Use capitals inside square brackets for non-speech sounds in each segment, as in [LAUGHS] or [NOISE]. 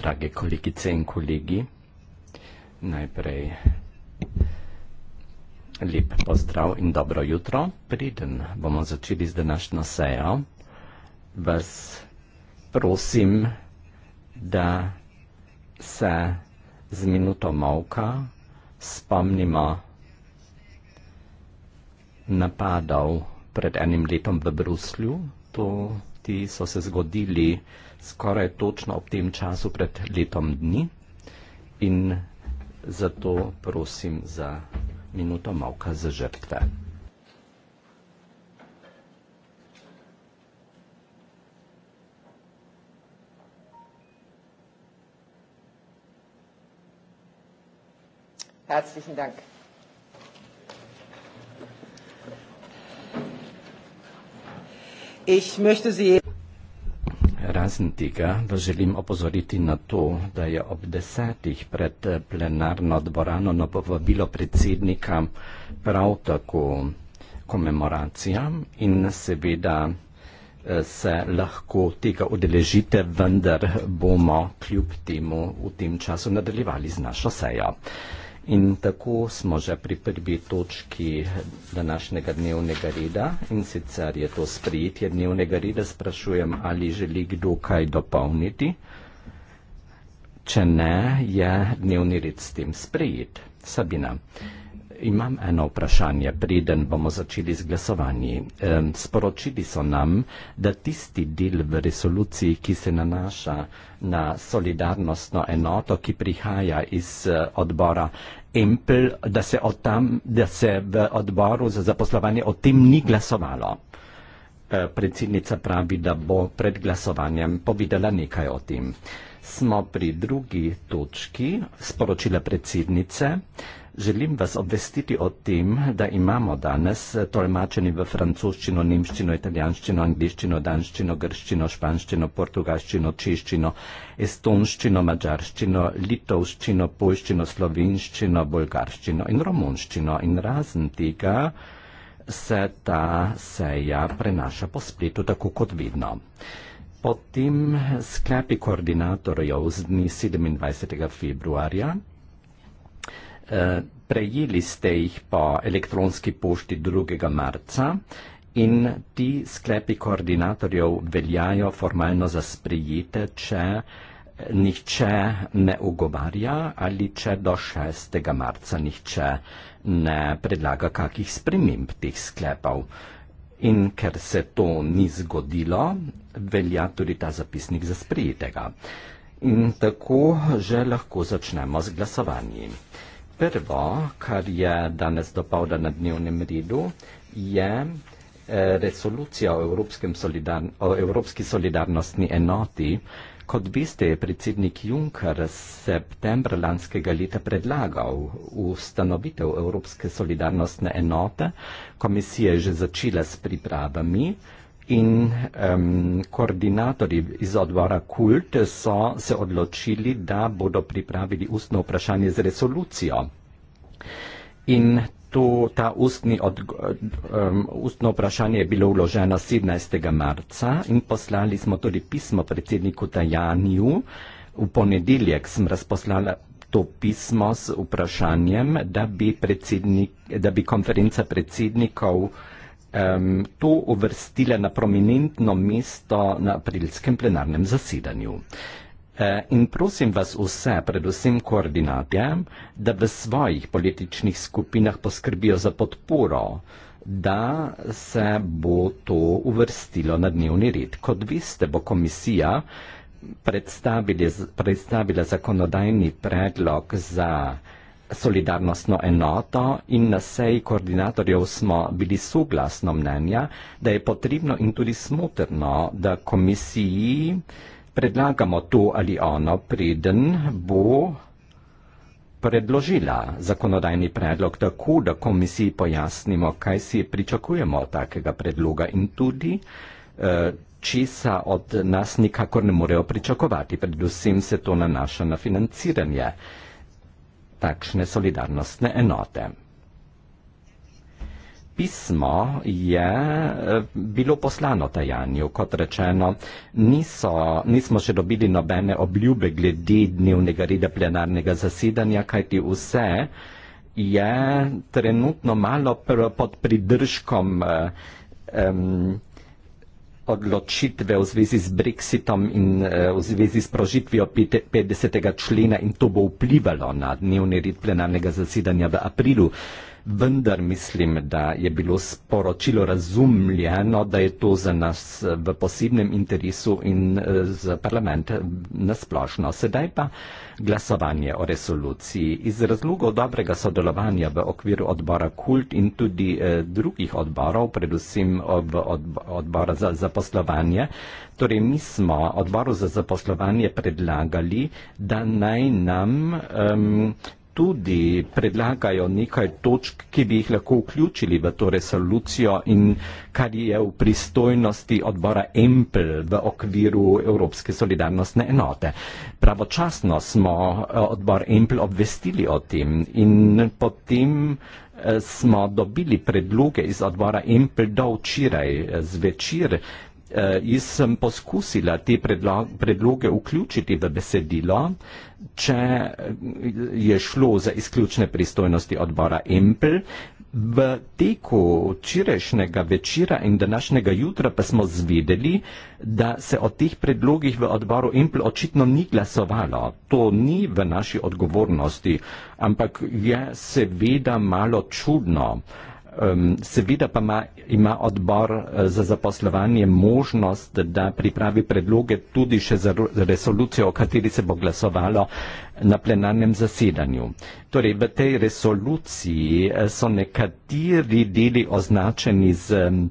Drage kolegice in kolegi, najprej lep pozdrav in dobro jutro. Preden bomo začeli z današnjo sejo, vas prosim, da se z minuto molka spomnimo napadov pred enim letom v Bruslju. To ti so se zgodili skoraj točno ob tem času pred letom dni in zato prosim za minuto mavka za žrtve. Herzlichen Dank. Ich möchte Sie Raznitega vas želim opozoriti na to, da je ob desetih pred eh, plenarno dvorano na povabilo predsednika prav tako komemoracija in seveda eh, se lahko tega udeležite, vendar bomo kljub temu v tem času nadaljevali z našo sejo. In tako smo že pri prvi točki današnjega dnevnega reda in sicer je to sprejetje dnevnega reda. Sprašujem, ali želi kdo kaj dopolniti. Če ne, je dnevni red s tem sprejet. Sabina. Uh, Imam eno vprašanje, preden bomo začeli z glasovanji. Sporočili so nam, da tisti del v resoluciji, ki se nanaša na solidarnostno enoto, ki prihaja iz eh, odbora EMPL, da se, od tam, da se v odboru za zaposlovanje o tem ni glasovalo. Eh, predsednica pravi, da bo pred glasovanjem povedala nekaj o tem. Smo pri drugi točki sporočila predsednice. Želim vas obvestiti o tem, da imamo danes eh, tolmačeni v francoščino, nemščino, italijanščino, angliščino, danščino, grščino, španščino, portugalščino, češčino, estonščino, mađarščino, litovščino, polščino, slovenščino, bolgarščino in romunščino. In razen tega se ta seja prenaša po spletu, tako kot vedno. Potem sklepi koordinatorjev z dne 27. februarja Eh, prejeli ste jih po elektronski pošti 2. marca in ti sklepi koordinatorjev veljajo formalno za sprijete, če nihče ne ugovarja ali če do 6. marca nihče ne predlaga kakih sprememb teh sklepov. In ker se to ni zgodilo, velja tudi ta zapisnik za sprijetega. In tako že lahko začnemo z glasovanjem. Prvo, kar je danes dopolnjeno na dnevnem redu, je eh, resolucija o, solidar o Evropski solidarnostni enoti. Kot veste, je predsednik Juncker septembra lanskega leta predlagal ustanovitev Evropske solidarnostne enote. Komisija je že začela s pripravami in um, koordinatorji iz odbora KULT so se odločili, da bodo pripravili ustno vprašanje z resolucijo. In to, ta ustni od, um, ustno vprašanje je bilo vloženo 17. marca in poslali smo tudi pismo predsedniku Tajaniju. V ponedeljek sem razposlala to pismo s vprašanjem, da bi, predsednik, da bi konferenca predsednikov uh, um, to uvrstile na prominentno mesto na aprilskem plenarnem zasedanju. E, in prosim vas vse, predvsem koordinate, da v svojih političnih skupinah poskrbijo za podporo, da se bo to uvrstilo na dnevni red. Kot veste, bo komisija predstavila zakonodajni predlog za solidarnostno enoto in na seji koordinatorjev smo bili soglasno mnenja, da je potrebno in tudi smotrno, da komisiji predlagamo to ali ono, preden bo predložila zakonodajni predlog tako, da komisiji pojasnimo, kaj si pričakujemo od takega predloga in tudi, eh, česa od nas nikakor ne morejo pričakovati. Predvsem se to nanaša na financiranje takšne solidarnostne enote. Pismo je eh, bilo poslano tajanju, kot rečeno, niso, nismo še dobili nobene obljube glede dnevnega reda plenarnega zasedanja, kajti vse je trenutno malo pod pridržkom. Um, odločitve v zvezi z Brexitom in eh, v zvezi s prožitvijo 50. člena in to bo vplivalo na dnevni red plenarnega zasedanja v aprilu vendar mislim, da je bilo sporočilo razumljeno, da je to za nas eh, v posebnem interesu in eh, za parlament eh, nasplošno. Sedaj pa glasovanje o resoluciji. Iz razlogov dobrega sodelovanja v okviru odbora Kult in tudi drugih odborov, predvsem ob odbora za zaposlovanje, torej mi smo odboru za zaposlovanje predlagali, da naj nam um, tudi predlagajo nekaj točk, ki bi jih lahko vključili v to resolucijo in kar je v pristojnosti odbora EMPL v okviru Evropske solidarnostne enote. Pravočasno smo eh, odbor EMPL obvestili o tem in potem eh, smo dobili predloge iz odbora EMPL do včeraj eh, zvečer. Uh, jaz sem poskusila te predloge vključiti v besedilo, če eh, je šlo za izključne pristojnosti odbora Empel. V teku včerajšnjega večera in današnjega jutra pa smo zvedeli, da se o teh predlogih v odboru Impl očitno ni glasovalo. To ni v naši odgovornosti, ampak je seveda malo čudno. Uh, Um, seveda pa ma, ima odbor uh, za zaposlovanje možnost, da pripravi predloge tudi še za resolucijo, o kateri se bo glasovalo na plenarnem zasedanju. Torej, v tej resoluciji eh, so nekateri deli označeni z um,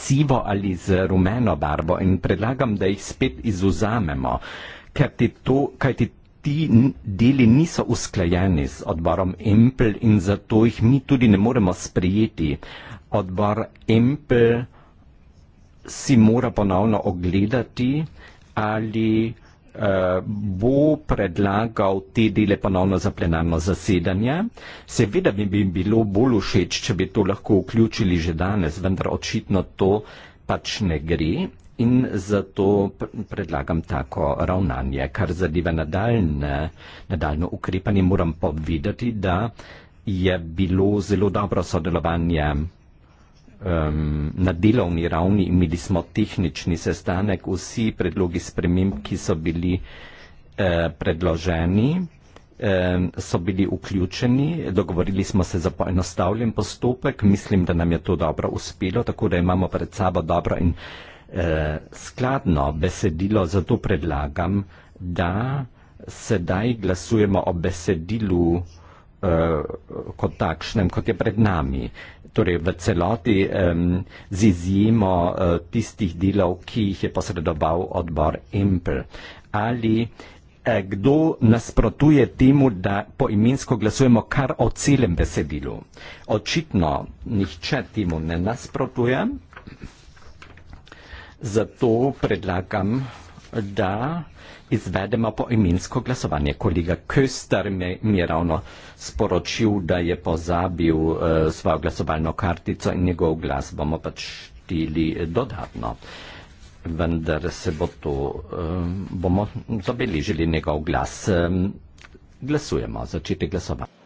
sivo ali z rumeno barvo in predlagam, da jih spet izuzamemo, kajti to, kajti to ti deli niso usklajeni z odborom Empel in zato jih mi tudi ne moremo sprejeti. Odbor Empel si mora ponovno ogledati, ali eh, bo predlagal te dele ponovno za plenarno zasedanje. Seveda bi mi bilo bolj všeč, če bi to lahko vključili že danes, vendar očitno to pač ne gre in zato predlagam tako ravnanje. Kar zadeva nadaljne, nadaljno ukrepanje, moram povedati, da je bilo zelo dobro sodelovanje um, na delovni ravni. Imeli smo tehnični sestanek, vsi predlogi sprememb, ki so bili uh, predloženi eh, so bili vključeni, dogovorili smo se za poenostavljen postopek, mislim, da nam je to dobro uspelo, tako da imamo pred sabo dobro in eh, skladno besedilo, zato predlagam, da sedaj glasujemo o besedilu eh, kot takšnem, kot je pred nami. Torej v celoti eh, z izjemo eh, tistih delov, ki jih je posredoval odbor Empel. Ali eh, kdo nasprotuje temu, da poimensko glasujemo kar o celem besedilu? Očitno nihče temu ne nasprotuje. Zato predlagam, da izvedemo poimensko glasovanje. Kolega Köster mi, mi je ravno sporočil, da je pozabil uh, svojo glasovalno kartico in njegov glas bomo pač štili eh, dodatno. Vendar se bo to, um, bomo zabeležili njegov glas. Um, glasujemo, začeti glasovanje.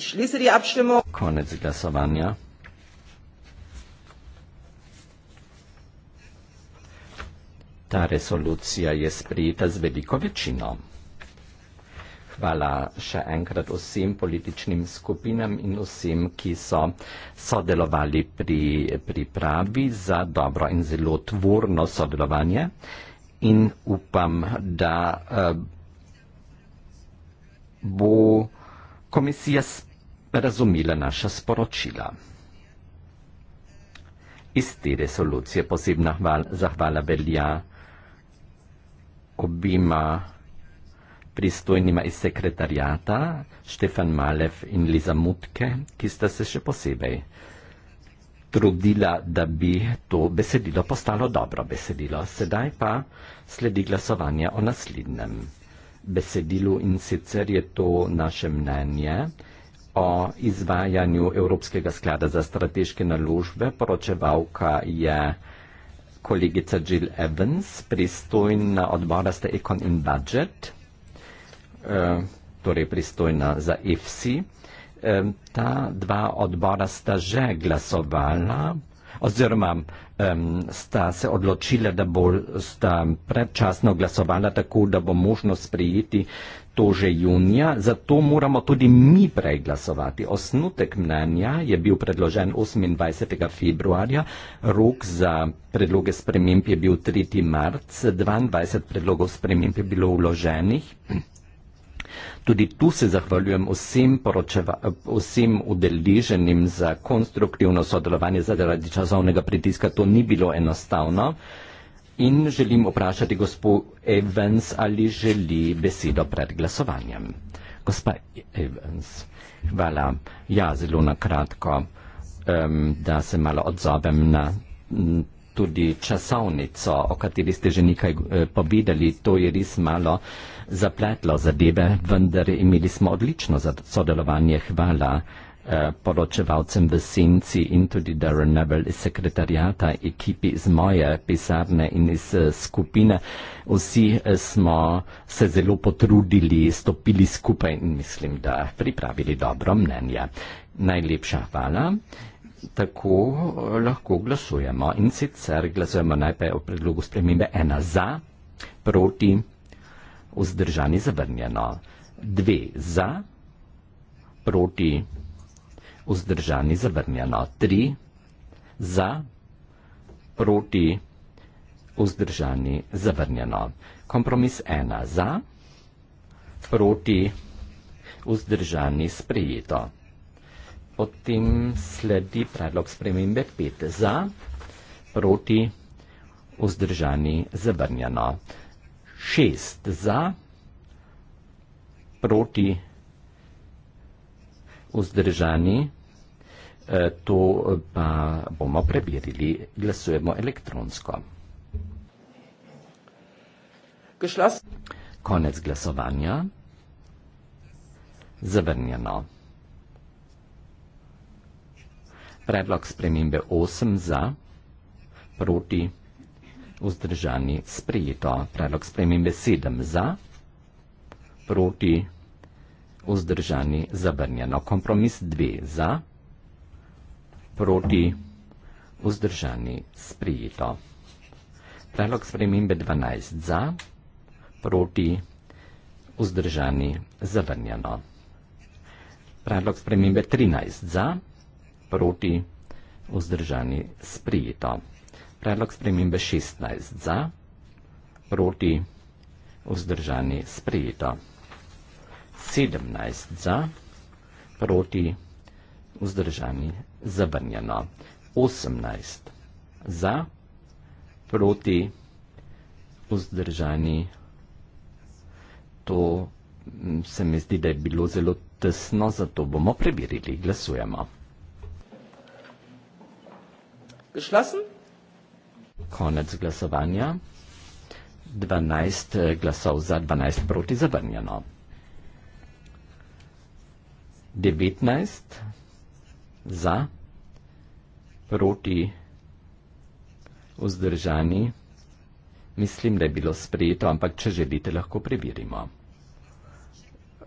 Ich schließe die Abstimmung. Koniec głosowania. Ta resolucja jest przyjęta z wielką większością. Hvala še enkrat vsem političnim skupinam in vsem, ki so sodelovali pri pripravi za dobro in zelo tvorno sodelovanje. In upam, da eh, bo komisija spremljala razumela naša sporočila. Iz te resolucije posebna hval, zahvala velja obima pristojnima iz sekretarijata, Štefan Malev in Liza Mutke, ki sta se še posebej trudila, da bi to besedilo postalo dobro besedilo. Sedaj pa sledi glasovanje o naslednjem besedilu in sicer je to naše mnenje o izvajanju Evropskega sklada za strateške naložbe. Poročevalka je kolegica Jill Evans, pristojna odbora za Econ and Budget, eh, torej pristojna za EFSI. Eh, ta dva odbora sta že glasovala oziroma um, sta se odločila, da bo sta predčasno glasovala tako, da bo možno sprejeti uh, to že junija, zato moramo tudi mi preglasovati. Osnutek mnenja je bil predložen 28. februarja, rok za predloge sprememb je bil 3. marc, 22 predlogov sprememb je bilo vloženih. Tudi tu se zahvaljujem vsem, poročeva, vsem udeleženim za konstruktivno sodelovanje, zaradi časovnega pritiska to ni bilo enostavno in želim vprašati gospo Evans, ali želi besedo pred glasovanjem. Gospa Evans, hvala. Ja, zelo nakratko, um, da se malo odzovem na tudi časovnico, o kateri ste že nekaj eh, povedali. To je res malo zapletlo zadeve, vendar imeli smo odlično sodelovanje. Hvala. Eh, poročevalcem v senci in tudi Darren Neville iz sekretarijata, ekipi iz moje pisarne in iz eh, skupine. Vsi eh, smo se zelo potrudili, stopili skupaj in mislim, da pripravili dobro mnenje. Najlepša hvala. Tako lahko glasujemo in sicer glasujemo najprej o predlogu spremembe ena za, proti, vzdržani zavrnjeno, dve za, proti, vzdržani zavrnjeno. 3. Za, proti, vzdržani zavrnjeno. Kompromis 1. Za, proti, vzdržani sprejeto. Potem sledi predlog spremembe 5. Za, proti, vzdržani zavrnjeno. 6. Za, proti, vzdržani zavrnjeno. Eh, to pa bomo preverili, glasujemo elektronsko. Geschloss. Konec glasovanja. Zavrnjeno. Predlog spremembe 8 za, proti, vzdržani, sprejeto. Predlog spremembe 7 za, proti, vzdržani, zavrnjeno. Kompromis 2 za, proti proti vzdržani sprijeto. Predlog spremembe 12 za, proti vzdržani zavrnjeno. Predlog spremembe 13 za, proti vzdržani sprijeto. Predlog spremembe 16 za, proti vzdržani sprijeto. 17 za, proti vzdržani zavrnjeno. 18. Za, proti, vzdržani. To se mi zdi, da je bilo zelo tesno, zato bomo preverili. Glasujemo. Geschlossen. Konec glasovanja. 12 eh, glasov za, 12 proti zavrnjeno. 19 za, proti, vzdržani. Mislim, da je bilo sprejeto, ampak če želite, lahko preverimo.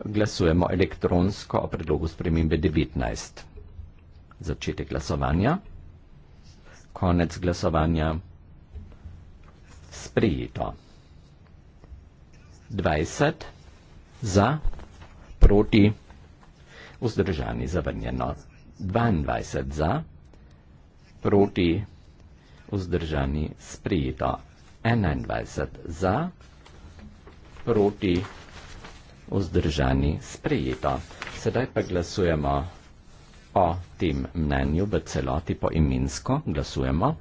Glasujemo elektronsko o predlogu spremembe 19. Začetek glasovanja. Konec glasovanja. Sprejeto. 20 za, proti, vzdržani, zavrnjeno. 22 za, proti vzdržani sprejeto 21 za, proti vzdržani sprejeto. Sedaj pa glasujemo o tem mnenju v celoti po imensko. Glasujemo.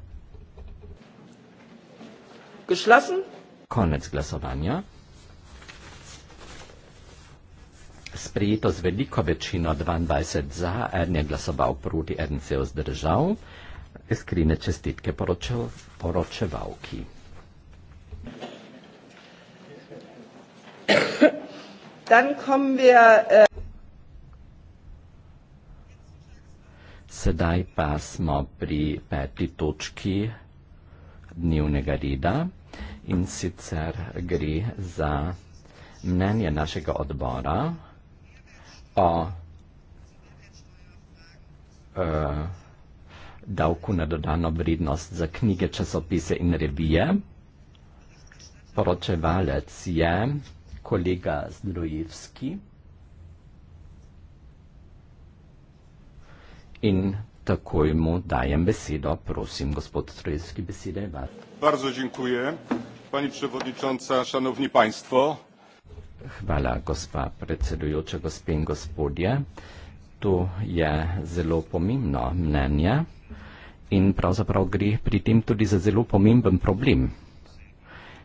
Konec glasovanja. sprejeto z veliko večino 22 za, en je glasoval proti, en se je vzdržal. Iskrene čestitke poročev, poročevalki. Äh, Sedaj pa smo pri peti točki dnevnega reda in sicer gre za mnenje našega odbora o uh, davku na dodano vrednost za knjige, časopise in revije. Poročevalec je kolega Zdrojevski in takoj mu dajem besedo. Prosim, gospod Zdrojevski, beseda je vaša. Bardzo dziękuję. Pani Przewodnicząca, Szanowni Państwo, Hvala, gospa predsedujoča, gospe in gospodje. To je zelo pomembno mnenje in pravzaprav gre pri tem tudi za zelo pomemben problem.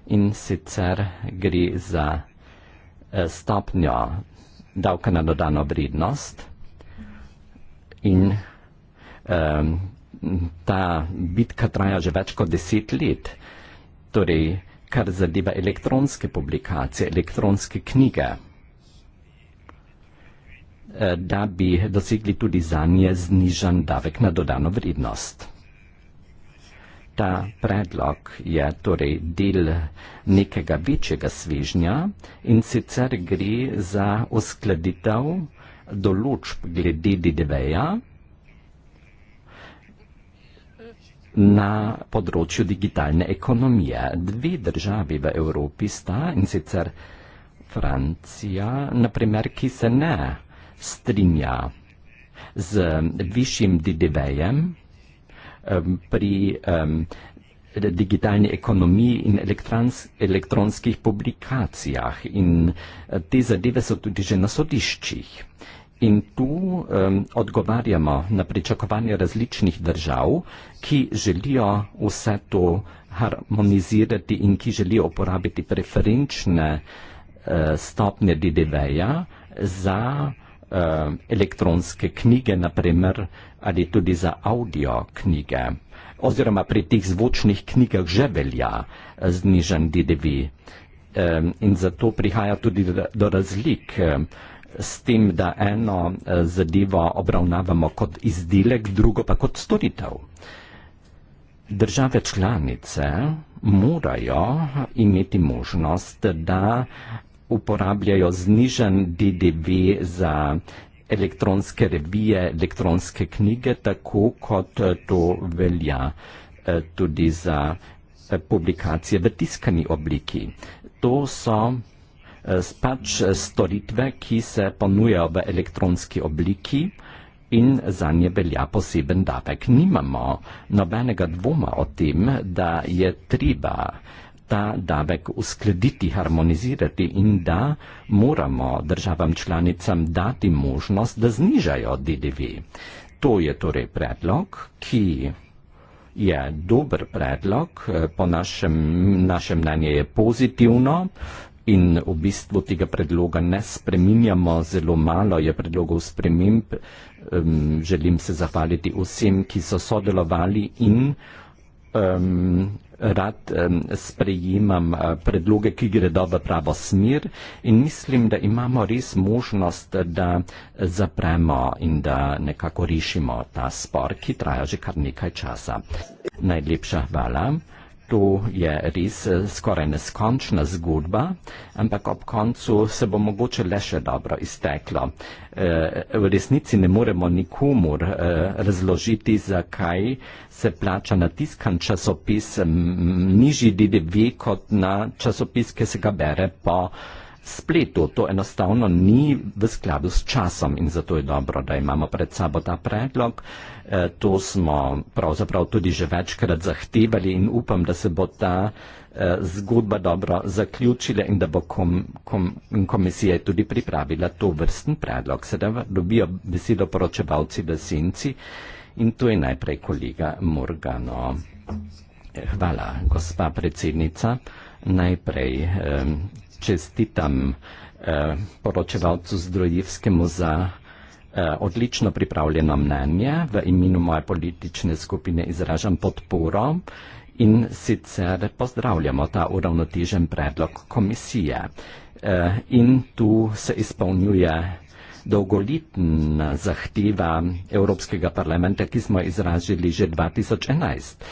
In sicer gre za eh, stopnjo davka na dodano vrednost in um, ta bitka traja že več kot deset let. Torej, kar zadeva elektronske publikacije, elektronske knjige, eh, da bi dosegli tudi za nje znižen davek na dodano vrednost. Ta predlog je torej del nekega večjega svežnja in sicer gre za uskladitev določb glede DDV-ja. na področju digitalne ekonomije. Dve državi v Evropi sta in sicer Francija, naprimer, ki se ne strinja z višjim DDV-jem um, pri um, digitalni ekonomiji in elektronskih publikacijah. In te zadeve so tudi že na sodiščih. In tu um, odgovarjamo na pričakovanje različnih držav, ki želijo vse to harmonizirati in ki želijo uporabiti preferenčne uh, stopnje DDV-ja za uh, elektronske knjige, naprimer, ali tudi za audio knjige. Oziroma pri teh zvočnih knjigah že velja eh, znižen DDV. Um, in zato prihaja tudi do, do razlik. Um, s tem, da eno eh, zadevo obravnavamo kot izdelek, drugo pa kot storitev. Države članice morajo imeti možnost, da uporabljajo znižen DDV za elektronske revije, elektronske knjige, tako kot eh, to velja eh, tudi za publikacije v tiskani obliki. To so pač eh, storitve, ki se ponujajo v elektronski obliki in za nje velja poseben davek. Nimamo nobenega dvoma o tem, da je treba ta davek uskladiti, harmonizirati in da moramo državam članicam dati možnost, da znižajo DDV. To je torej predlog, ki je dober predlog, eh, po našem, našem mnenju je pozitivno. In v bistvu tega predloga ne spreminjamo, zelo malo je predlogov sprememb. Um, želim se zahvaliti vsem, ki so sodelovali in um, rad um, sprejemam eh, predloge, ki gredo v pravo smer in mislim, da imamo res možnost, da zapremo in da nekako rešimo ta spor, ki traja že kar nekaj časa. Najlepša hvala. To je res eh, skoraj neskončna zgodba, ampak ob koncu se bo mogoče le še dobro izteklo. Eh, v resnici ne moremo nikomur eh, razložiti, zakaj se plača na tiskan časopis nižji DDV kot na časopis, ki se ga bere po časopisu spletu. To enostavno ni v skladu s časom in zato je dobro, da imamo pred sabo ta predlog. E, to smo pravzaprav tudi že večkrat zahtevali in upam, da se bo ta e, zgodba dobro zaključila in da bo kom, kom, komisija tudi pripravila to vrsten predlog. Sedaj dobijo besedo poročevalci desenci in to je najprej kolega Morgano. Eh, hvala, gospa predsednica najprej eh, čestitam eh, poročevalcu Zdrojivskemu za eh, odlično pripravljeno mnenje. V imenu moje politične skupine izražam podporo in sicer pozdravljamo ta uravnotežen predlog komisije. Eh, in tu se izpolnjuje dolgolitna zahteva Evropskega parlamenta, ki smo izražili že 2011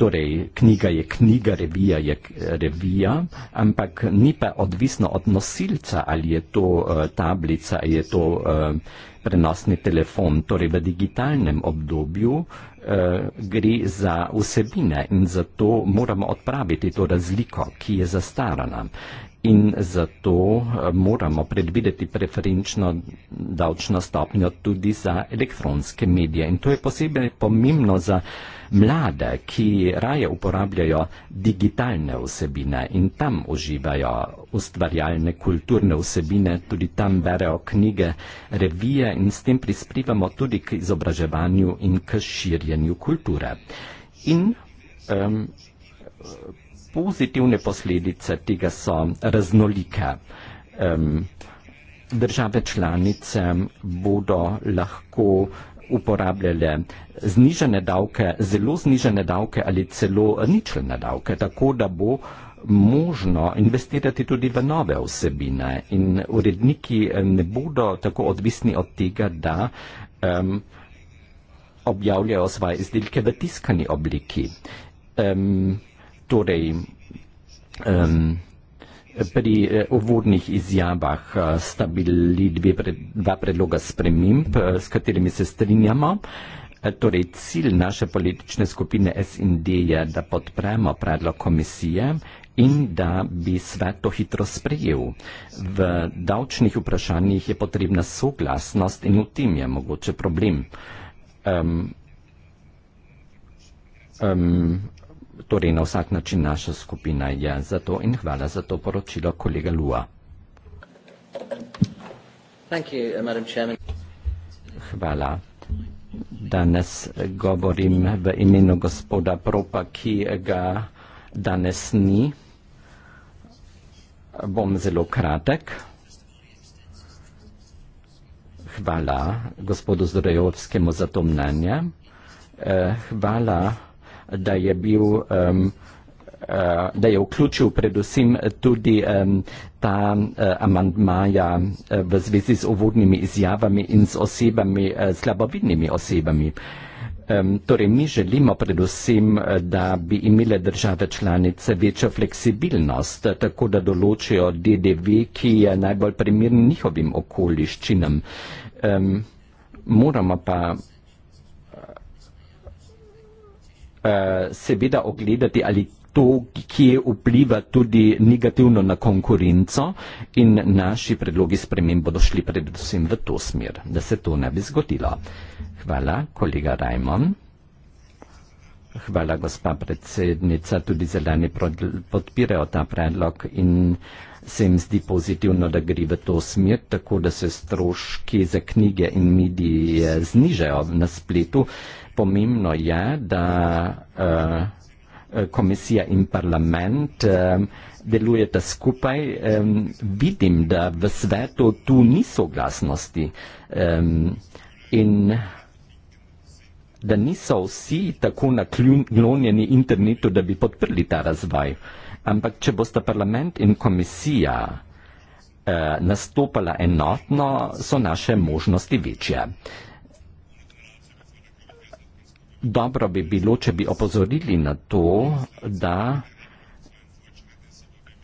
torej knjiga je knjiga, revija je revija, ampak ni pa odvisno od nosilca, ali je to uh, tablica, ali je to uh, prenosni telefon. Torej v digitalnem obdobju uh, gre za vsebine in zato moramo odpraviti to razliko, ki je zastarana. In zato moramo predvideti preferenčno davčno stopnjo tudi za elektronske medije. In to je posebej pomembno za uh, mlade, ki raje uporabljajo digitalne vsebine in tam uživajo ustvarjalne kulturne vsebine, tudi tam berejo knjige, revije in s tem prispevamo tudi k izobraževanju in k širjenju kulture. In um, pozitivne posledice tega so raznolike. Um, Države članice bodo lahko uporabljale znižene davke, zelo znižene davke ali celo ničelne davke, tako da bo možno investirati tudi v nove vsebine in uredniki ne bodo tako odvisni od tega, da um, objavljajo svoje izdelke v tiskani obliki. Um, torej, um, pri eh, uvodnih izjavah eh, sta bili dve, dva predloga sprememb, eh, s katerimi se strinjamo. Torej, cilj naše politične skupine SND je, da podpremo predlog komisije in da bi svet to hitro sprejel. V davčnih vprašanjih je potrebna soglasnost in v tem je mogoče problem. Um, um, torej na vsak način naša skupina je za to in hvala za to poročilo kolega Lua. Uh, hvala. Danes eh, govorim v imenu gospoda Propa, ki ga danes ni. Bom zelo kratek. Hvala gospodu Zdrojovskemu za to mnenje. Eh, hvala gospodu Zdrojovskemu za to mnenje da je bil um, da je vključil predvsem tudi um, ta uh, amandmaja uh, v zvezi z uvodnimi izjavami in z osebami, uh, slabovidnimi osebami. Um, torej, mi želimo predvsem, da bi imele države članice večjo fleksibilnost, tako da določijo DDV, ki je najbolj primeren njihovim okoliščinam. Um, moramo pa Eh, seveda ogledati, ali to, kje vpliva tudi negativno na konkurenco in naši predlogi sprememb bodo šli predvsem v to smer, da se to ne bi zgodilo. Hvala, kolega Rajmon. Hvala, gospa predsednica, tudi zeleni podpirajo ta predlog in se jim zdi pozitivno, da gre v to smer, tako da se stroški za knjige in medije znižajo na spletu. Uh, pomembno je, da uh, komisija in parlament uh, delujeta skupaj. Um, vidim, da v svetu tu ni soglasnosti um, in da niso vsi tako naklonjeni internetu, da bi podprli ta razvoj. Ampak, če bosta parlament in komisija uh, nastopala enotno, so naše možnosti večje dobro bi bilo, če bi opozorili na to, da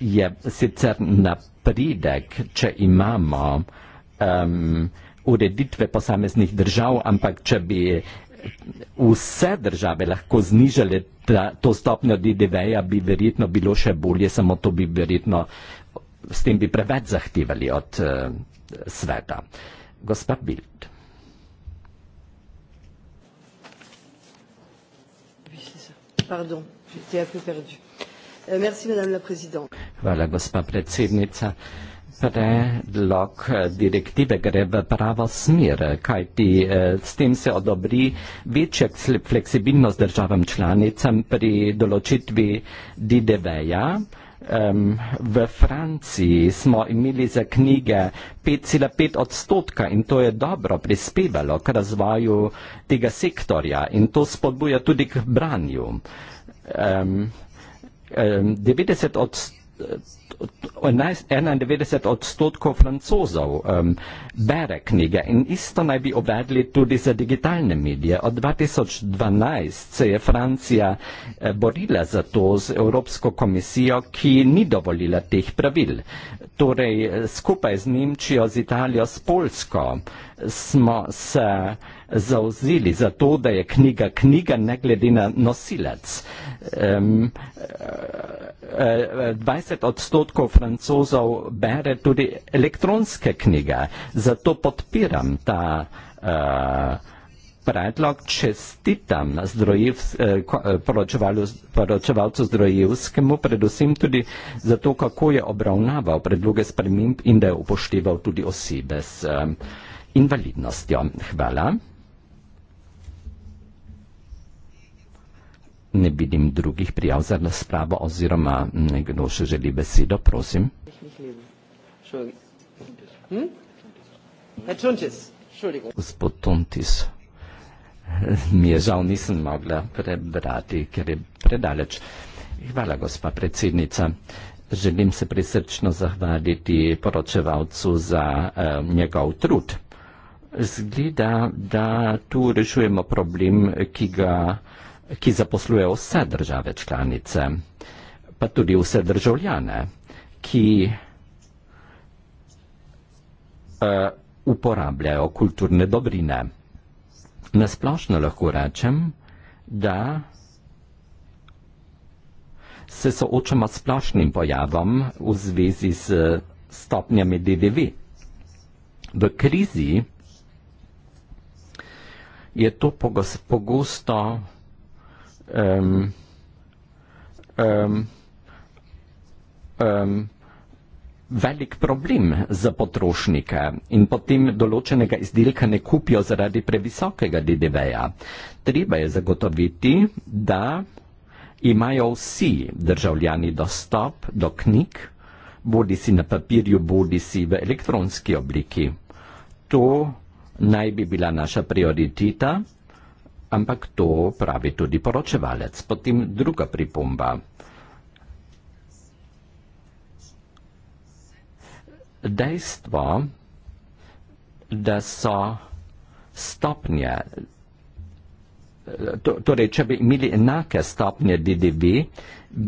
je sicer napredek, če imamo um, ureditve posameznih držav, ampak če bi vse države lahko znižale ta, to stopnjo DDV-ja, bi verjetno bilo še bolje, samo to bi verjetno, s tem bi preveč zahtevali od uh, sveta. Gospa Bild. pardon, j'étais un peu perdue. Euh, merci Madame la Présidente. Voilà, gospa predsednica. Predlog eh, direktive gre v pravo smer, kajti eh, s tem se odobri večja fleksibilnost državam članicam pri določitvi DDV-ja. -ja um, v Franciji smo imeli za knjige 5,5 odstotka in to je dobro prispevalo k razvoju tega sektorja in to spodbuja tudi k branju. Um, um, 90 odstotka 91 odstotkov Francozov um, bere knjige in isto naj bi uvedli tudi za digitalne medije. Od 2012 se je Francija eh, borila za to z Evropsko komisijo, ki ni dovolila teh pravil. Torej, eh, skupaj z Nemčijo, z Italijo, s Polsko eh, smo se eh, zauzeli za to, da je knjiga knjiga ne glede na nosilec. Um, 20 eh, eh, odstotkov francozov bere tudi elektronske knjige. Zato podpiram ta eh, predlog, čestitam poročevalcu zdrojevskemu, predvsem tudi zato, kako je obravnaval predloge sprememb in da je upošteval tudi osebe s invalidnostjo. Hvala. Ne vidim drugih prijav za razpravo oziroma nekdo še želi besedo, prosim. Gospod Tontis, mi je žal, nisem mogla prebrati, ker je predaleč. Hvala, gospa predsednica. Želim se prisrčno zahvaliti poročevalcu za eh, njegov trud. Zgleda, da tu rešujemo problem, ki ga eh, ki zaposlujejo vse države članice, pa tudi vse državljane, ki uh, uporabljajo kulturne dobrine. Nasplošno lahko rečem, da se soočamo s splošnim pojavom v zvezi s eh, stopnjami DDV. V krizi je to pogosto. Pogost, Um, um, um, velik problem za potrošnike in potem določenega izdelka ne kupijo zaradi previsokega DDV-ja. Treba je zagotoviti, da imajo vsi državljani dostop do knjig, bodi si na papirju, bodi si v elektronski obliki. To naj bi bila naša prioriteta ampak to pravi tudi poročevalec. Potem druga pripomba. Dejstvo, da so stopnje, torej, če bi imeli enake stopnje DDV,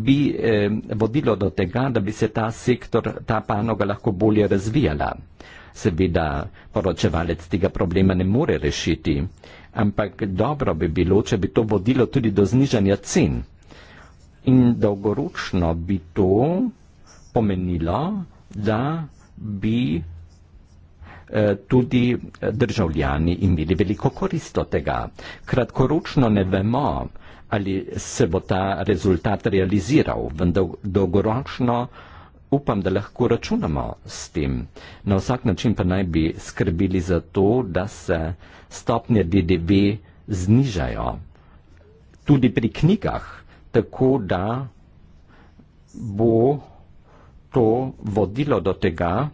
bi eh, vodilo do tega, da bi se ta sektor, ta panoga lahko bolje razvijala. Seveda poročevalec tega problema ne more rešiti. Eh, ampak dobro bi bilo, če bi to vodilo tudi do znižanja cen. In dolgoročno bi to pomenilo, da bi eh, tudi državljani imeli veliko koristo tega. Kratkoročno ne vemo, ali se bo ta rezultat realiziral, vendar dolgoročno upam, da lahko računamo s tem. Na vsak način pa naj bi skrbeli za to, da se stopnje DDV znižajo. Tudi pri knjigah, tako da bo to vodilo do tega,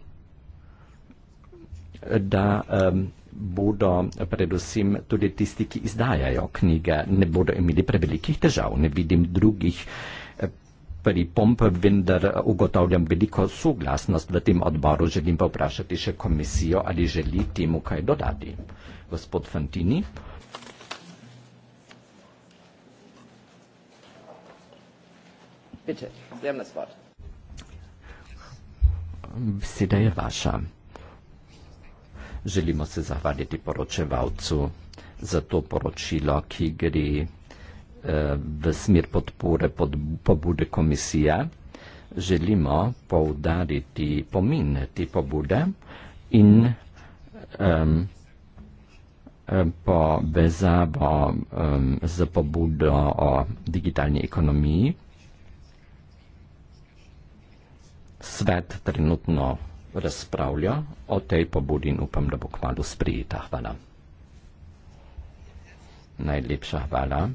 da um, bodo predvsem tudi tisti, ki izdajajo knjige, ne bodo imeli prevelikih težav, ne vidim drugih uh, pripomp, vendar ugotavljam veliko soglasnost v tem odboru. Želim pa vprašati še komisijo, ali želi temu kaj dodati. Gospod Fantini. Peče, vzem na svar. Beseda je vaša. Želimo se zahvaliti poročevalcu za to poročilo, ki gre v smer podpore pod, pobude komisije, želimo poudariti pomen te pobude in um, povezavo um, z pobudo o digitalni ekonomiji. Svet trenutno razpravlja o tej pobudi in upam, da bo kmalo sprejeta. Hvala. Najlepša hvala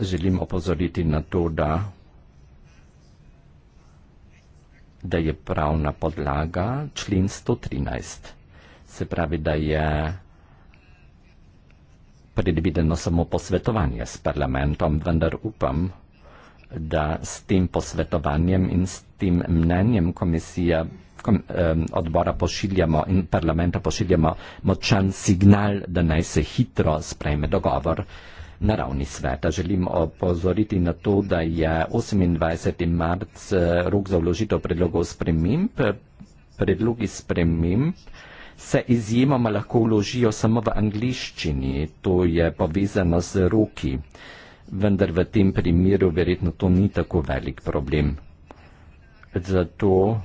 želim opozoriti na to, da, da je pravna podlaga člen 113. Se pravi, da je predvideno samo posvetovanje s parlamentom, vendar upam, da s tem posvetovanjem in s tem mnenjem komisije kom, eh, odbora pošiljamo in parlamenta pošiljamo močan signal, da naj se hitro sprejme dogovor. Eh, Na ravni sveta želim opozoriti na to, da je 28. marc eh, rok za vložitev predlogov sprememb. Predlogi sprememb se izjemoma lahko vložijo samo v angliščini, to je povezano z roki, vendar v tem primeru verjetno to ni tako velik problem. Zato uh,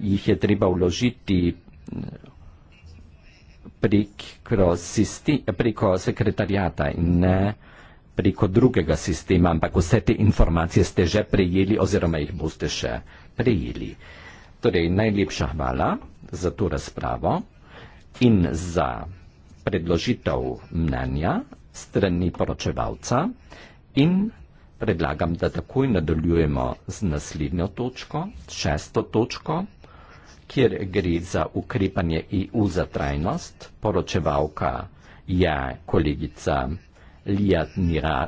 jih je treba vložiti preko, sistem, preko eh, sekretarijata in ne preko drugega sistema, ampak vse te informacije ste že prejeli oziroma jih boste še prejeli. Torej, najlepša hvala za to razpravo in za predložitev mnenja strani poročevalca in predlagam, da takoj nadaljujemo z naslednjo točko, šesto točko kjer gre za ukrepanje EU za trajnost, poročevalka je kolegica Lija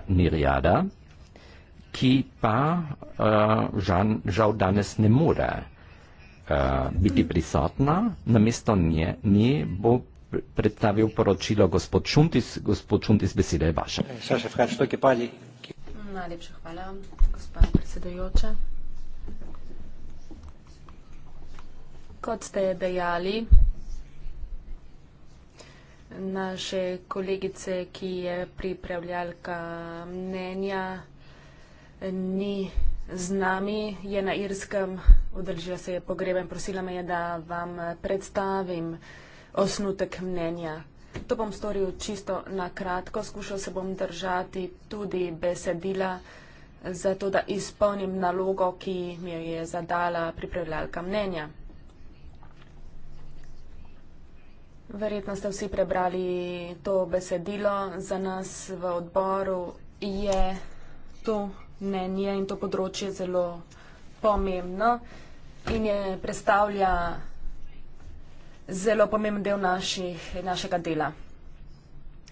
Nirjada, ki pa uh, eh, žal, žal danes ne more uh, biti prisotna, namesto nje, nje bo predstavil poročilo gospod Čuntis, gospod Čuntis, beseda je vaša. Najlepša hvala, gospod predsedujoča. kot ste dejali, naše kolegice, ki je pripravljalka mnenja, ni z nami, je na Irskem, odrežila se je pogreben, prosila me je, da vam predstavim osnutek mnenja. To bom storil čisto na kratko, skušal se bom držati tudi besedila, zato da izpolnim nalogo, ki mi jo je zadala pripravljalka mnenja. Verjetno ste vsi prebrali to besedilo za nas v odboru. Je to mnenje in to področje zelo pomembno in je predstavlja zelo pomemben del naših, našega dela.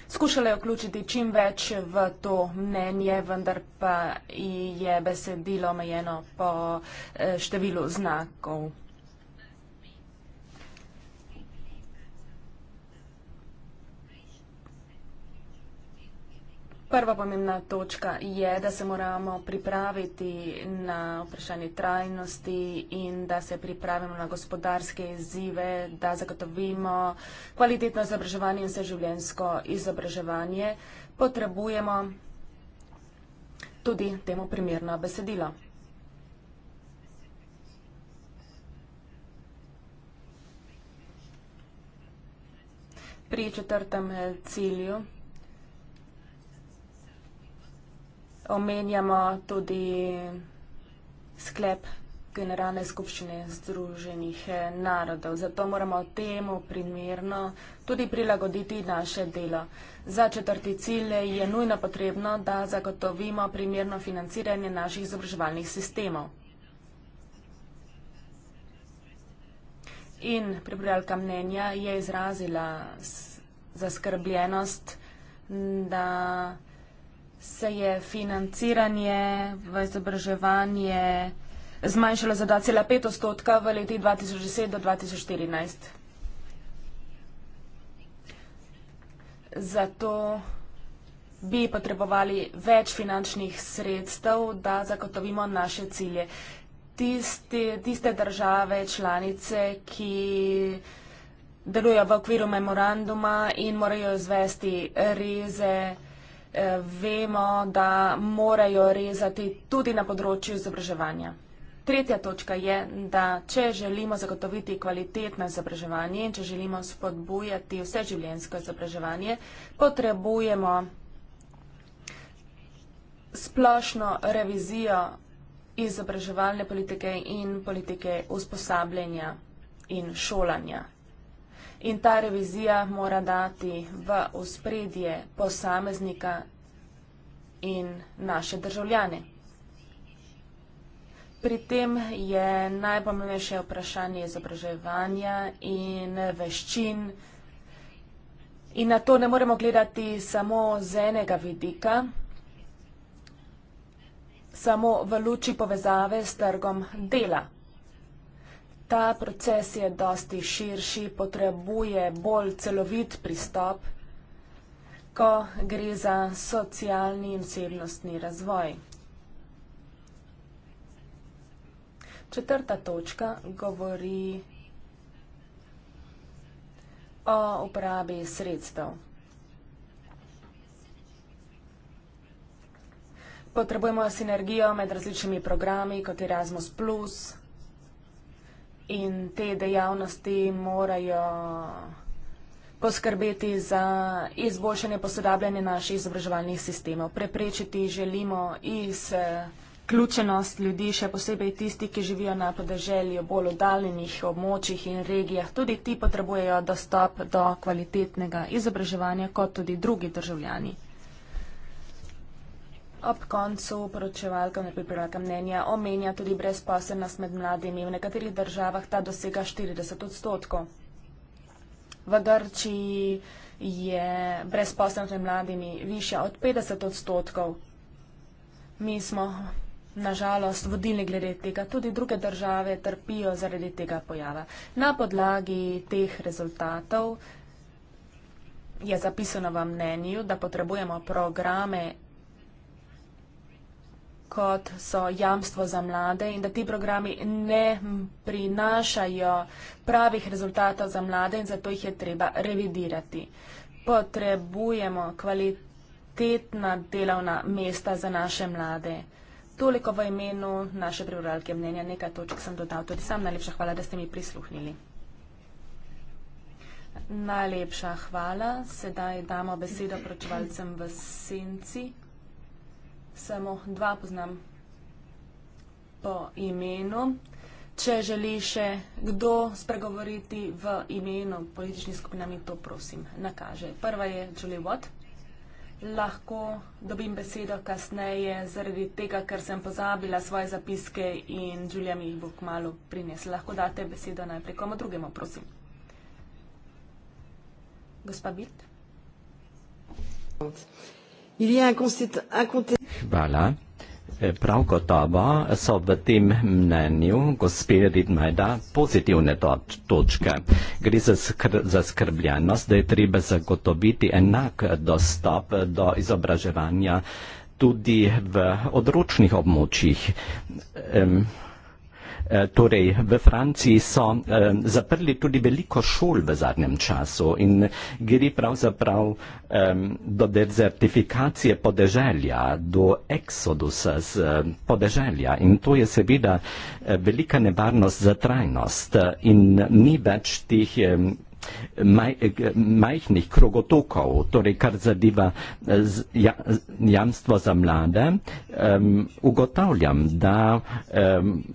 Skušala je vključiti čim več v to mnenje, vendar pa je besedilo omejeno po eh, številu znakov. Prva pomembna točka je, da se moramo pripraviti na vprašanje trajnosti in da se pripravimo na gospodarske izzive, da zagotovimo kvalitetno izobraževanje in vseživljenjsko izobraževanje. Potrebujemo tudi temu primerno besedilo. Pri četrtem cilju. omenjamo tudi sklep Generalne skupščine Združenih eh, narodov. Zato moramo temu primerno tudi prilagoditi naše delo. Za četrti cilj je nujno potrebno, da zagotovimo primerno financiranje naših izobraževalnih sistemov. In pripravljalka mnenja je izrazila zaskrbljenost, da se je financiranje v izobraževanje zmanjšalo za 2,5 odstotka v leti 2010 do 2014. Zato bi potrebovali več finančnih sredstev, da zagotovimo naše cilje. Tiste, tiste države, članice, ki delujejo v okviru memoranduma in morajo izvesti reze, vemo, da morajo rezati tudi na področju izobraževanja. Tretja točka je, da če želimo zagotoviti kvalitetno izobraževanje in če želimo spodbujati vse življenjsko izobraževanje, potrebujemo splošno revizijo izobraževalne politike in politike usposabljanja in šolanja. In ta revizija mora dati v uspredje posameznika in naše državljane. Pri tem je najpomembnejše vprašanje izobraževanja in veščin in na to ne moremo gledati samo z enega vidika, samo v luči povezave s trgom dela. Ta proces je dosti širši, potrebuje bolj celovit pristop in ko gre za socialni in celnostni razvoj. Četrta točka govori o uporabi sredstev. Potrebujemo sinergijo med različnimi programi, kot je Erasmus Plus, in te dejavnosti morajo biti poskrbeti za izboljšanje posodabljanja naših izobraževalnih sistemov. Preprečiti želimo izključenost ljudi, še posebej tisti, ki živijo na podeželju, bolj oddaljenih območjih in regijah. Tudi ti potrebujejo dostop do kvalitetnega izobraževanja, kot tudi drugi državljani. Ob koncu poročevalka ne pripravljaka mnenja omenja tudi brezposebnost med mladimi. V nekaterih državah ta dosega 40 odstotkov. V Grčiji je brezposlenost med mladimi višja od 50 odstotkov. Mi smo nažalost vodili glede tega. Tudi druge države trpijo zaradi tega pojava. Na podlagi teh rezultatov je zapisano v mnenju, da potrebujemo programe kot so jamstvo za mlade in da ti programi ne prinašajo pravih rezultatov za mlade in zato jih je treba revidirati. Potrebujemo kvalitetna delovna mesta za naše mlade. Toliko v imenu naše priuralke mnenja, nekaj točk sem dodal tudi sam. Najlepša hvala, da ste mi prisluhnili. Najlepša hvala. Sedaj damo besedo pročevalcem v senci samo dva poznam po imenu. Če želi še kdo spregovoriti v imenu političnih skupinami, to prosim nakaže. Prva je Julie Watt. Lahko dobim besedo kasneje zaradi tega, ker sem pozabila svoje zapiske in Julia mi jih bo kmalo prinesla. Lahko date besedo najprej komu drugemu, prosim. Gospa Bilt. Il y a un incontest... Hvala. Eh, prav gotovo so v tem mnenju gospe Ridmajda pozitivne toč, točke. Gre za, skr, za skrbljenost, da je treba zagotoviti enak dostop do izobraževanja tudi v odročnih območjih. Ehm. Eh, torej v Franciji so eh, zaprli tudi veliko šol v zadnjem času in gre pravzaprav eh, do dezertifikacije podeželja, do eksodusa z eh, podeželja in to je seveda eh, velika nevarnost za trajnost in ni več tih eh, Eh, majhnih krogotokov, torej kar zadeva eh, ja, jamstvo za mlade, ugotavljam, da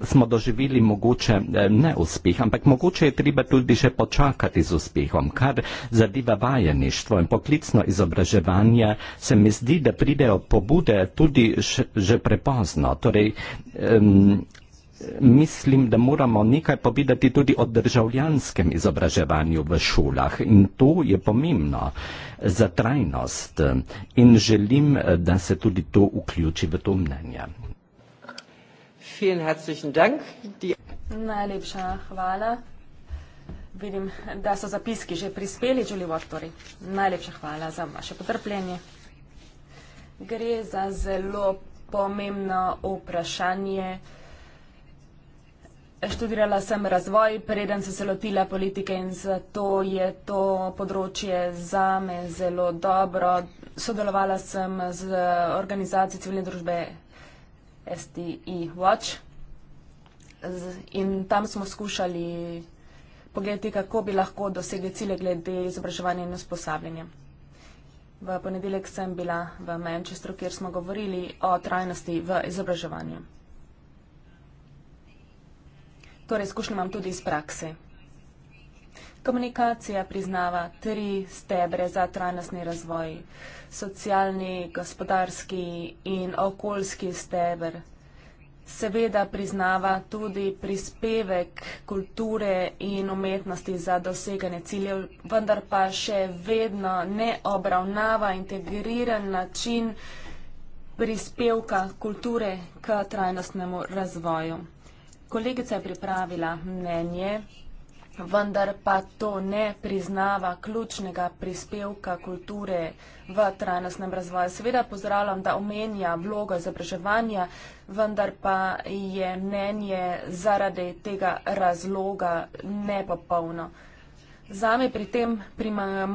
smo doživili mogoče eh, neuspeh, ampak mogoče je treba tudi še počakati z uspehom. Kar zadeva vajeništvo in poklicno izobraževanje, se mi zdi, da pridejo pobude tudi že prepozno. Torej, mislim, da moramo nekaj povedati tudi o državljanskem izobraževanju v šolah in to je pomembno za trajnost in želim, da se tudi to vključi v to mnenje. Najlepša hvala. Vidim, da so zapiski že prispeli, Julie Wattori. Najlepša hvala za vaše potrpljenje. Gre za zelo pomembno vprašanje študirala sem razvoj, preden sem se lotila politike in zato je to področje za me zelo dobro. Sodelovala sem z organizacijo civilne družbe STI Watch in tam smo skušali pogledati, kako bi lahko dosegli cilje glede izobraževanja in usposabljanja. V ponedeljek sem bila v Manchesteru, kjer smo govorili o trajnosti v izobraževanju. Torej, izkušnje imam tudi iz prakse. Komunikacija priznava tri stebre za trajnostni razvoj. Socialni, gospodarski in okoljski steber. Seveda priznava tudi prispevek kulture in umetnosti za doseganje ciljev, vendar pa še vedno ne obravnava integriran način prispevka kulture k trajnostnemu razvoju. Kolegica je pripravila mnenje, vendar pa to ne priznava ključnega prispevka kulture v trajnostnem razvoju. Seveda pozdravljam, da omenja vlogo izobraževanja, vendar pa je mnenje zaradi tega razloga nepopolno. Zame pri tem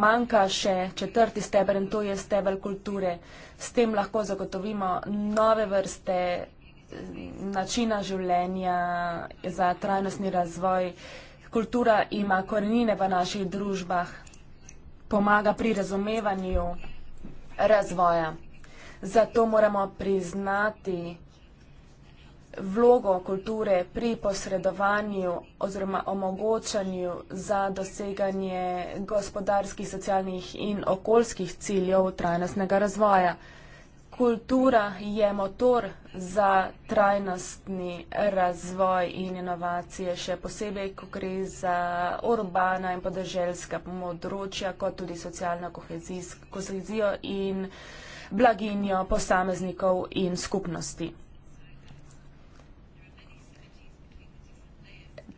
manjka še četrti steber in to je stebel kulture. S tem lahko zagotovimo nove vrste načina življenja, za trajnostni razvoj. Kultura ima korenine v naših družbah, pomaga pri razumevanju razvoja. Zato moramo priznati vlogo kulture pri posredovanju oziroma omogočanju za doseganje gospodarskih, socialnih in okoljskih ciljev trajnostnega razvoja. Kultura je motor za trajnostni razvoj in inovacije, še posebej, ko gre za urbana in podeželska področja, kot tudi socialno kohezijo in blaginjo posameznikov in skupnosti.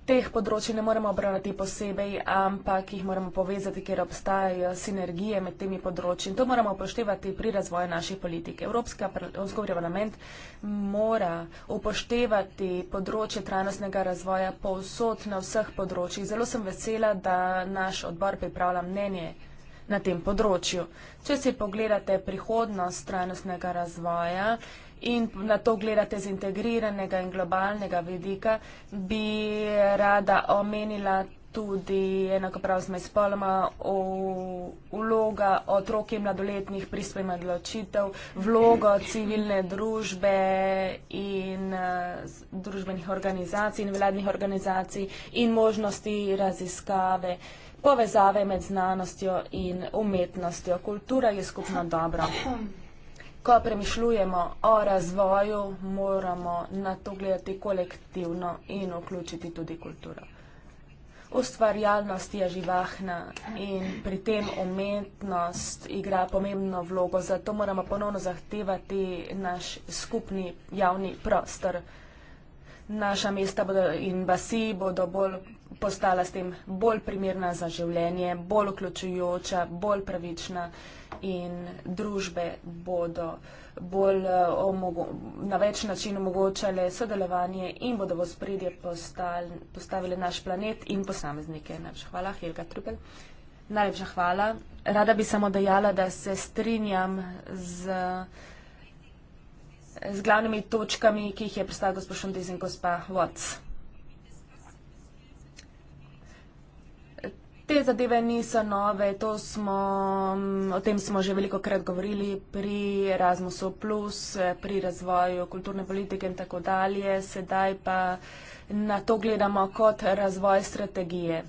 teh področji ne moremo obravnavati posebej, ampak jih moramo povezati, ker obstajajo sinergije med temi področji. In to moramo upoštevati pri razvoju naše politike. Evropska parlament mora upoštevati področje trajnostnega razvoja povsod na vseh področjih. Zelo sem vesela, da naš odbor pripravlja mnenje na tem področju. Če si pogledate prihodnost trajnostnega razvoja, in na to gledate z integriranega in globalnega vidika, bi rada omenila tudi enakopravnost med spoloma, vloga otrok in mladoletnih pri sprejemu odločitev, vlogo civilne družbe in uh, družbenih organizacij in vladnih organizacij in možnosti raziskave, povezave med znanostjo in umetnostjo. Kultura je skupno dobro ko premišljujemo o razvoju, moramo na to gledati kolektivno in vključiti tudi kulturo. Ustvarjalnost je živahna in pri tem umetnost igra pomembno vlogo, zato moramo ponovno zahtevati naš skupni javni prostor. Naša mesta in vasi bodo bolj postala s tem bolj primerna za življenje, bolj vključujoča, bolj pravična in družbe bodo bolj eh, na več način omogočale sodelovanje in bodo v spredje postavili naš planet in posameznike. Najlepša hvala, Helga Trupel. Najlepša hvala. Rada bi samo dejala, da se strinjam z, z glavnimi točkami, ki jih je predstavil gospod Šundiz in gospa Watts. Te zadeve niso nove, smo, mm, o tem smo že veliko krat govorili pri Erasmusu, plus, pri razvoju kulturne politike in tako dalje. Sedaj pa na to gledamo kot razvoj strategije.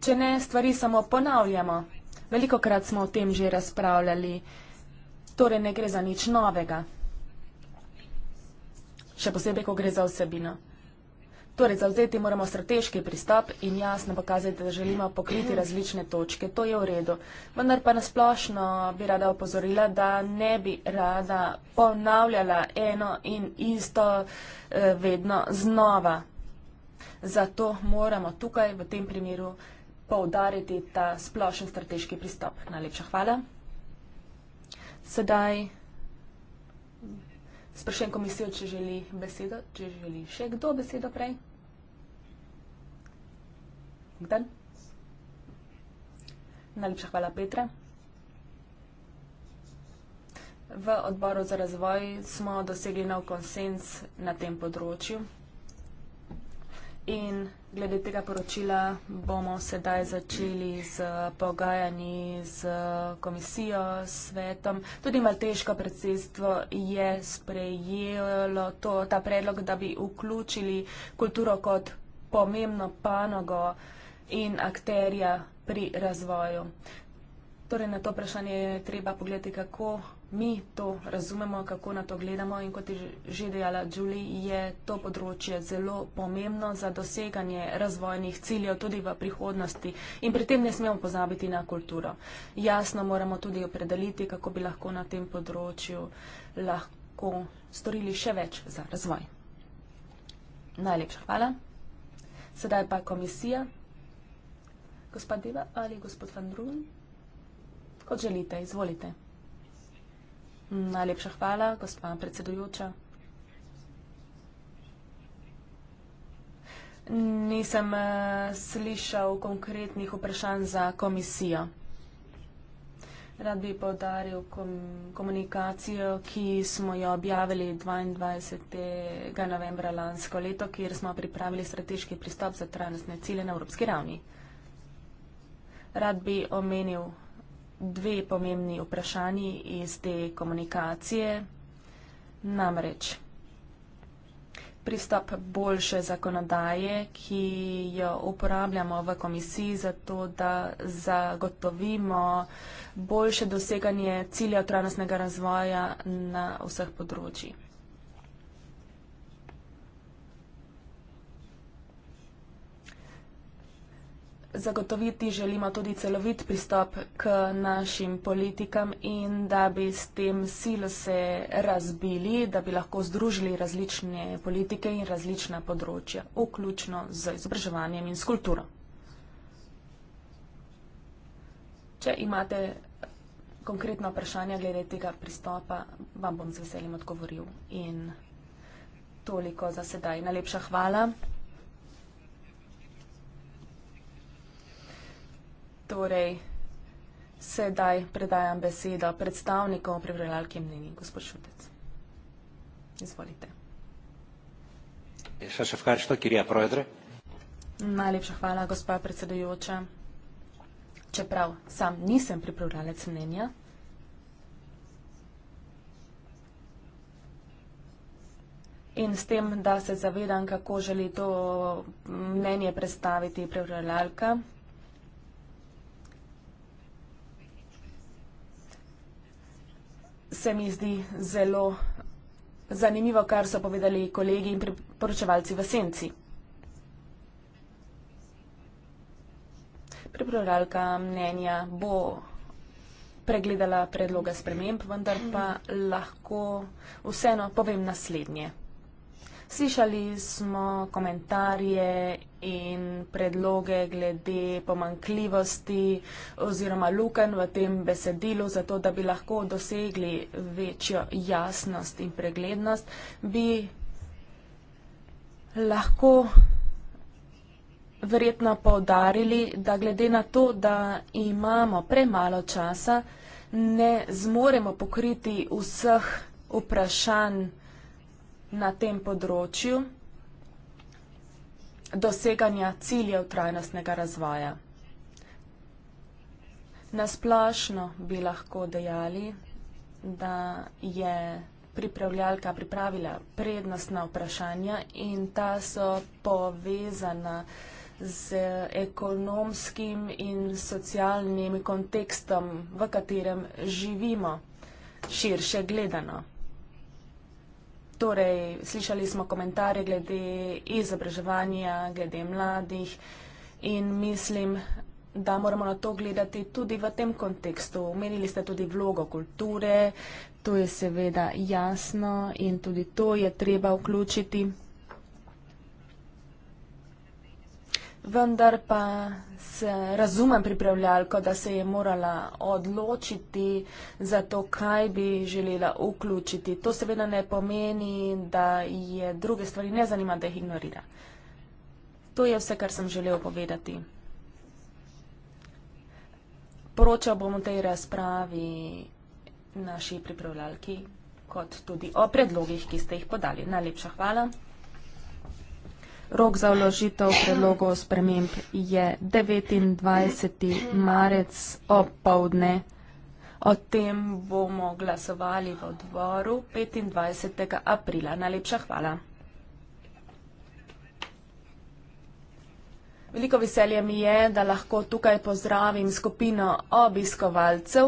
Če ne, stvari samo ponavljamo. Veliko krat smo o tem že razpravljali. Torej ne gre za nič novega. Še posebej, ko gre za vsebino. Torej, zauzeti moramo strateški pristop in jasno pokazati, da želimo pokriti različne točke. To je v redu. Vendar pa nasplošno bi rada opozorila, da ne bi rada ponavljala eno in isto eh, vedno znova. Zato moramo tukaj v tem primeru poudariti ta splošen strateški pristop. Najlepša hvala. Sedaj sprašujem komisijo, če želi besedo, če želi še kdo besedo prej. Kdaj? Najlepša hvala, Petra. V odboru za razvoj smo dosegli nov konsens na tem področju in glede tega poročila bomo sedaj začeli z pogajanji z komisijo, svetom. Tudi Malteško predsedstvo je sprejelo to, ta predlog, da bi vključili kulturo kot pomembno panogo uh, in akterja pri razvoju. Torej, na to vprašanje je treba pogledati, kako mi to razumemo, kako na to gledamo in kot je že dejala Julie, je to področje zelo pomembno za doseganje razvojnih ciljev tudi v prihodnosti in pri tem ne smemo pozabiti na kulturo. Jasno moramo tudi opredeliti, kako bi lahko na tem področju lahko storili še več za razvoj. Najlepša hvala. Sedaj pa komisija. Gospod Deva ali gospod Van Drun? Kot želite, izvolite. Najlepša hvala, gospa predsedujoča. Nisem eh, slišal konkretnih vprašanj za komisijo. Rad bi podaril komunikacijo, ki smo jo objavili 22. novembra lansko leto, kjer smo pripravili strateški pristop za trajnostne cilje na evropski ravni. Rad bi omenil dve pomembni vprašanji iz te komunikacije. Namreč pristop boljše zakonodaje, ki jo uporabljamo v komisiji za to, da zagotovimo boljše doseganje ciljev trajnostnega razvoja na vseh področjih. zagotoviti želimo tudi celovit pristop k našim politikam in da bi s tem silo se razbili, da bi lahko združili različne politike in različna področja, vključno z izobraževanjem in s kulturo. Če imate konkretno vprašanje glede tega pristopa, vam bom z veseljem odgovoril. In toliko za sedaj. Najlepša hvala. Torej, sedaj predajam besedo predstavnikom prevrljalke mnenji, gospod Šutec. Izvolite. Najlepša hvala, gospa predsedujoča. Čeprav sam nisem pripravljalec mnenja, In s tem, da se zavedam, kako želi to mnenje predstaviti prevrljalka, se mi zdi zelo zanimivo, kar so povedali kolegi in priporočevalci v senci. Priporočevalka mnenja bo pregledala predloga sprememb, vendar pa lahko vseeno povem naslednje. Slišali smo komentarje in predloge glede pomankljivosti oziroma luken v tem besedilu, zato da bi lahko dosegli večjo jasnost in preglednost, bi lahko verjetno povdarili, da glede na to, da imamo premalo časa, ne zmoremo pokriti vseh vprašanj na tem področju doseganja ciljev trajnostnega razvoja. Nasplošno bi lahko dejali, da je pripravljalka pripravila prednostna vprašanja in ta so povezana z ekonomskim in socialnim kontekstom, v katerem živimo širše gledano. Torej, slišali smo komentarje glede izobraževanja, glede mladih in mislim, da moramo na to gledati tudi v tem kontekstu. Omenili ste tudi vlogo kulture, to je seveda jasno in tudi to je treba vključiti. vendar pa se razumem pripravljalko, da se je morala odločiti za to, kaj bi želela vključiti. To seveda ne pomeni, da je druge stvari ne zanima, da jih ignorira. To je vse, kar sem želel povedati. Poročal bom v tej razpravi naši pripravljalki kot tudi o predlogih, ki ste jih podali. Najlepša hvala. Rok za vložitev predlogov sprememb je 29. marec opovdne. O tem bomo glasovali v odboru 25. aprila. Najlepša hvala. Veliko veselje mi je, da lahko tukaj pozdravim skupino obiskovalcev.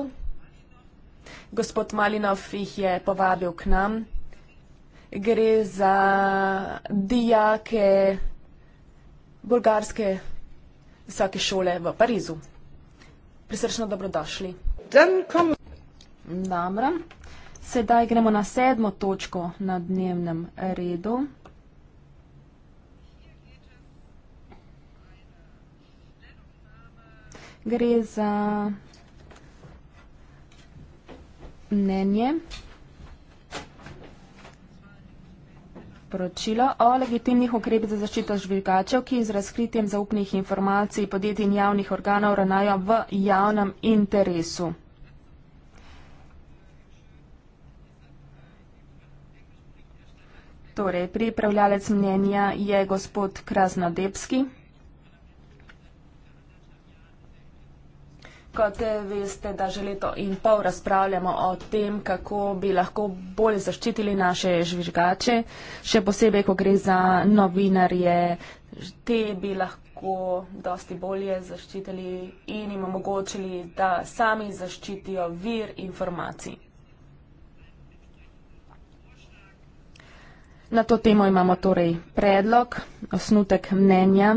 Gospod Malinov jih je povabil k nam gre za dijake bolgarske vsake šole v Parizu. Prisrčno dobrodošli. Dobro. Sedaj gremo na sedmo točko na dnevnem redu. Gre za mnenje poročilo o legitimnih ukrepih za zaščito žvilgačev, ki z razkritjem zaupnih informacij podjetij in javnih organov ravnajo v javnem interesu. Torej, pripravljalec mnenja je gospod Krasnodebski. Kot veste, da že leto in pol razpravljamo o tem, kako bi lahko bolj zaščitili naše žvižgače, še posebej, ko gre za novinarje, te bi lahko dosti bolje zaščitili in jim omogočili, da sami zaščitijo vir informacij. Na to temo imamo torej predlog, osnutek mnenja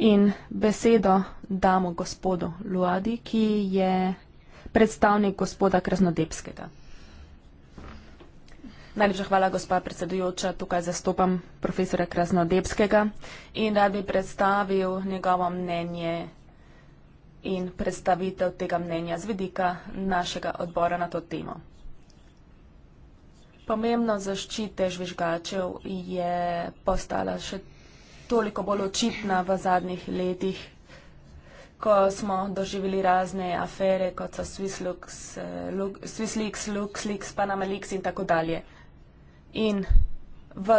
in besedo damo gospodu Luadi, ki je predstavnik gospoda Krasnodebskega. Najlepša hvala, gospa predsedujoča. Tukaj zastopam profesora Krasnodebskega in rad bi predstavil njegovo mnenje in predstavitev tega mnenja z vidika našega odbora na to temo. Pomembno zaščite žvižgačev je postala še toliko bolj očitna v zadnjih letih, ko smo doživeli razne afere, kot so SwissLeaks, eh, LuxLeaks, PanamaLeaks in tako dalje. In v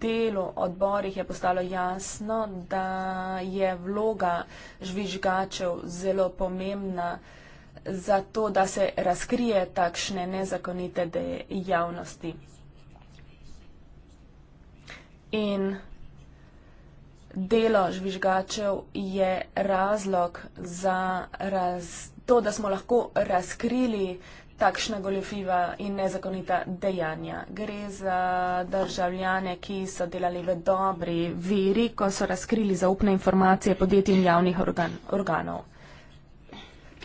delu odborih je postalo jasno, da je vloga žvižgačev zelo pomembna za to, da se razkrije takšne nezakonite dejavnosti. In delo žvižgačev je razlog za raz, to, da smo lahko razkrili takšna goljofiva in nezakonita dejanja. Gre za državljane, ki so delali v dobri veri, ko so razkrili zaupne informacije podjetij in javnih organ, organov.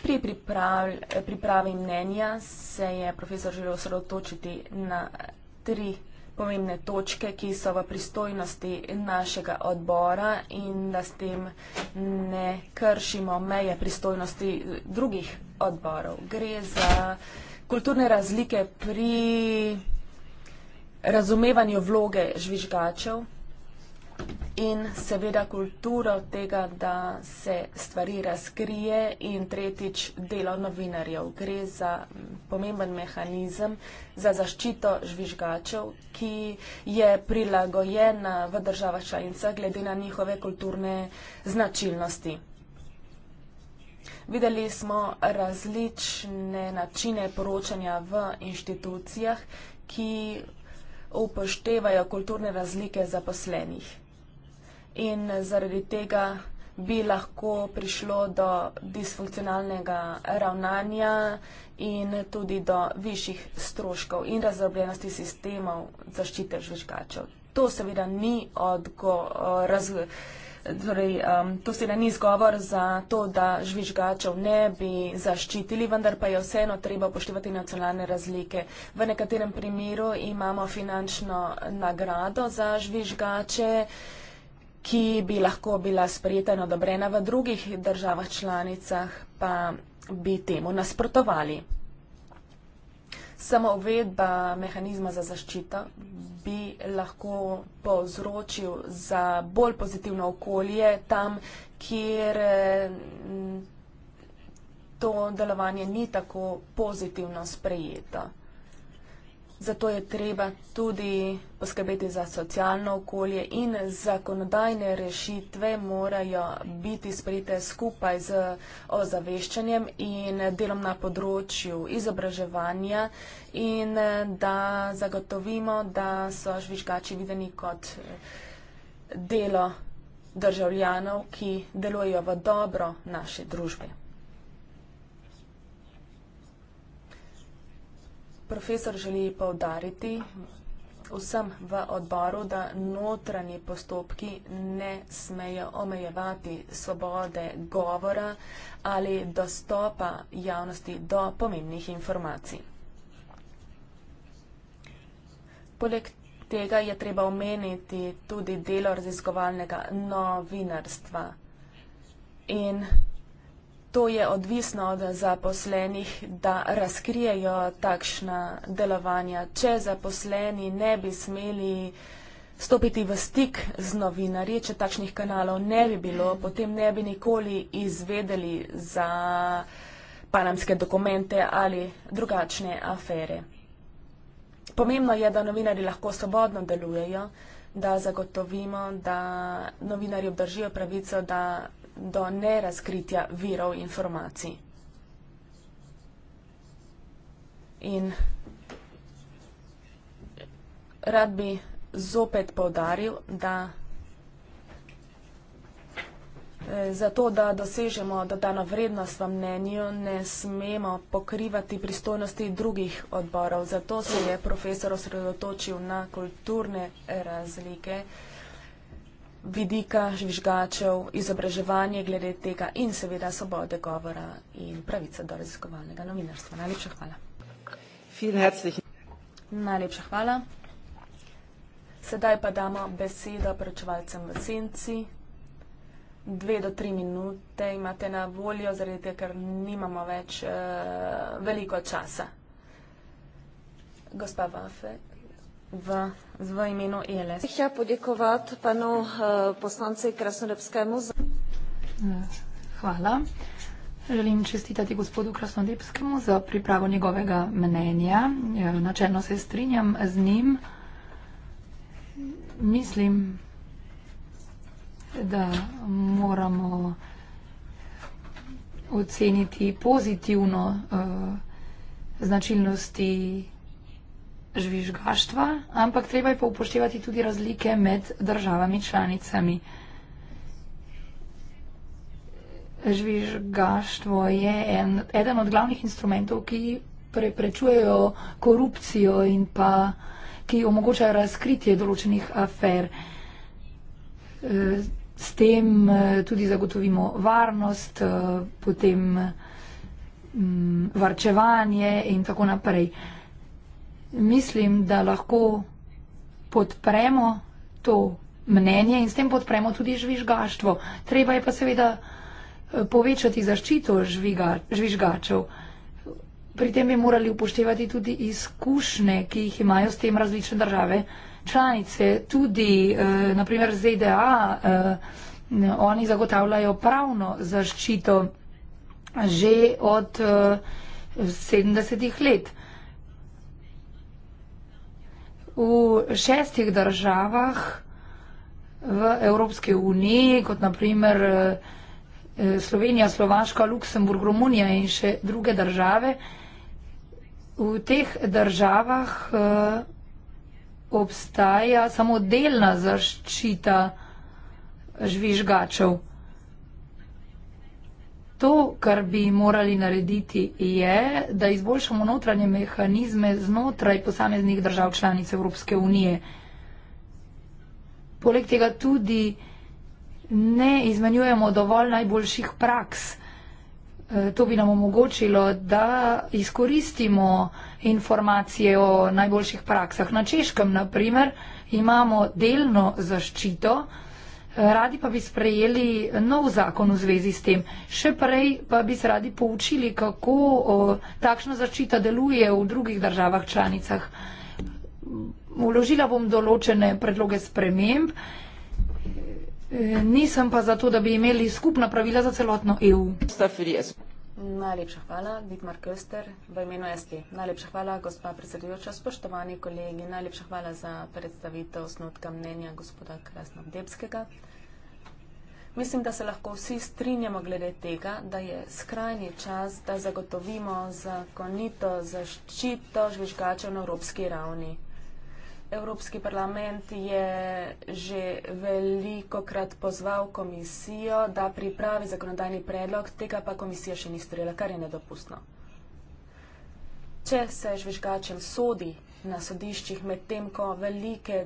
Pri pripravi, pripravi mnenja se je profesor želel osredotočiti na tri pomembne točke, ki so v pristojnosti našega odbora in da s tem ne kršimo meje pristojnosti drugih odborov. Gre za kulturne razlike pri razumevanju vloge žvižgačev in seveda kulturo tega, da se stvari razkrije in tretjič delo novinarjev. Gre za pomemben mehanizem za zaščito žvižgačev, ki je prilagojena v državah članica glede na njihove kulturne značilnosti. Videli smo različne načine poročanja v inštitucijah, ki upoštevajo kulturne razlike zaposlenih in zaradi tega bi lahko prišlo do disfunkcionalnega ravnanja in tudi do višjih stroškov in razdrobljenosti sistemov zaščite žvečkačev. To seveda ni odgovor. Torej, um, to seveda ni izgovor za to, da žvižgačev ne bi zaščitili, vendar pa je vseeno treba upoštevati nacionalne razlike. V nekaterem primeru imamo finančno nagrado za žvižgače ki bi lahko bila sprejeta in odobrena v drugih državah članicah, pa bi temu nasprotovali. Samo uvedba mehanizma za zaščito bi lahko povzročil za bolj pozitivno okolje tam, kjer mm, to delovanje ni tako pozitivno sprejeto. Zato je treba tudi poskrbeti za socialno okolje in zakonodajne rešitve morajo biti sprejete skupaj z ozaveščanjem in delom na področju izobraževanja in da zagotovimo, da so žvižgači videni kot delo državljanov, ki delujejo v dobro naše družbe. Profesor želi povdariti vsem v odboru, da notranji postopki ne smejo omejevati svobode govora ali dostopa javnosti do pomembnih informacij. Poleg tega je treba omeniti tudi delo raziskovalnega novinarstva in to je odvisno od zaposlenih, da razkrijejo takšna delovanja. Če zaposleni ne bi smeli stopiti v stik z novinarji, če takšnih kanalov ne bi bilo, potem ne bi nikoli izvedeli za panamske dokumente ali drugačne afere. Pomembno je, da novinari lahko svobodno delujejo, da zagotovimo, da novinari obdržijo pravico, da do nerazkritja virov informacij. In rad bi zopet povdaril, da e, za to, da dosežemo dodano vrednost v mnenju, ne smemo pokrivati pristojnosti drugih odborov. Zato se je profesor osredotočil na kulturne razlike in vidika žvižgačev, izobraževanje glede tega in seveda svobode govora in pravice do raziskovalnega novinarstva. Najlepša hvala. Najlepša hvala. Sedaj pa damo besedo poročevalcem v senci. Dve do tri minute imate na voljo, zaradi tega, ker nimamo več uh, veliko časa. Gospa Vafe, v, v imenu ELS. Bih ja podjekovati panu uh, eh, poslance Krasnodebskemu za... Eh, Hvala. Želim čestitati gospodu Krasnodebskemu za pripravo njegovega mnenja. Načelno se strinjam z njim. Mislim, da moramo oceniti pozitivno uh, značilnosti žvižgaštva, ampak treba je pa upoštevati tudi razlike med državami članicami. Žvižgaštvo je en, eden od glavnih instrumentov, ki preprečujejo korupcijo in pa ki omogočajo razkritje določenih afer. S tem eh, tudi zagotovimo varnost, eh, potem mm, varčevanje in tako naprej mislim, da lahko podpremo to mnenje in s tem podpremo tudi žvižgaštvo. Treba je pa seveda eh, povečati zaščito žviga, žvižgačev. Pri tem bi morali upoštevati tudi izkušnje, ki jih imajo s tem različne države članice. Tudi, eh, naprimer, ZDA, eh, oni zagotavljajo pravno zaščito že od eh, 70-ih let. Eh, v šestih državah v Evropski uniji, kot naprimer eh, eh, Slovenija, Slovaška, Luksemburg, Romunija in še druge države. V teh državah eh, obstaja samo delna zaščita žvižgačev. To, kar bi morali narediti, je, da izboljšamo notranje mehanizme znotraj posameznih držav članic Evropske unije. Poleg tega tudi ne izmenjujemo dovolj najboljših praks. E, to bi nam omogočilo, da izkoristimo informacije o najboljših praksah. Na Češkem, na primer, imamo delno zaščito, Radi pa bi sprejeli nov zakon v zvezi s tem. Še prej pa bi se radi poučili, kako o, takšna zaščita deluje v drugih državah članicah. Uložila bom določene predloge sprememb, e, nisem pa zato, da bi imeli skupna pravila za celotno EU. Najlepša hvala, Dietmar Köster, v imenu SD. Najlepša hvala, gospa predsedujoča, spoštovani kolegi, najlepša hvala za predstavitev osnotka mnenja gospoda Krasnodebskega. Mislim, da se lahko vsi strinjamo glede tega, da je skrajni čas, da zagotovimo zakonito zaščito žvižgačev na evropski ravni. Evropski parlament je že veliko krat pozval komisijo, da pripravi zakonodajni predlog, tega pa komisija še ni storila, kar je nedopustno. Če se žvižgačem sodi na sodiščih, medtem ko velike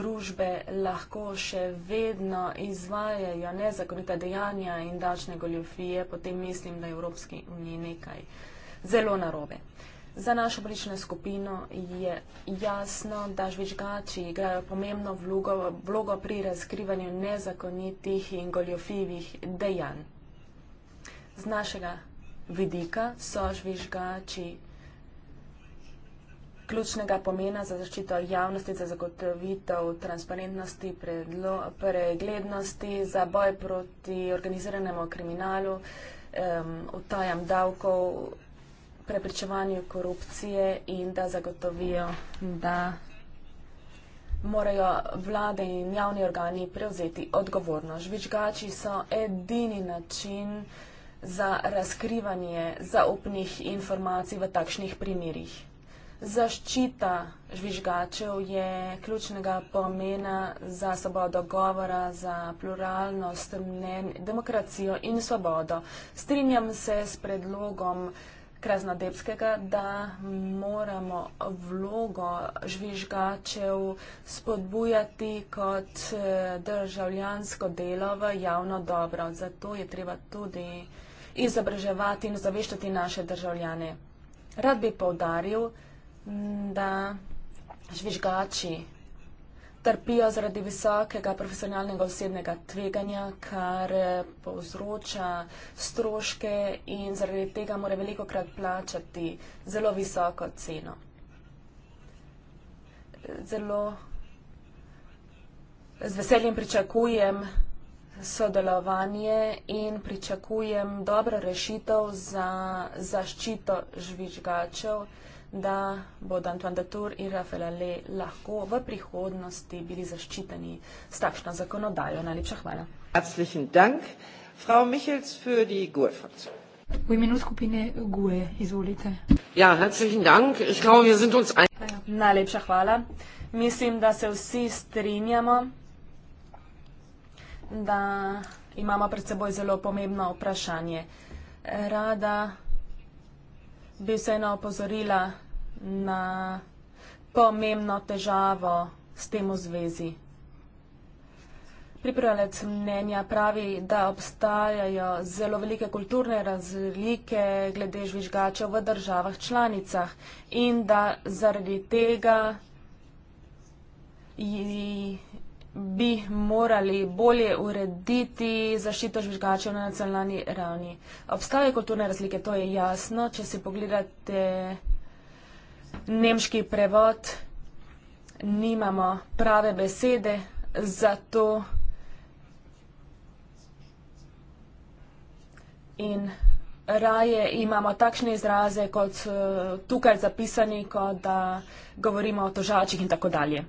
družbe lahko še vedno izvajajo nezakonita dejanja in dačne goljofije, potem mislim, da je Evropski uniji nekaj zelo narobe. Za našo brično skupino je jasno, da žvižgači igrajo pomembno vlogo, vlogo pri razkrivanju nezakonitih in goljofivih dejanj. Z našega vidika so žvižgači ključnega pomena za zaščito javnosti, za zagotovitev transparentnosti, predlo, preglednosti, za boj proti organiziranemu kriminalu, um, utajam davkov, preprečevanju korupcije in da zagotovijo, da morajo vlade in javni organi prevzeti odgovornost. Žvižgači so edini način za razkrivanje zaupnih informacij v takšnih primerih. Zaščita žvižgačev je ključnega pomena za svobodo govora, za pluralnost mnen, demokracijo in svobodo. Strinjam se s predlogom, da Kraznodebskega, da moramo vlogo žvižgačev spodbujati kot eh, državljansko delo v javno dobro. Zato je treba tudi izobraževati in zaveščati naše državljane. Rad bi povdaril, da žvižgači trpijo zaradi visokega profesionalnega osebnega tveganja, kar eh, povzroča stroške in zaradi tega mora veliko krat plačati zelo visoko ceno. Zelo z veseljem pričakujem sodelovanje in pričakujem dobro rešitev za zaščito žvižgačev da bodo Antoine de Tour in Rafael Le lahko v prihodnosti bili zaščiteni s takšno zakonodajo. Najlepša hvala. Herzlichen Dank. Frau Michels für die GUE-Fraktion. V imenu skupine GUE, izvolite. Ja, herzlichen Dank. Ich glaube, wir sind uns ein. Najlepša hvala. Mislim, da se vsi strinjamo, da imamo pred seboj zelo pomembno vprašanje. Rada bi vseeno opozorila na pomembno težavo s tem v zvezi. Pripravljalec mnenja pravi, da obstajajo zelo velike kulturne razlike glede žvižgačev v državah članicah in da zaradi tega bi morali bolje urediti zaščito žvižgačev na nacionalni ravni. Obstajajo kulturne razlike, to je jasno. Če si pogledate nemški prevod, nimamo prave besede za to. In raje imamo takšne izraze, kot eh, tukaj zapisani, kot da govorimo o tožačih in tako dalje.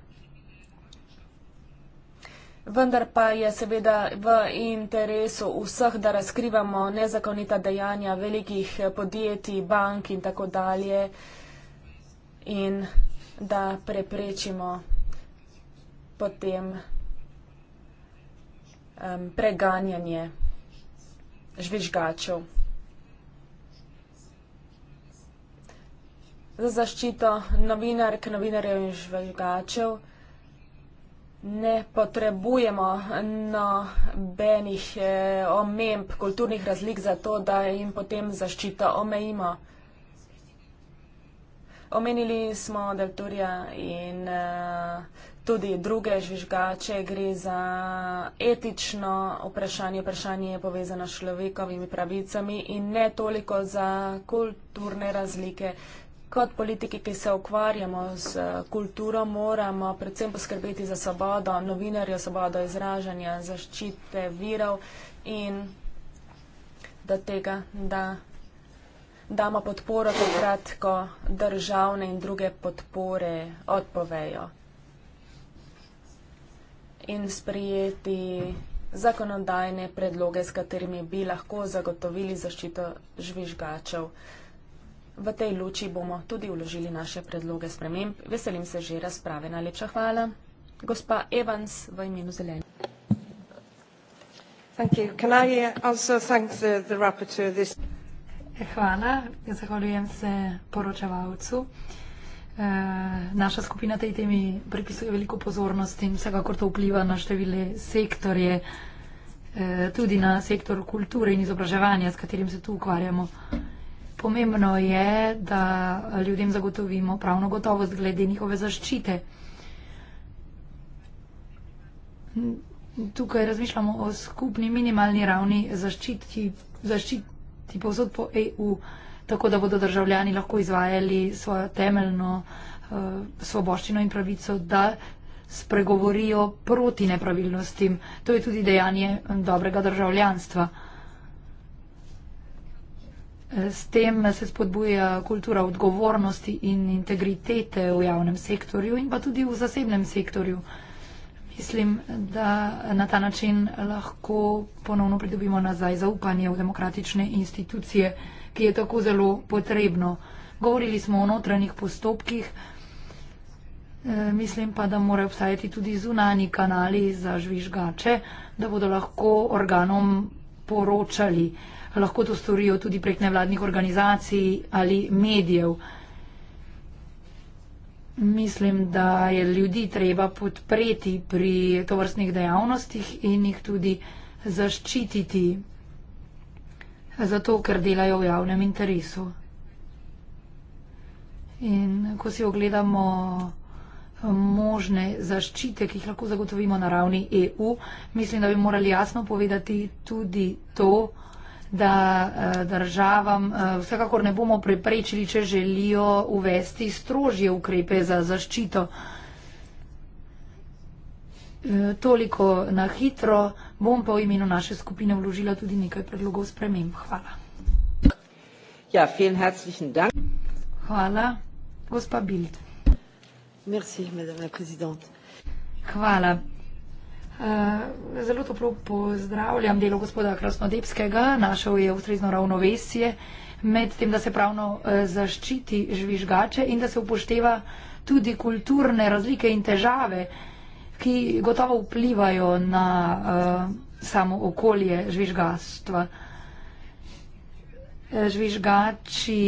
Vendar pa je seveda v interesu vseh, da razkrivamo nezakonita dejanja velikih podjetij, bank in tako dalje in da preprečimo potem um, preganjanje žvižgačev. Za zaščito novinark, novinarjev in žvižgačev ne potrebujemo nobenih eh, omemb kulturnih razlik za to, da jim potem zaščita omejimo. Omenili smo Delturja in eh, tudi druge žvižgače, gre za etično vprašanje, vprašanje je povezano s človekovimi pravicami in ne toliko za kulturne razlike. Eh, kot politiki, ki se ukvarjamo z eh, kulturo, moramo predvsem poskrbeti za svobodo novinarja, svobodo izražanja, zaščite virov in da tega, da damo podporo takrat, ko državne in druge podpore odpovejo in sprijeti zakonodajne predloge, s katerimi bi lahko zagotovili zaščito žvižgačev. V tej luči bomo tudi uložili naše predloge sprememb. Veselim se že razprave. Najlepša hvala. Gospa Evans v imenu zelenih. Hvala. Zahvaljujem se poročevalcu. Eh, naša skupina tej temi pripisuje veliko pozornosti in vsekakor to vpliva na številne sektorje, eh, tudi na sektor kulture in izobraževanja, s katerim se tu ukvarjamo. Pomembno je, da ljudem zagotovimo pravno gotovost glede njihove zaščite. Tukaj razmišljamo o skupni minimalni ravni zaščiti, zaščiti povsod po EU, tako da bodo državljani lahko izvajali svojo temeljno uh, svoboščino in pravico, da spregovorijo proti nepravilnostim. To je tudi dejanje dobrega državljanstva. S tem se spodbuja kultura odgovornosti in integritete v javnem sektorju in pa tudi v zasebnem sektorju. Mislim, da na ta način lahko ponovno pridobimo nazaj zaupanje v demokratične institucije, ki je tako zelo potrebno. Govorili smo o notranjih postopkih, e, mislim pa, da morajo obstajati tudi zunani kanali za žvižgače, da bodo lahko organom poročali lahko to storijo tudi prek nevladnih organizacij ali medijev. Mislim, da je ljudi treba podpreti pri tovrstnih dejavnostih in jih tudi zaščititi, zato ker delajo v javnem interesu. In ko si ogledamo eh, možne zaščite, ki jih lahko zagotovimo na ravni EU, mislim, da bi morali jasno povedati tudi to, da eh, državam eh, vsekakor ne bomo preprečili, če želijo uvesti strožje ukrepe za zaščito. Eh, toliko na hitro bom pa v imenu naše skupine vložila tudi nekaj predlogov sprememb. Hvala. Ja, vielen herzlichen Dank. Hvala, gospa Bild. Merci, madame la présidente. Hvala. Eh, zelo toplo pozdravljam delo gospoda Krasnodebskega, našel je ustrezno ravnovesje med tem, da se pravno eh, zaščiti žvižgače in da se upošteva tudi kulturne razlike in težave, ki gotovo vplivajo na uh, samo okolje žvižgastva. Uh, žvižgači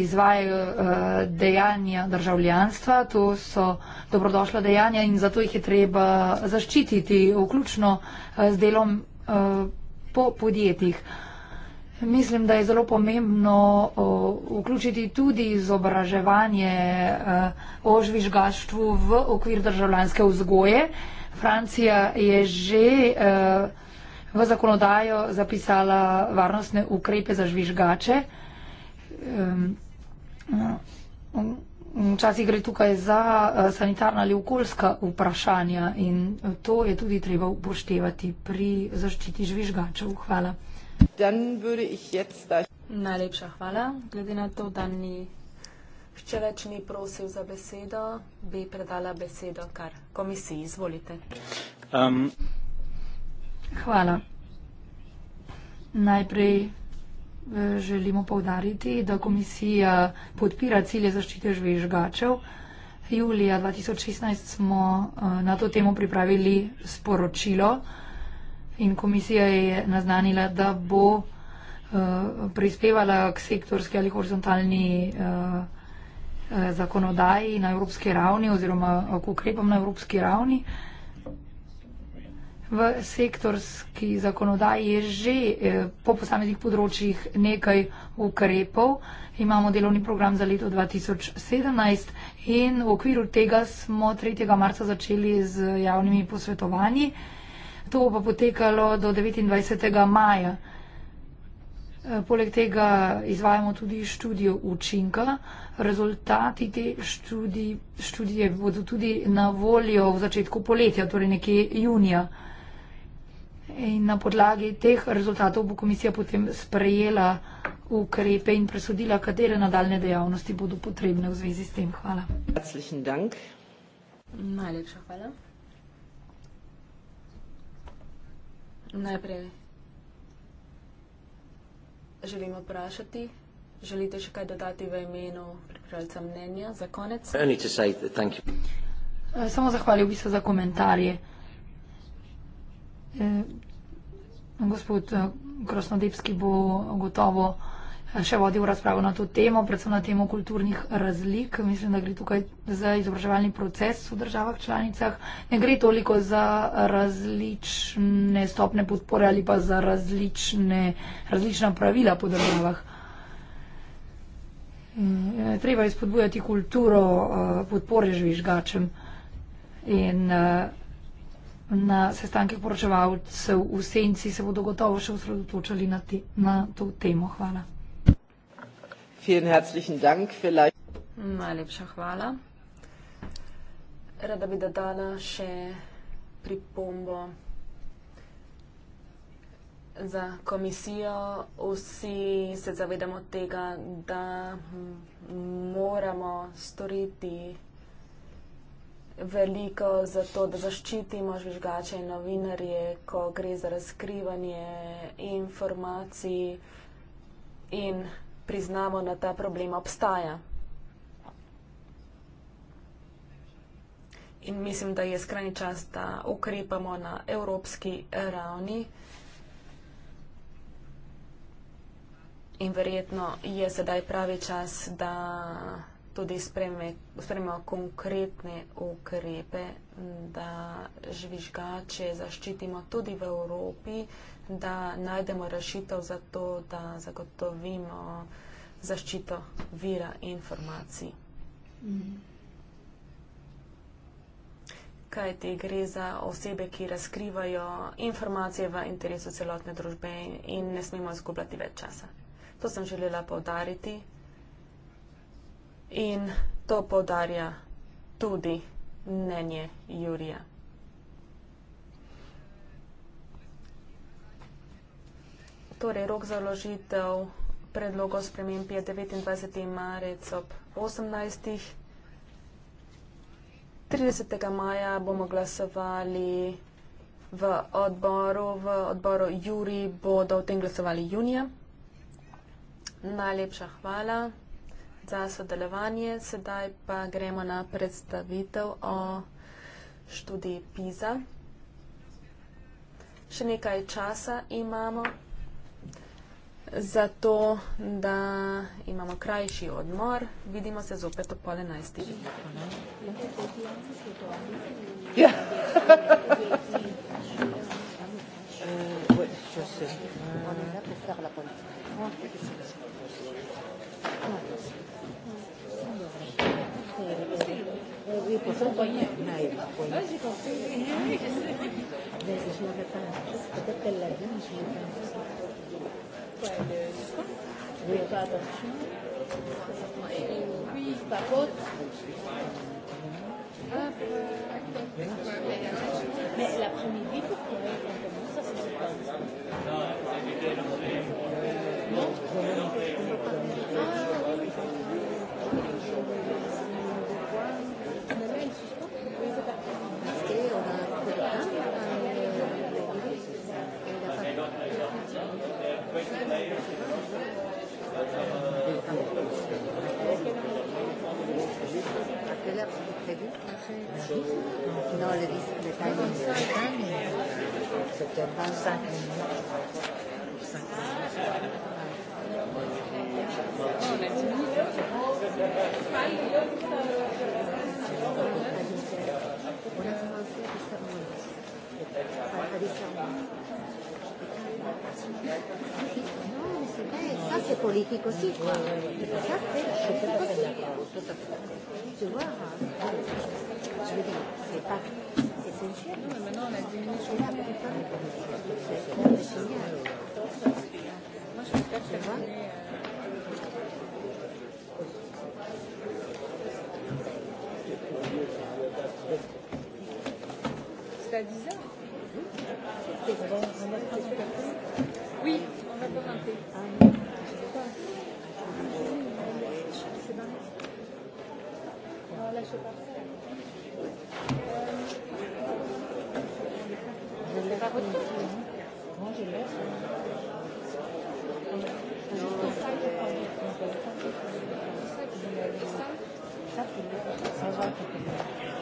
izvajajo eh, dejanja državljanstva, to so dobrodošla dejanja in zato jih je treba zaščititi, vključno eh, z delom eh, po podjetjih. Mislim, da je zelo pomembno vključiti tudi izobraževanje o žvižgaštvu v okvir državljanske vzgoje. Francija je že v zakonodajo zapisala varnostne ukrepe za žvižgače. Ehm, no, včasih gre tukaj za eh, sanitarna ali okoljska vprašanja in to je tudi treba upoštevati pri zaščiti žvižgačev. Hvala. Najlepša hvala. Glede na to, da ni še več ni prosil za besedo, bi predala besedo kar komisiji. Izvolite. Um. Hvala. Najprej eh, želimo povdariti, da komisija podpira cilje zaščite žvižgačev. Julija 2016 smo eh, na to temo pripravili sporočilo in komisija je naznanila, da bo eh, prispevala k sektorski ali horizontalni zakonodaji na evropski ravni oziroma k ukrepom na evropski ravni v sektorski zakonodaji je že eh, po posameznih področjih nekaj ukrepov. Imamo delovni program za leto 2017 in v okviru tega smo 3. marca začeli z javnimi posvetovanji. To bo pa potekalo do 29. maja. Eh, poleg tega izvajamo tudi študijo učinka. Rezultati te študije, študije bodo tudi na voljo v začetku poletja, torej nekje junija. In na podlagi teh rezultatov bo komisija potem sprejela ukrepe in presodila, katere nadaljne dejavnosti bodo potrebne v zvezi s tem. Hvala. Najlepša hvala. Najprej želim vprašati, želite še kaj dodati v imenu pripravljalca mnenja za konec? Eh, samo zahvalil bi se za komentarje. Uh, Eh, gospod eh, Krasnodebski bo gotovo eh, še vodil razpravo na to temo, predvsem na temo kulturnih razlik. Mislim, da gre tukaj za izobraževalni proces v državah članicah. Ne gre toliko za različne stopne podpore ali pa za različne, različna pravila po državah. Treba izpodbujati kulturo podpore žvižgačem. In uh, na sestanke poročevalcev v senci se bodo gotovo še osredotočali na, te, na to temo. Hvala. Dank, Najlepša hvala. Rada bi dodala še pripombo za komisijo. Vsi se zavedamo tega, da moramo storiti veliko za to, da zaščitimo žvižgače in novinarje, ko gre za razkrivanje informacij in priznamo, da ta problem obstaja. In mislim, da je skrajni čas, da ukrepamo na evropski ravni. In verjetno je sedaj pravi čas, da tudi sprejmejo konkretne ukrepe, da žvižgače zaščitimo tudi v Evropi, da najdemo rešitev za to, da zagotovimo zaščito vira informacij. Mhm. Kaj ti gre za osebe, ki razkrivajo informacije v interesu celotne družbe in ne smemo izgubljati več časa. To sem želela povdariti In to podarja tudi mnenje Jurija. Torej, rok za vložitev predlogov sprememb je 29. marec ob 18. 30. maja bomo glasovali v odboru, v odboru Juri bodo o tem glasovali junija. Najlepša hvala za sodelovanje. Sedaj pa gremo na predstavitev o študiji PISA. Še nekaj časa imamo za to, da imamo krajši odmor. Vidimo se zopet ob pol enajstih. Ja. [LAUGHS] Euh, oui, pour ça, oui. Oui, j'ai compris. Mais je l'avais pas. Peut-être qu'elle l'a vu, mais je l'ai pas. Quoi, le discours Oui, pas Oui, par contre. Mais l'après-midi, pourquoi Ça, c'est pas Non, c'est Non, Non, le risque n'est pas mais c'est un 25 minutes. Ah, on a ça c'est politique aussi quoi. Ça, c'est, c'est, c'est, c'est, c'est, c'est, c'est, tu vois. Hein je veux dire, c'est pas. C'est sensuel. Non, mais maintenant, on a diminué sur la même C'est un signal. Moi, je suis très bien. C'est bizarre. C'est bon, on va prendre un café. Oui, on va prendre un thé. Ah non, je sais pas. C'est bon. Alors là, je suis parfait. Je l'ai pas Moi, je l'ai. C'est ça que je voulais aller. C'est ça que je voulais aller. C'est ça que je voulais aller.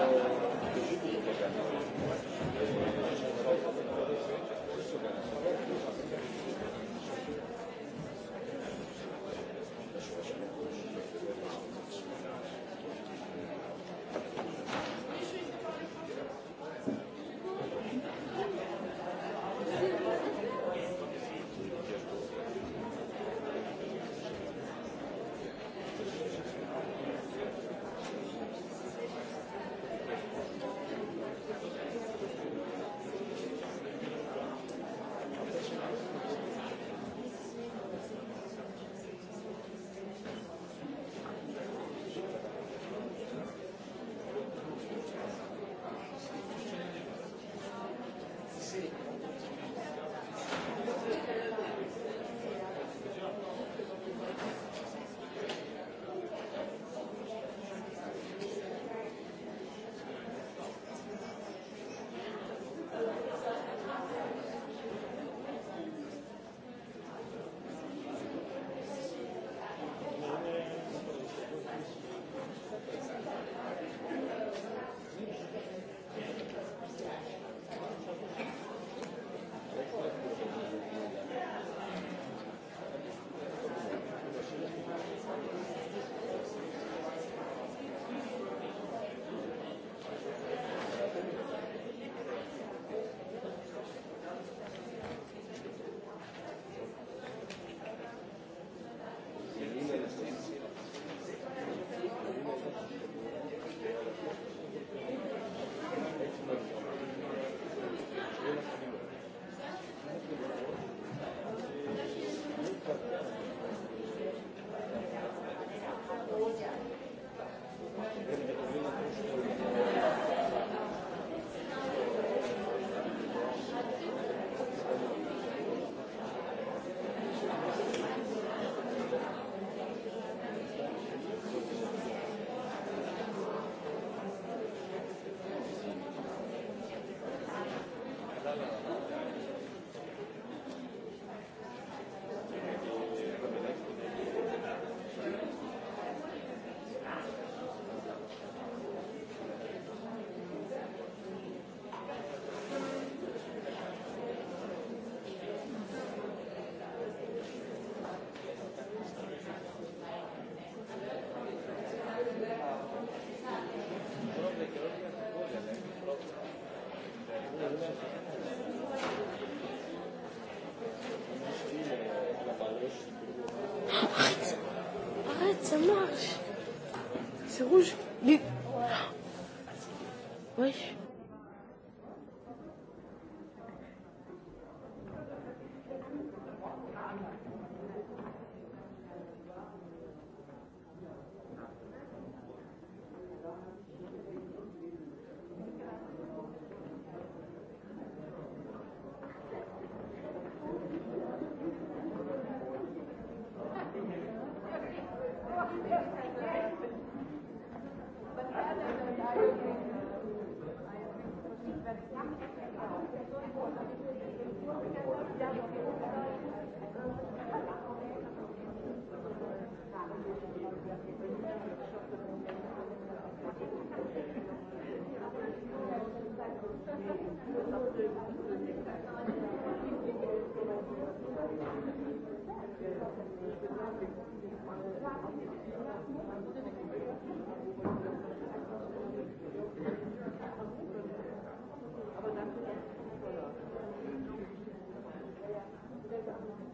rouge.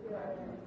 Yeah.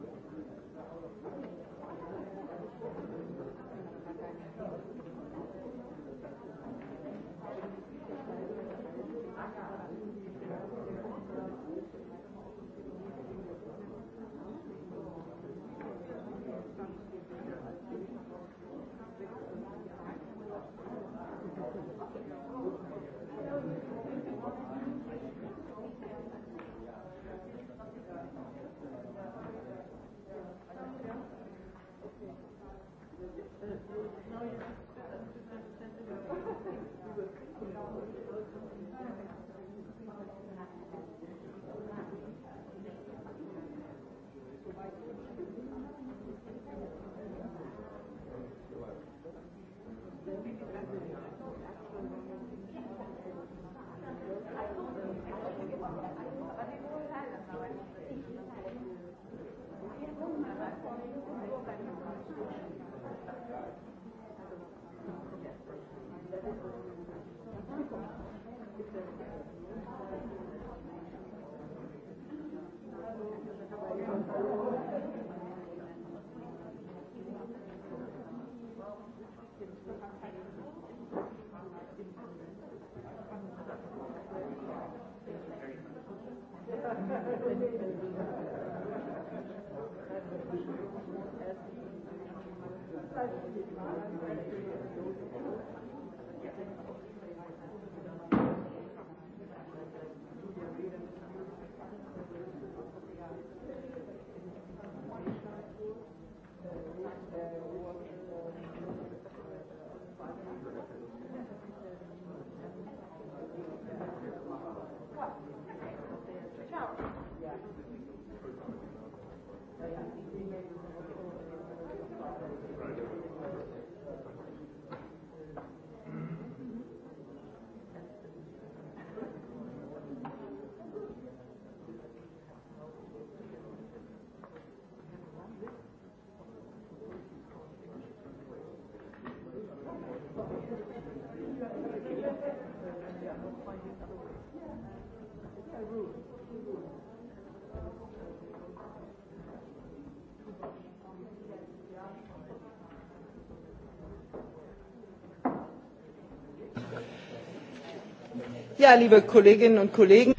Ja, liebe Kolleginnen und Kolleggi.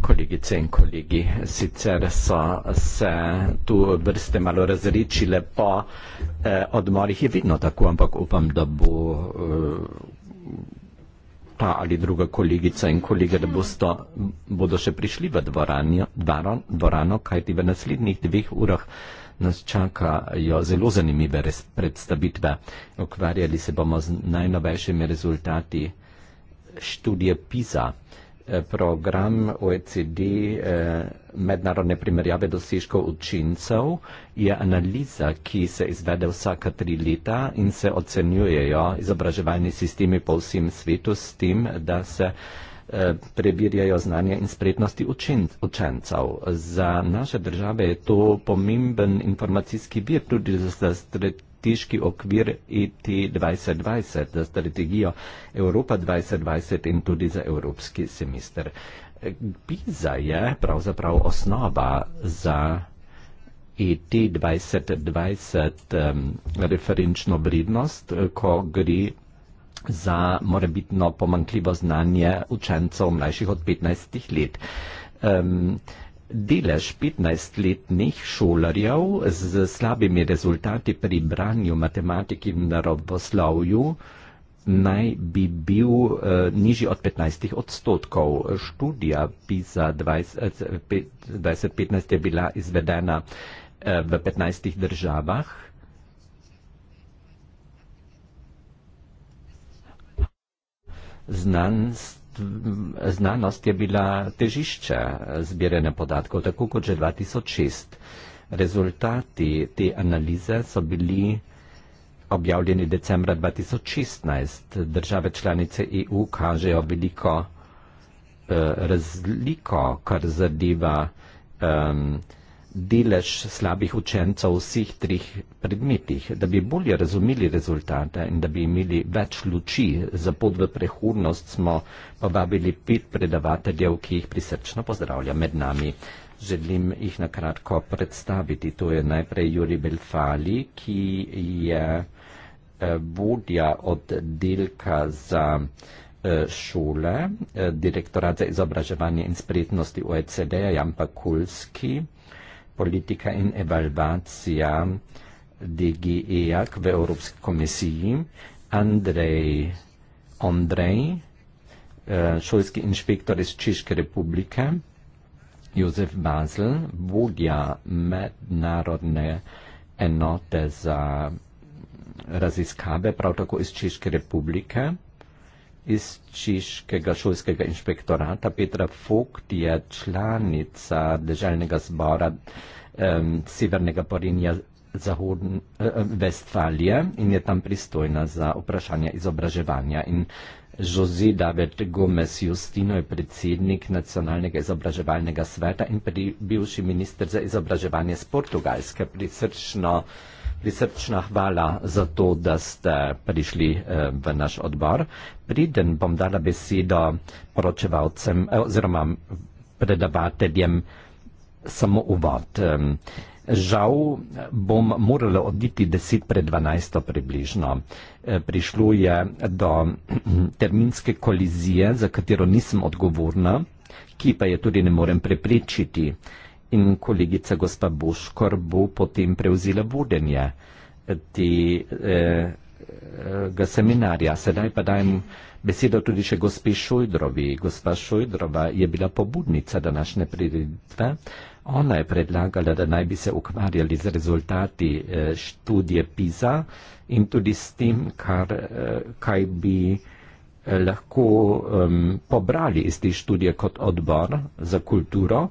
Kolegice in kolegi, sicer so se tu vrste malo razrečile po eh, odmorih, je vidno tako, ampak upam, da bo eh, ta ali druga kolegica in kolega, da bosto, bodo še prišli v dvoranjo, dvorano, kajti v naslednjih dveh urah nas čakajo zelo zanimive predstavitve. Okvarjali se bomo z najnovejšimi rezultati študije PISA, eh, program OECD eh, mednarodne primerjave dosežkov učincev, je analiza, ki se izvede vsaka tri leta in se ocenjujejo izobraževalni sistemi po vsem svetu s tem, da se eh, preverjajo znanje in spretnosti učencev. Za naše države je to pomemben informacijski vir tudi za strategijo strateški okvir e ET 2020 za strategijo Evropa 2020 in tudi za evropski semester. PISA je pravzaprav osnova za ET 2020 um, referenčno vrednost, ko gre za morebitno pomankljivo znanje učencev mlajših od 15 let. Um, Delež 15-letnih šolarjev z slabimi rezultati pri branju matematike in naravoslovju naj bi bil uh, nižji od 15 odstotkov. Študija PISA 2015 je bila izvedena uh, v 15 državah. Znanstveno znanost je bila težišče zbiranja podatkov, tako kot že 2006. Rezultati te analize so bili objavljeni decembra 2016. Države članice EU kažejo veliko eh, razliko, kar zadeva eh, delež slabih učencev v vseh trih predmetih, da bi bolje razumeli rezultate in da bi imeli več luči za pot v prihodnost, smo povabili pet predavateljev, ki jih prisrčno pozdravlja med nami. Želim jih na kratko predstaviti. To je najprej Juri Belfali, ki je eh, vodja oddelka za eh, šole, eh, direktorat za izobraževanje in spretnosti OECD, Jan Pakulski politika in evalvacija DGE-jak v Evropski komisiji, Andrej Ondrej, eh, šolski inšpektor iz Češke republike, Jozef Basel, vodja mednarodne enote za raziskave, prav tako iz Češke republike, iz Češkega šolskega inšpektorata. Petra Fogt je članica državnega zbora um, Severnega Porinja Zahodn, uh, Vestfalije in je tam pristojna za vprašanja izobraževanja. In Jose David Gomez Justino je predsednik Nacionalnega izobraževalnega sveta in pri, bivši minister za izobraževanje z Portugalske. Prisrčno uh, Prisrčna hvala za to, da ste prišli eh, v naš odbor. Priden bom dala besedo poročevalcem eh, oziroma predavateljem samo uvod. Žal bom morala oditi 10 pred 12 približno. Eh, prišlo je do [CLEARS THROAT] terminske kolizije, za katero nisem odgovorna, ki pa je tudi ne morem preprečiti in kolegica gospa Buškor bo potem prevzela vodenje eh, tega eh, eh, seminarja. Sedaj pa dajem besedo tudi še gospe Šojdrovi. Gospa Šojdrova je bila pobudnica današnje prireditve. Ona je predlagala, da naj bi se ukvarjali z rezultati študije PISA in tudi s tem, kar, kaj bi lahko um, pobrali iz te študije kot odbor za kulturo,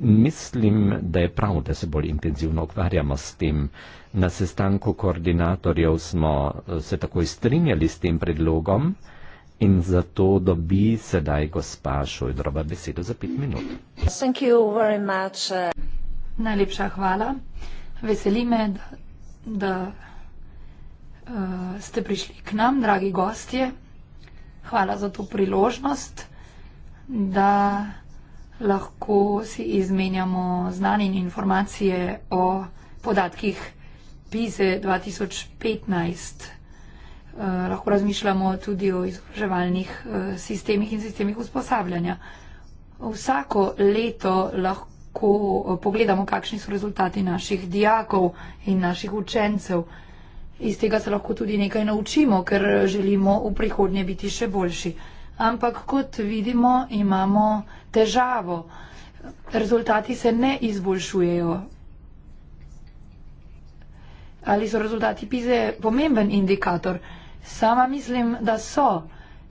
Mislim, da je prav, da se bolj intenzivno ukvarjamo s tem. Na sestanku koordinatorjev smo eh, se takoj strinjali s tem predlogom in zato dobi sedaj gospa Šojdrova besedo za pet minut. Eh. Najlepša hvala. Veseli me, da, da uh, ste prišli k nam, dragi gostje. Hvala za to priložnost, da lahko si izmenjamo znanje in informacije o podatkih PISE 2015. Eh, lahko razmišljamo tudi o izobraževalnih eh, sistemih in sistemih usposabljanja. Vsako leto lahko eh, pogledamo, kakšni so rezultati naših dijakov in naših učencev. Iz tega se lahko tudi nekaj naučimo, ker želimo v prihodnje biti še boljši. Ampak kot vidimo, imamo težavo. Rezultati se ne izboljšujejo. Ali so rezultati PISE pomemben indikator? Sama mislim, da so.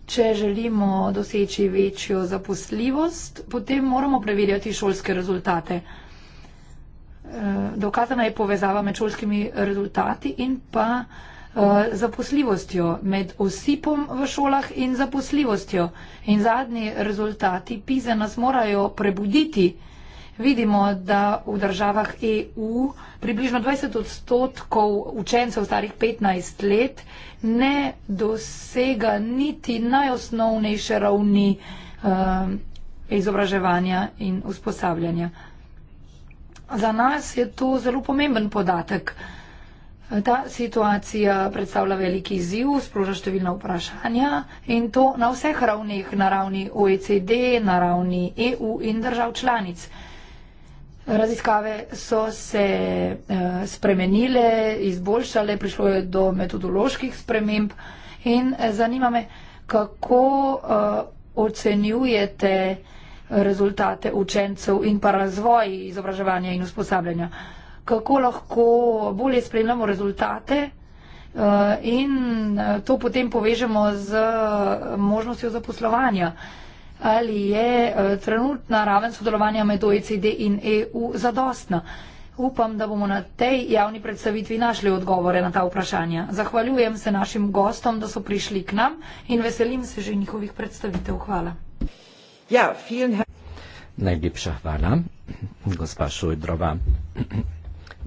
Če želimo doseči večjo zaposljivost, potem moramo preverjati šolske rezultate. Eh, dokazana je povezava med šolskimi rezultati in pa Eh, zaposljivostjo, med osipom v šolah in zaposljivostjo. In zadnji rezultati PISA nas morajo prebuditi. Vidimo, da v državah EU približno 20 odstotkov učencev starih 15 let ne dosega niti najosnovnejše ravni eh, izobraževanja in usposabljanja. Za nas je to zelo pomemben podatek. Ta situacija predstavlja veliki izziv, sproža številna vprašanja in to na vseh ravnih, na ravni OECD, na ravni EU in držav članic. Raziskave so se eh, spremenile, izboljšale, prišlo je do metodoloških sprememb in eh, zanima me, kako eh, ocenjujete rezultate učencev in pa razvoj izobraževanja in usposabljanja kako lahko bolje spremljamo rezultate eh, in eh, to potem povežemo z eh, možnostjo zaposlovanja. Ali je trenutna raven sodelovanja med OECD in EU zadostna? Upam, da bomo na tej javni predstavitvi našli odgovore na ta vprašanja. Zahvaljujem se našim gostom, da so prišli k nam in veselim se že njihovih predstavitev. Hvala. Ja, Najlepša hvala, gospa Šojdrova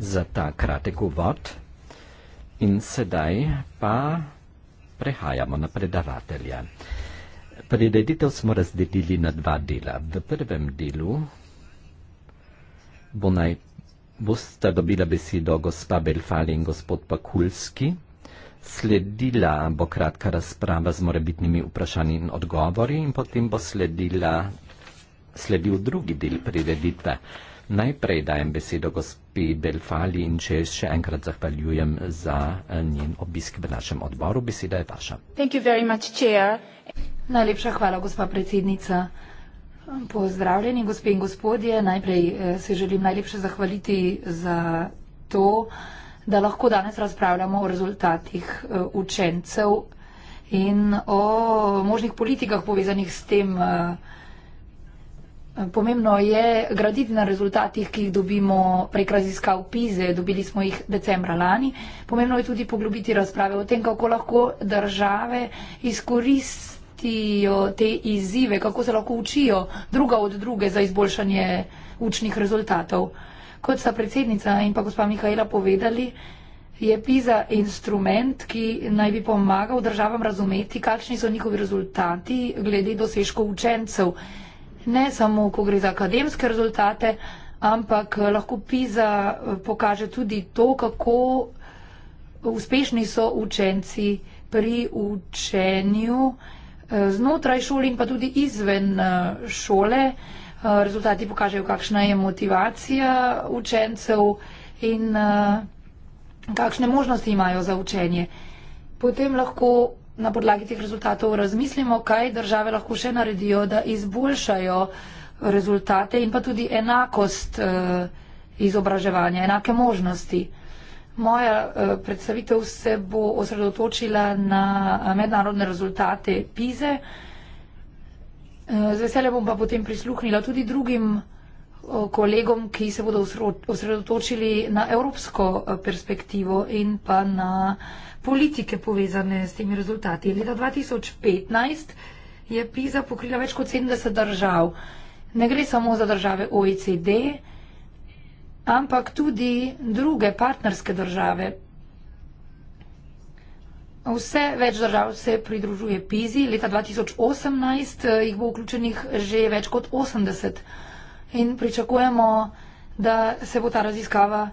za ta kratek uvod. In sedaj pa prehajamo na predavatelja. Prireditev smo razdelili na dva dela. V prvem delu bo naj, bosta dobila besedo gospa Belfali in gospod Pakulski. Sledila bo kratka razprava z morebitnimi vprašanji in odgovori in potem bo sledila, sledil drugi del prireditve. Najprej dajem besedo gospe Belfali in če še enkrat zahvaljujem za eh, njen obisk v našem odboru. Beseda je vaša. Najlepša hvala, gospa predsednica. Pozdravljeni, gospe in gospodje. Najprej eh, se želim najlepše zahvaliti za to, da lahko danes razpravljamo o rezultatih eh, učencev in o možnih politikah povezanih s tem uh, Pomembno je graditi na rezultatih, ki jih dobimo prek raziskav PISE, dobili smo jih decembra lani. Pomembno je tudi poglobiti razprave o tem, kako lahko države izkoristijo te izzive, kako se lahko učijo druga od druge za izboljšanje učnih rezultatov. Kot sta predsednica in pa gospa Mihajla povedali, je PISA e instrument, ki naj bi pomagal državam razumeti, kakšni so njihovi rezultati glede dosežkov učencev ne samo, ko gre za akademske rezultate, ampak eh, lahko PISA eh, pokaže tudi to, kako uspešni so učenci pri učenju eh, znotraj šole in pa tudi izven šole. Rezultati pokažejo, kakšna je motivacija učencev in kakšne možnosti imajo za učenje. Potem lahko na podlagi teh rezultatov razmislimo, kaj države lahko še naredijo, da izboljšajo rezultate in pa tudi enakost eh, izobraževanja, enake možnosti. Moja eh, predstavitev se bo osredotočila na eh, mednarodne rezultate PIZE. Z veseljem bom pa potem prisluhnila tudi drugim kolegom, ki se bodo osredotočili na evropsko perspektivo in pa na uh, politike povezane s temi rezultati. Leta 2015 je PISA pokrila več kot 70 držav. Ne gre samo za države OECD, ampak tudi druge partnerske države. Vse več držav se pridružuje PISI. Leta 2018 eh, jih bo vključenih že več kot 80 in pričakujemo, da se bo ta raziskava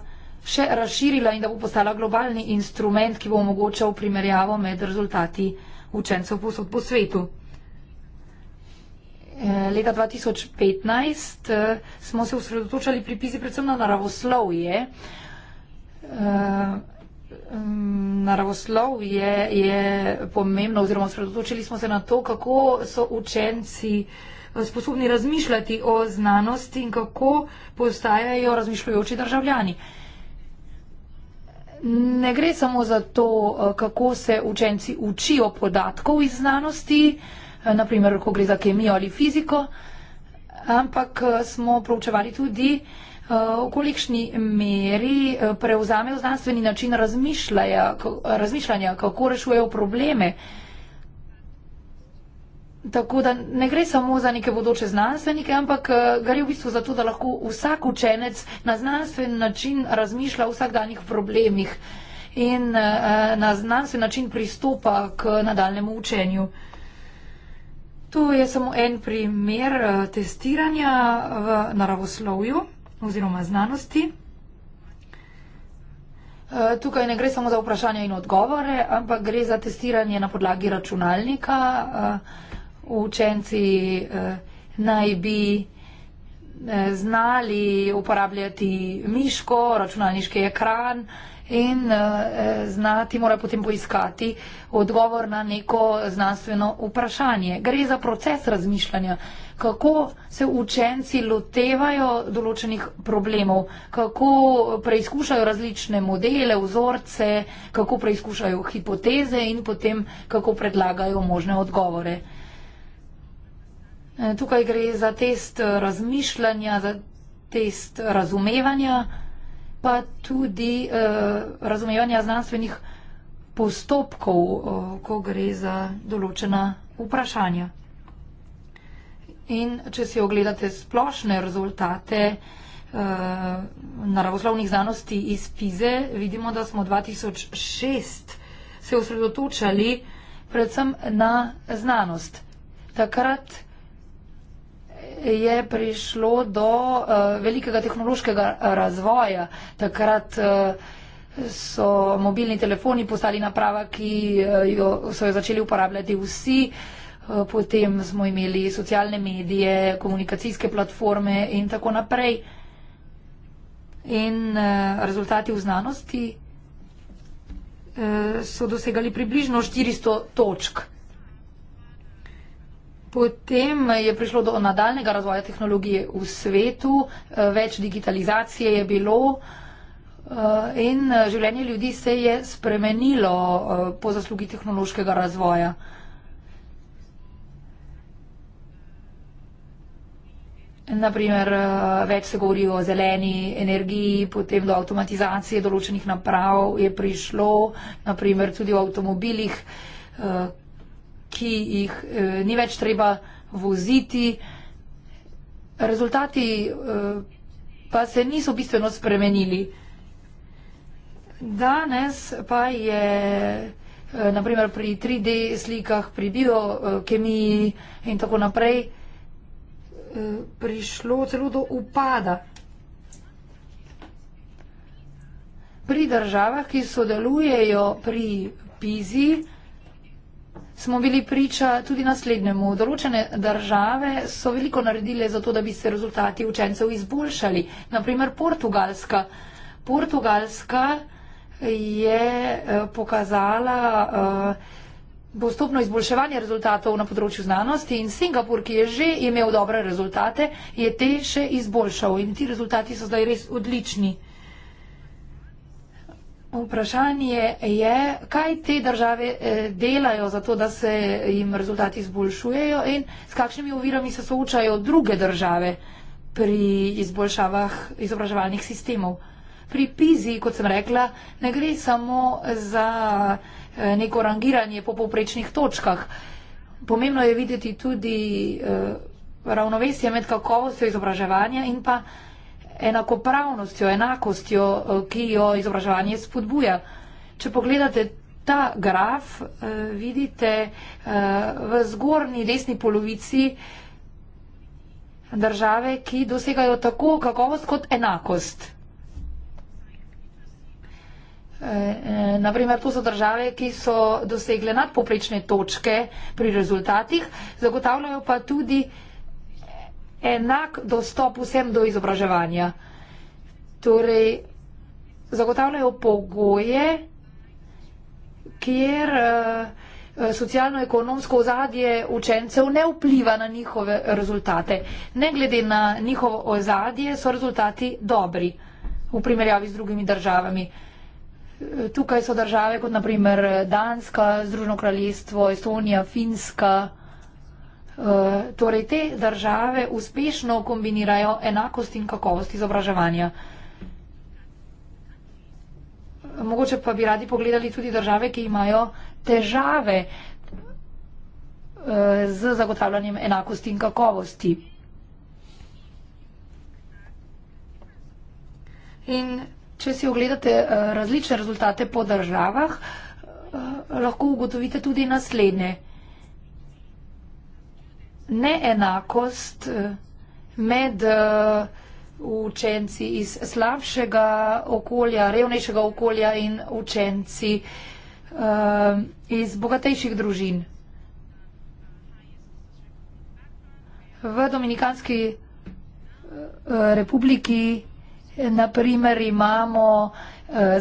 še razširila in da bo postala globalni instrument, ki bo omogočal primerjavo med rezultati učencev posod po svetu. Eh, leta 2015 eh, smo se usredotočali pri pizi predvsem na naravoslovje. Eh, mm, naravoslovje je pomembno oziroma usredotočili smo se na to, kako so učenci sposobni razmišljati o znanosti in kako postajajo razmišljajoči državljani ne gre samo za to, eh, kako se učenci učijo podatkov iz znanosti, eh, naprimer, ko gre za kemijo ali fiziko, ampak eh, smo proučevali tudi, v kolikšni meri prevzamejo znanstveni način razmišljanja, kako rešujejo probleme. Tako da ne gre samo za neke bodoče znanstvenike, ampak eh, gre v bistvu za to, da lahko vsak učenec na znanstven način razmišlja o vsakdanjih problemih in eh, eh, na znanstven način pristopa k nadaljemu učenju. To je samo en primer testiranja v naravoslovju oziroma znanosti. Tukaj ne gre samo za vprašanje in odgovore, ampak gre za testiranje na podlagi računalnika učenci eh, naj bi eh, znali uporabljati miško, računalniški ekran in eh, znati, mora potem poiskati odgovor na neko znanstveno vprašanje. Gre za proces razmišljanja, kako se učenci lotevajo določenih problemov, kako preizkušajo različne modele, vzorce, kako preizkušajo hipoteze in potem kako predlagajo možne odgovore. Eh, tukaj gre za test razmišljanja, za test razumevanja, pa tudi eh, razumevanja znanstvenih postopkov, eh, ko gre za določena vprašanja. In če si ogledate splošne rezultate eh, naravoslovnih znanosti iz FIZE, vidimo, da smo 2006 se osredotočali predvsem na znanost. Takrat je prišlo do uh, velikega tehnološkega razvoja. Takrat uh, so mobilni telefoni postali naprava, ki uh, jo, so jo začeli uporabljati vsi. Potem smo imeli socialne medije, komunikacijske platforme in tako naprej. In uh, rezultati v znanosti uh, so dosegali približno 400 točk. Potem je prišlo do nadaljnega razvoja tehnologije v svetu, eh, več digitalizacije je bilo eh, in eh, življenje ljudi se je spremenilo po zaslugi tehnološkega razvoja. Naprimer, več se govori o zeleni energiji, potem do avtomatizacije določenih naprav je prišlo, naprimer tudi v avtomobilih, ki jih eh, ni več treba voziti. Rezultati eh, pa se niso bistveno spremenili. Danes pa je eh, naprimer pri 3D slikah, pri biokemiji in tako naprej prišlo celo do upada. Pri državah, ki sodelujejo pri PIZI, smo bili priča tudi naslednjemu. Določene države so veliko naredile za to, da bi se rezultati učencev izboljšali. Naprimer Portugalska. Portugalska je eh, pokazala eh, postopno izboljševanje rezultatov na področju znanosti in Singapur, ki je že imel dobre rezultate, je te še izboljšal in ti rezultati so zdaj res odlični. Vprašanje je, kaj te države eh, delajo za to, da se jim rezultati izboljšujejo in s kakšnimi ovirami se soočajo druge države pri izboljšavah izobraževalnih sistemov. Pri PIZI, kot sem rekla, ne gre samo za eh, neko rangiranje po poprečnih točkah. Pomembno je videti tudi eh, ravnovesje med kakovostjo izobraževanja in pa enakopravnostjo, enakostjo, eh, ki jo izobraževanje spodbuja. Če pogledate ta graf, eh, vidite eh, v zgornji desni polovici države, ki dosegajo tako kakovost kot enakost. Naprimer, to so države, ki so dosegle nadpoprečne točke pri rezultatih, zagotavljajo pa tudi enak dostop vsem do izobraževanja. Torej, zagotavljajo pogoje, kjer eh, socialno-ekonomsko ozadje učencev ne vpliva na njihove rezultate. Ne glede na njihovo ozadje so rezultati dobri v primerjavi z drugimi državami. Eh, tukaj so države kot naprimer Danska, Združeno kraljestvo, Estonija, Finska. Eh, torej te države uspešno kombinirajo enakost in kakovost izobraževanja. Mogoče pa bi radi pogledali tudi države, ki imajo težave eh, z zagotavljanjem enakosti in kakovosti. In če si ogledate eh, različne rezultate po državah, lahko ugotovite tudi naslednje neenakost eh, med eh, učenci iz slabšega okolja, revnejšega okolja in učenci eh, iz bogatejših družin. V Dominikanski republiki naprimer imamo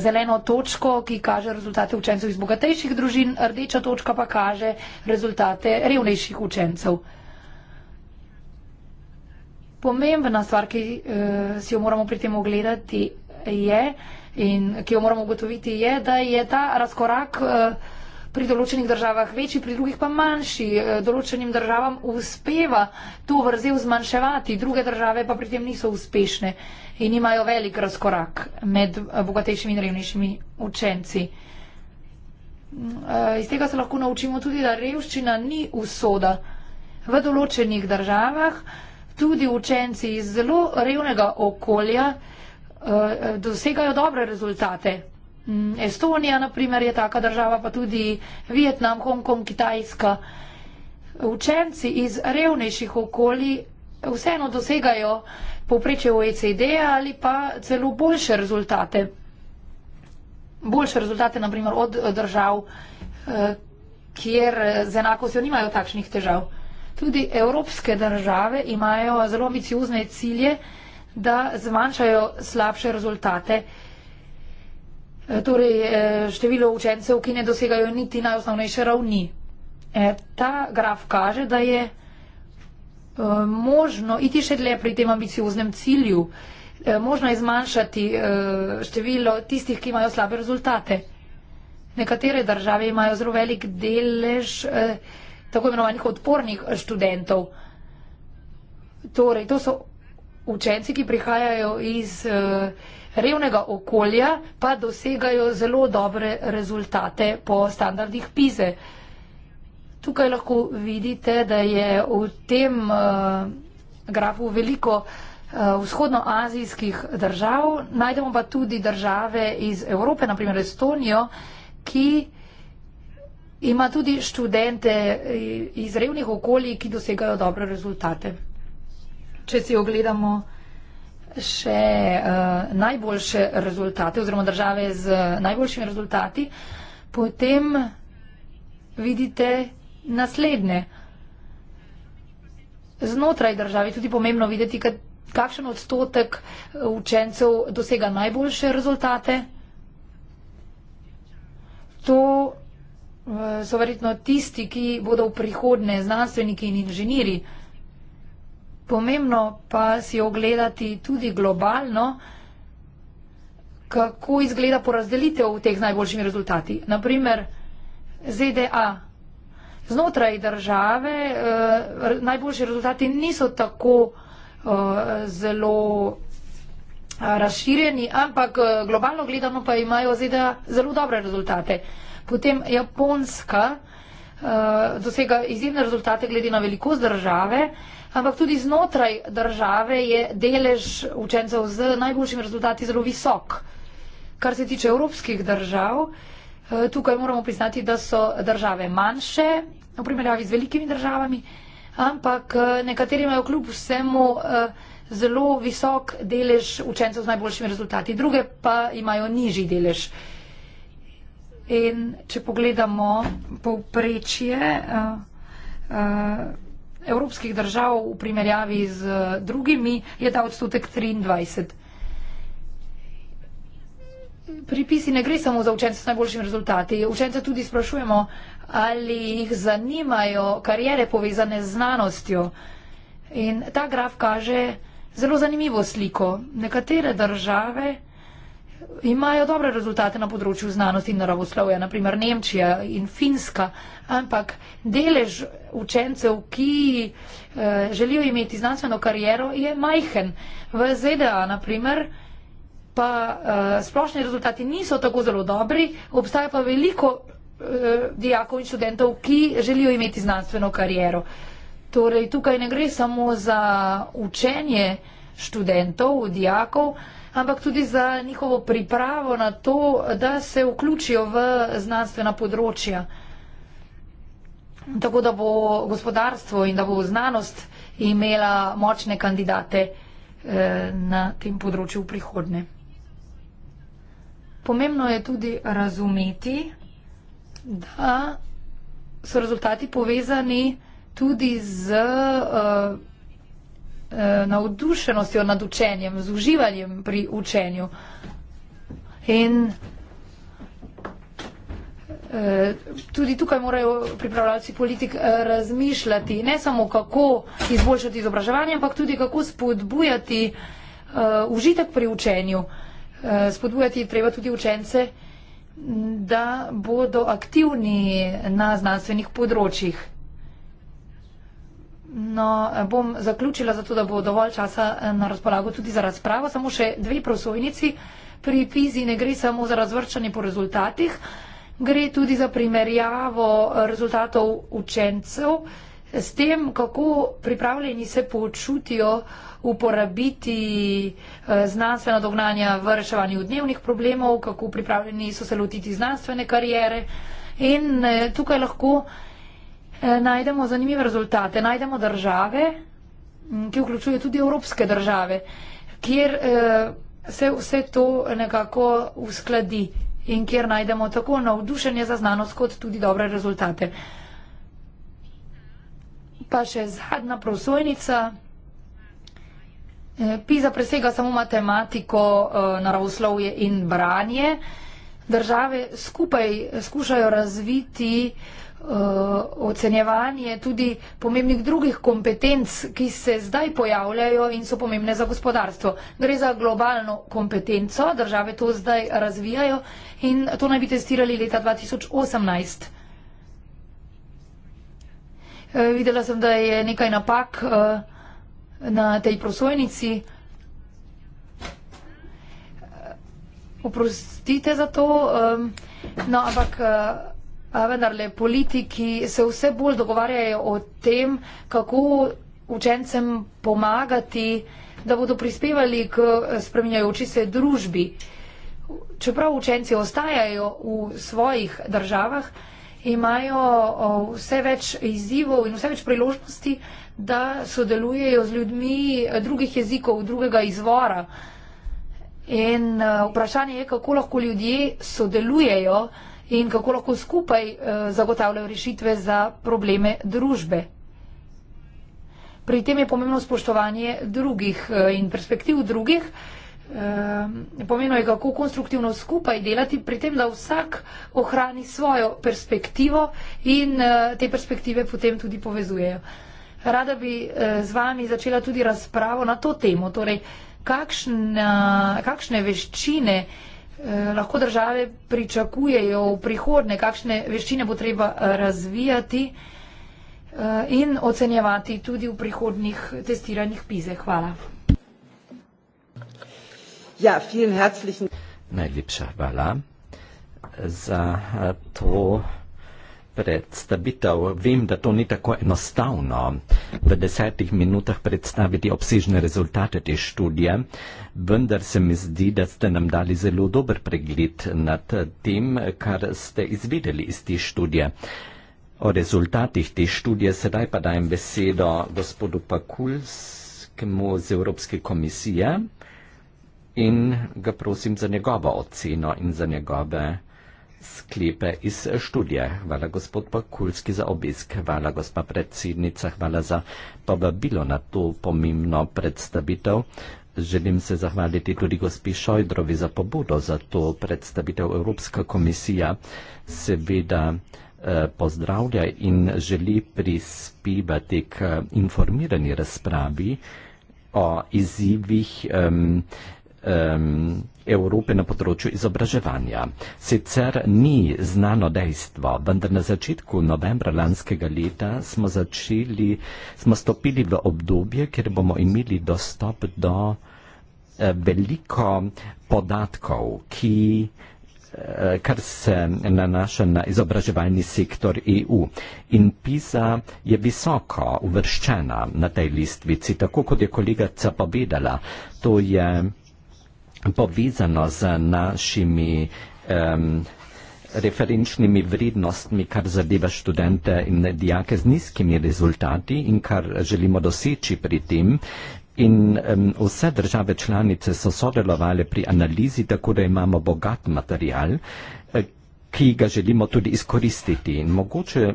zeleno točko, ki kaže rezultate učencev iz bogatejših družin, rdeča točka pa kaže rezultate revnejših učencev pomembna stvar, ki uh, si jo moramo pri tem ogledati je, in ki jo moramo ugotoviti, je, da je ta razkorak uh, pri določenih državah večji, pri drugih pa manjši. Eh, določenim državam uspeva to vrzel zmanjševati, druge države pa pri tem niso uspešne in imajo velik razkorak med bogatejšimi in revnejšimi učenci. Iz tega se lahko naučimo tudi, da revščina ni usoda. V določenih državah uh, tudi učenci iz zelo revnega okolja eh, dosegajo dobre rezultate. Mm, Estonija, na primer, je taka država, pa tudi Vietnam, Hongkong, Kitajska. Učenci iz revnejših okolij vseeno dosegajo povprečje OECD-ja ali pa celo boljše rezultate. Boljše rezultate, na primer, od držav, eh, kjer z enakostjo nimajo takšnih težav. Tudi evropske države imajo zelo ambiciozne cilje, da zmanjšajo slabše rezultate. E, torej, e, število učencev, ki ne dosegajo niti najosnovnejše ravni. E, ta graf kaže, da je možno iti še dlje pri tem ambicioznem cilju. Možno je zmanjšati število tistih, ki imajo slabe rezultate. Nekatere države imajo zelo velik delež tako imenovanih odpornih študentov. Torej, to so učenci, ki prihajajo iz eh, revnega okolja, pa dosegajo zelo dobre rezultate po standardih PISE. Tukaj lahko vidite, da je v tem uh, grafu veliko uh, vzhodnoazijskih držav, najdemo pa tudi države iz Evrope, naprimer Estonijo, ki uh, Ima tudi študente eh, iz revnih okolij, ki dosegajo dobre rezultate. Če si ogledamo še uh, najboljše rezultate oziroma države z eh, najboljšimi rezultati, potem vidite naslednje. Znotraj države je tudi pomembno videti, kakšen odstotek učencev dosega najboljše rezultate. To Eh, so verjetno tisti, ki bodo v prihodne znanstveniki in inženiri. Pomembno pa si ogledati tudi globalno, kako izgleda porazdelitev v teh najboljšimi rezultati. Naprimer, ZDA. Znotraj države eh, najboljši rezultati niso tako eh, zelo eh, razširjeni, ampak eh, globalno gledano pa imajo ZDA zelo dobre rezultate. Eh, Potem Japonska uh, dosega izjemne rezultate glede na velikost države, ampak tudi znotraj države je delež učencev z najboljšimi rezultati zelo visok. Kar se tiče evropskih držav, uh, tukaj moramo priznati, da so države manjše v primerjavi z velikimi državami, ampak uh, nekateri imajo kljub vsemu. Uh, zelo visok delež učencev z najboljšimi rezultati, druge pa imajo nižji delež uh, In če pogledamo povprečje uh, uh, evropskih držav v primerjavi z eh, drugimi, je ta odstotek 23. Pripisi ne gre samo za učence s najboljšimi rezultati. Učence tudi sprašujemo, ali jih zanimajo karijere povezane z znanostjo. In ta graf kaže zelo zanimivo sliko. Nekatere države imajo dobre rezultate na področju znanosti in naravoslovja, naprimer Nemčija in Finska, ampak delež učencev, ki eh, želijo imeti znanstveno kariero, je majhen. V ZDA, naprimer, pa eh, splošni rezultati niso tako zelo dobri, obstaja pa veliko eh, dijakov in študentov, ki želijo imeti znanstveno kariero. Torej, tukaj ne gre samo za učenje študentov, dijakov, ampak tudi za njihovo pripravo na to, da se vključijo v znanstvena področja. Tako da bo gospodarstvo in da bo znanost imela močne kandidate eh, na tem področju v prihodnje. Pomembno je tudi razumeti, da so rezultati povezani tudi z. Uh, Eh, navdušenostjo nad učenjem, z uživanjem pri učenju. In eh, tudi tukaj morajo pripravljalci politik eh, razmišljati ne samo kako izboljšati izobraževanje, ampak tudi kako spodbujati užitek pri učenju. Spodbujati treba tudi učence, da bodo aktivni na znanstvenih področjih. No, bom zaključila zato, da bo dovolj časa eh, na razpolago tudi za razpravo. Samo še dve prosojnici. Pri PIZI ne gre samo za razvrščanje po rezultatih, gre tudi za primerjavo eh, rezultatov učencev s tem, kako pripravljeni se počutijo uporabiti eh, znanstvena dognanja v reševanju dnevnih problemov, kako pripravljeni so se lotiti znanstvene karijere. In tukaj lahko Eh, najdemo zanimive rezultate. Najdemo države, mm, ki vključuje tudi evropske države, kjer eh, se vse to nekako uskladi in kjer najdemo tako navdušenje za znanost, kot tudi dobre rezultate. Pa še zadnja prosojnica. Eh, PISA presega samo matematiko, naravoslovje in branje. Države skupaj skušajo razviti uh, Eh, ocenjevanje tudi pomembnih drugih kompetenc, ki se zdaj pojavljajo in so pomembne za gospodarstvo. Gre za globalno kompetenco, države to zdaj razvijajo in to naj bi testirali leta 2018. Eh, videla sem, da je nekaj napak eh, na tej prosojnici. Oprostite za to, no, ampak A vendarle, politiki se vse bolj dogovarjajo o tem, kako učencem pomagati, da bodo prispevali k spremenjajoči se družbi. Čeprav učenci ostajajo v svojih državah, imajo vse več izzivov in vse več priložnosti, da sodelujejo z ljudmi eh, drugih jezikov, drugega izvora. In eh, vprašanje je, kako lahko ljudje sodelujejo in kako lahko skupaj eh, zagotavljajo rešitve za probleme družbe. Pri tem je pomembno spoštovanje drugih eh, in perspektiv drugih. Eh, pomembno je, kako konstruktivno skupaj delati pri tem, da vsak ohrani svojo perspektivo in te perspektive potem tudi povezujejo. Rada bi z vami začela tudi razpravo na to temo, torej kakšne, kakšne veščine Eh, lahko države pričakujejo v prihodne, kakšne veščine bo treba eh, razvijati eh, in ocenjevati tudi v prihodnih testiranjih PISE. Hvala. Ja, herzlichen... Najlepša hvala za to predstavitev. Vem, da to ni tako enostavno v desetih minutah predstaviti obsežne rezultate te študije, vendar se mi zdi, da ste nam dali zelo dober pregled nad tem, kar ste izvedeli iz te študije. O rezultatih te študije sedaj pa dajem besedo gospodu Pakulskemu z Evropske komisije in ga prosim za njegovo oceno in za njegove sklepe iz študije. Hvala gospod Pakulski za obisk, hvala gospa predsednica, hvala za povabilo na to pomembno predstavitev. Želim se zahvaliti tudi gospi Šojdrovi za pobudo za to predstavitev. Evropska komisija seveda eh, pozdravlja in želi prispevati k eh, informirani razpravi o izzivih um, um, Evrope na področju izobraževanja. Sicer ni znano dejstvo, vendar na začetku novembra lanskega leta smo, začeli, smo stopili v obdobje, kjer bomo imeli dostop do eh, veliko podatkov, ki eh, kar se nanaša na izobraževalni sektor EU. In PISA je visoko uvrščena na tej listvici, tako kot je kolegaca povedala. To je povezano z našimi um, referenčnimi vrednostmi, kar zadeva študente in dijake z nizkimi rezultati in kar želimo doseči pri tem. In um, vse države članice so sodelovali pri analizi, tako da imamo bogat material, ki ga želimo tudi izkoristiti. In mogoče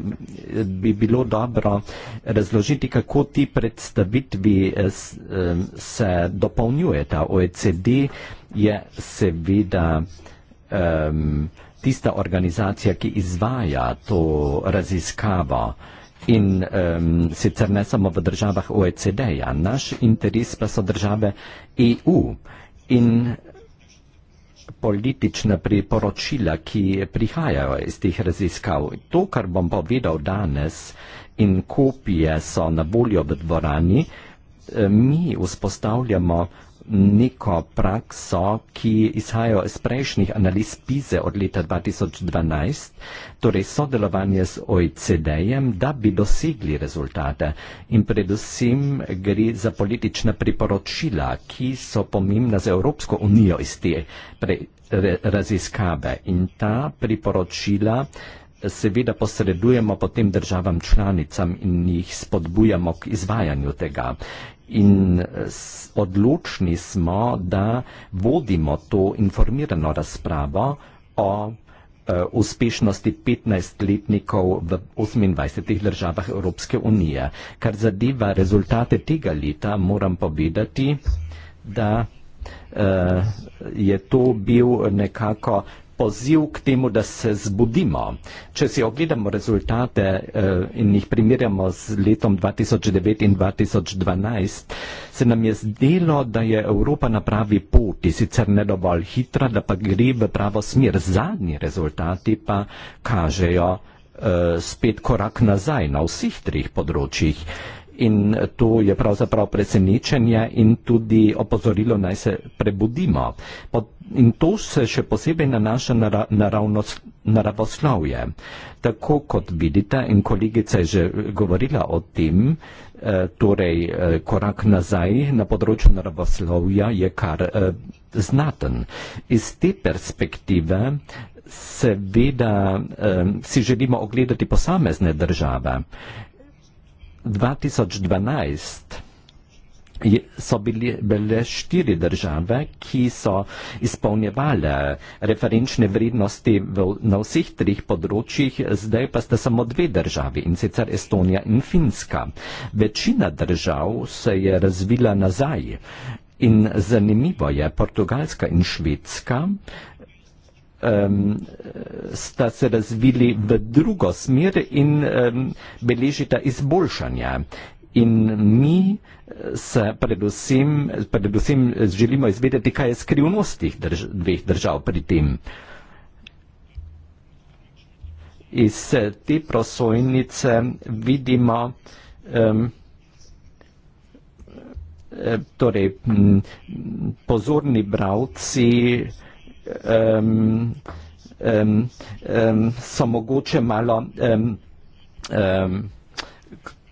bi bilo dobro razložiti, kako ti predstavitvi eh, eh, se dopolnjujeta. OECD je seveda um, tista organizacija, ki izvaja to raziskavo. In um, sicer ne samo v državah OECD-ja, naš interes pa so države EU. In politična priporočila, ki prihajajo iz teh raziskav. To, kar bom povedal danes in kopije so na voljo v dvorani, eh, mi vzpostavljamo neko prakso, ki izhaja iz prejšnjih analiz PISA e od leta 2012, torej sodelovanje z OECD-jem, da bi dosegli rezultate. In predvsem gre za politična priporočila, ki so pomembna za Evropsko unijo iz te pre, re, raziskave. In ta priporočila seveda posredujemo potem državam članicam in jih spodbujamo k izvajanju tega in eh, odločni smo, da vodimo to informirano razpravo o eh, uspešnosti 15-letnikov v 28 državah Evropske unije. Kar zadeva rezultate tega leta, moram povedati, da uh, je to bil nekako poziv k temu, da se zbudimo. Če si ogledamo rezultate uh, in jih primerjamo z letom 2009 in 2012, se nam je zdelo, da je Evropa na pravi poti, sicer ne dovolj hitra, da pa gre v pravo smer. Zadnji rezultati pa kažejo uh, spet korak nazaj na vseh treh področjih. In tu je pravzaprav presenečenje in tudi opozorilo naj se prebudimo. In to se še posebej nanaša na naravoslavje. Tako kot vidite, in kolegica je že govorila o tem, eh, torej eh, korak nazaj na področju naravoslavja je kar eh, znaten. Iz te perspektive seveda si želimo ogledati posamezne države. 2012 so bili, bile štiri države, ki so izpolnjevale referenčne vrednosti v, na vseh trih področjih, zdaj pa sta samo dve državi in sicer Estonija in Finska. Večina držav se je razvila nazaj. In zanimivo je, Portugalska in Švedska um, sta se razvili v drugo smer in um, beležita izboljšanja. In mi eh, se predvsem, predvsem želimo izvedeti, kaj je skrivnost teh drž dveh držav pri tem. Iz eh, te prosojnice vidimo, um, torej pozorni bravci um, um, um, so mogoče malo um, um,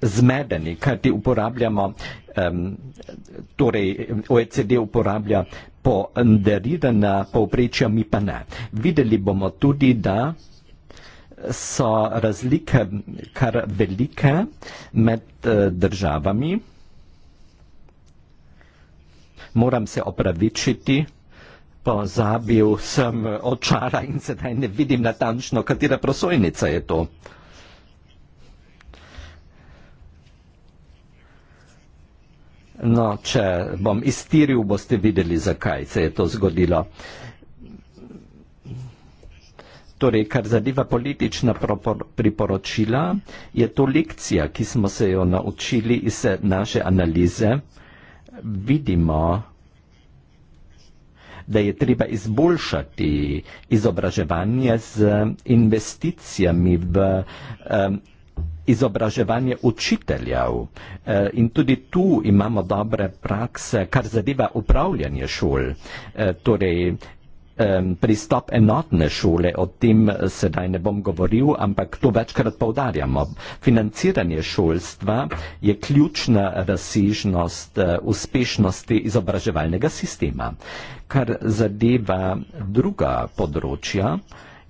zmedeni, kajti uporabljamo, um, torej OECD uporablja ponderirana povprečja, mi pa ne. Videli bomo tudi, da so razlike kar velike med e, državami. Moram se opravičiti pozabil sem očara in sedaj ne vidim natančno, katera prosojnica je to. No, če bom iztiril, boste videli, zakaj se je to zgodilo. Torej, kar zadeva politična priporočila, je to lekcija, ki smo se jo naučili iz naše analize. Vidimo, da je treba izboljšati izobraževanje z investicijami v um, izobraževanje učiteljev. E, in tudi tu imamo dobre prakse, kar zadeva upravljanje šol. E, torej, um, pristop enotne šole, o tem eh, sedaj ne bom govoril, ampak to večkrat povdarjamo. Financiranje šolstva je ključna razsežnost uh, uspešnosti izobraževalnega sistema. Kar zadeva druga področja,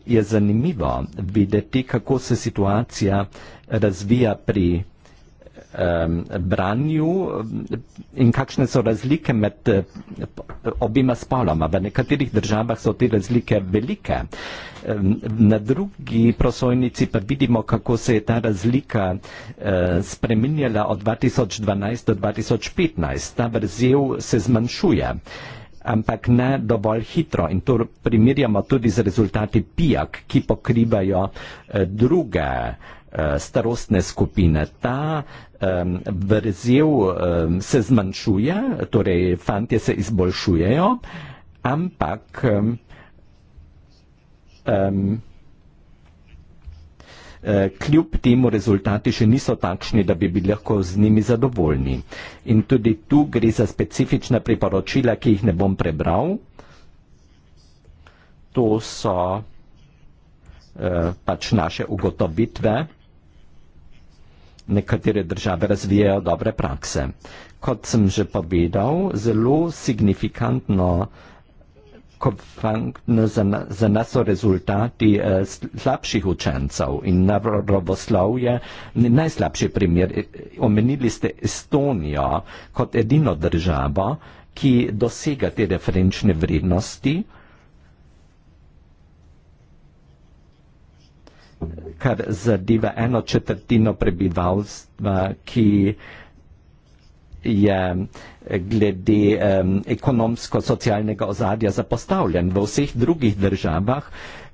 je zanimivo videti, kako se situacija razvija pri branju in kakšne so razlike med eh, obima spoloma. V nekaterih državah so te razlike velike. Na drugi prosojnici pa vidimo, kako se je ta razlika eh, spremenjala od 2012 do 2015. Ta vrzel se zmanjšuje ampak ne dovolj hitro. In to primerjamo tudi z rezultati PIAK, ki pokrivajo eh, druge Eh, starostne skupine. Ta um, vrzel um, se zmanjšuje, torej fantje se izboljšujejo, ampak um, kljub temu rezultati še niso takšni, da bi bili lahko z njimi zadovoljni. In tudi tu gre za specifična priporočila, ki jih ne bom prebral. To so uh, pač naše ugotovitve nekatere države razvijajo dobre prakse. Kot sem že povedal, zelo signifikantno konfliktno za, za nas so rezultati eh, slabših učencev in naravoslov je najslabši primer. Eh, omenili ste Estonijo kot edino državo, ki dosega te referenčne vrednosti. kar zadeva eno četrtino prebivalstva, ki je eh, glede um, ekonomsko-socialnega ozadja zapostavljen. V vseh drugih državah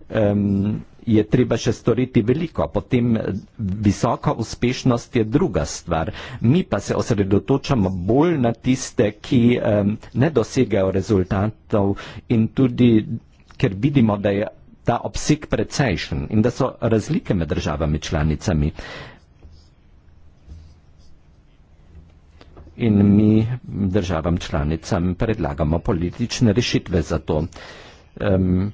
um, je treba še storiti veliko. Potem eh, visoka uspešnost je druga stvar. Mi pa se osredotočamo bolj na tiste, ki um, ne dosegajo rezultatov in tudi, ker vidimo, da je ta obseg precejšen in da so razlike med državami članicami. In mi državam članicam predlagamo politične rešitve za to. Um,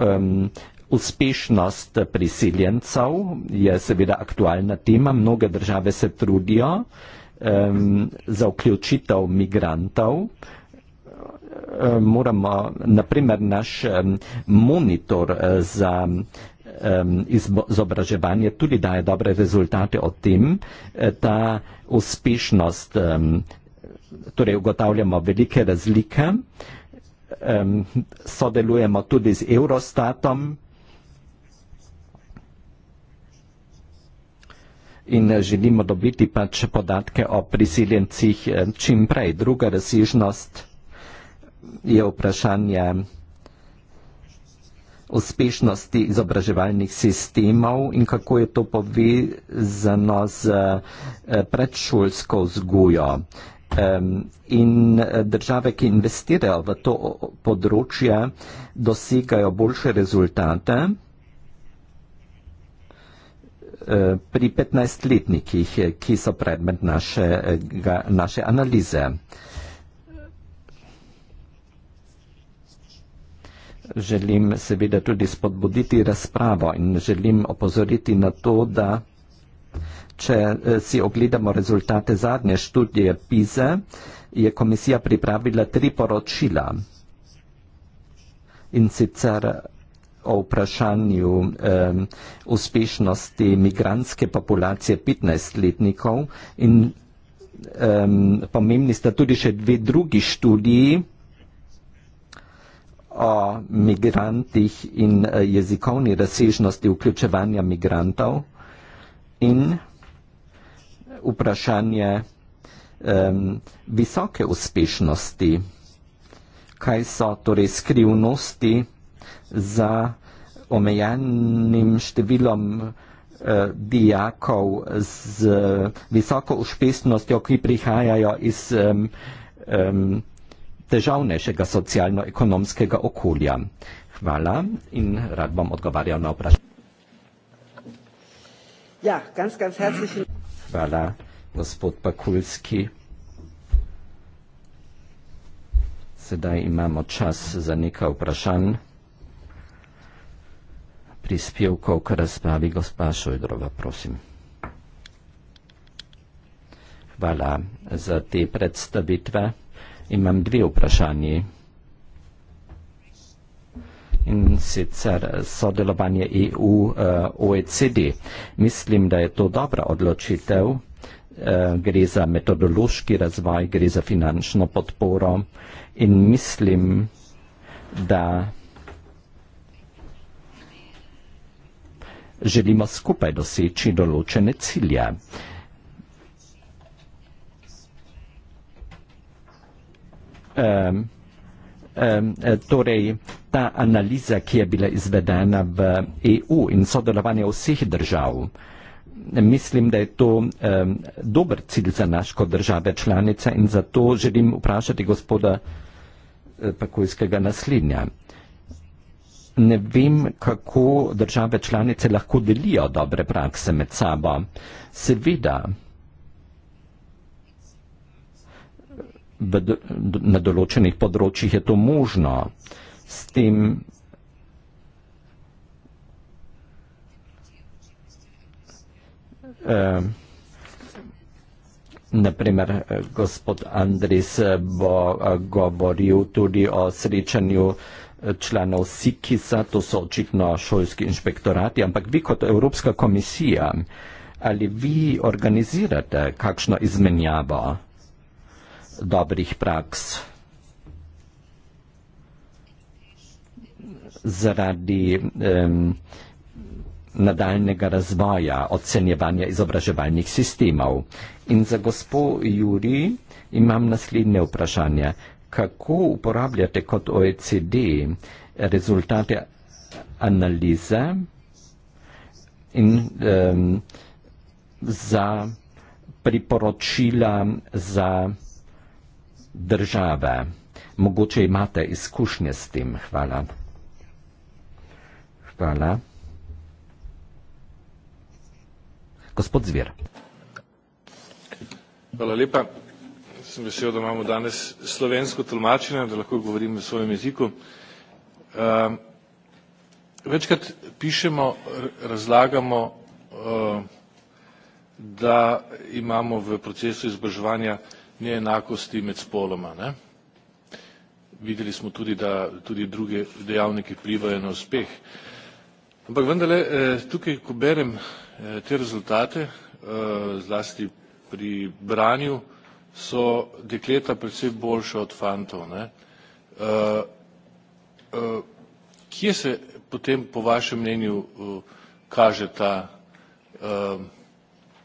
um, uspešnost prisiljencev je seveda aktualna tema, mnoge države se trudijo um, za vključitev migrantov Eh, moramo, na primer, naš monitor eh, za izobraževanje tudi daje dobre rezultate o tem, eh, ta uspešnost, torej ugotavljamo velike razlike, sodelujemo tudi z Eurostatom in želimo dobiti pač podatke o prisiljencih čim prej. Druga razsežnost je, je vprašanje uspešnosti izobraževalnih sistemov in kako je to povezano z eh, predšolsko vzgojo. In eh, države, ki investirajo v to področje, dosegajo boljše rezultate eh, pri 15-letnikih, ki so predmet naše, naše analize. želim seveda tudi spodbuditi razpravo in želim opozoriti na to, da če eh, si ogledamo rezultate zadnje študije PISA, je komisija pripravila tri poročila in sicer o vprašanju um, uspešnosti migranske populacije 15-letnikov in um, pomembni sta tudi še dve drugi študiji, o migrantih in e, jezikovni razsežnosti vključevanja migrantov in vprašanje um, visoke uspešnosti, kaj so torej skrivnosti za omejenim številom uh, dijakov z visoko uspešnostjo, ki prihajajo iz um, um, težavnejšega socialno-ekonomskega okolja. Hvala in rad bom odgovarjal na vprašanje. Ja, ganz, ganz herzlichen. Hvala, gospod Pakulski. Sedaj imamo čas za nekaj vprašanj. Prispevkov, kar razpravi gospa Šojdrova, prosim. Hvala za te predstavitve imam dve vprašanji. In sicer sodelovanje EU eh, OECD. Mislim, da je to dobra odločitev. Eh, gre za metodološki razvoj, gre za finančno podporo in mislim, da želimo skupaj doseči določene cilje. E, torej ta analiza, ki je bila izvedena v EU in sodelovanje vseh držav, mislim, da je to eh, dober cilj za naš kot države članice in zato želim vprašati gospoda eh, Pakojskega naslednja. Ne vem, kako države članice lahko delijo dobre prakse med sabo. Seveda, na določenih področjih je to možno. S tem Eh, naprimer, eh, gospod Andris eh, bo eh, govoril tudi o srečanju eh, članov SIKISA, to so očitno šolski inšpektorati, ampak vi kot Evropska komisija, ali vi organizirate kakšno izmenjavo? Eh, dobrih praks. Zaradi um, nadaljnega razvoja ocenjevanja izobraževalnih sistemov. In za gospo Juri imam naslednje vprašanje. Kako uporabljate kot OECD rezultate analize in um, za priporočila za države. Mogoče imate izkušnje s tem. Hvala. Hvala. Gospod Zvir. Hvala lepa. Sem vesel, da imamo danes slovensko tolmačenje, da lahko govorim v svojem jeziku. Ehm, večkrat pišemo, razlagamo, ehm, da imamo v procesu izobraževanja neenakosti med spoloma. Ne? Videli smo tudi, da tudi druge dejavniki vplivajo na uspeh. Ampak vendarle, eh, tukaj, ko berem eh, te rezultate, eh, zlasti pri branju, so dekleta predvsem boljša od fantov. Ne? Kje se potem po vašem mnenju kaže ta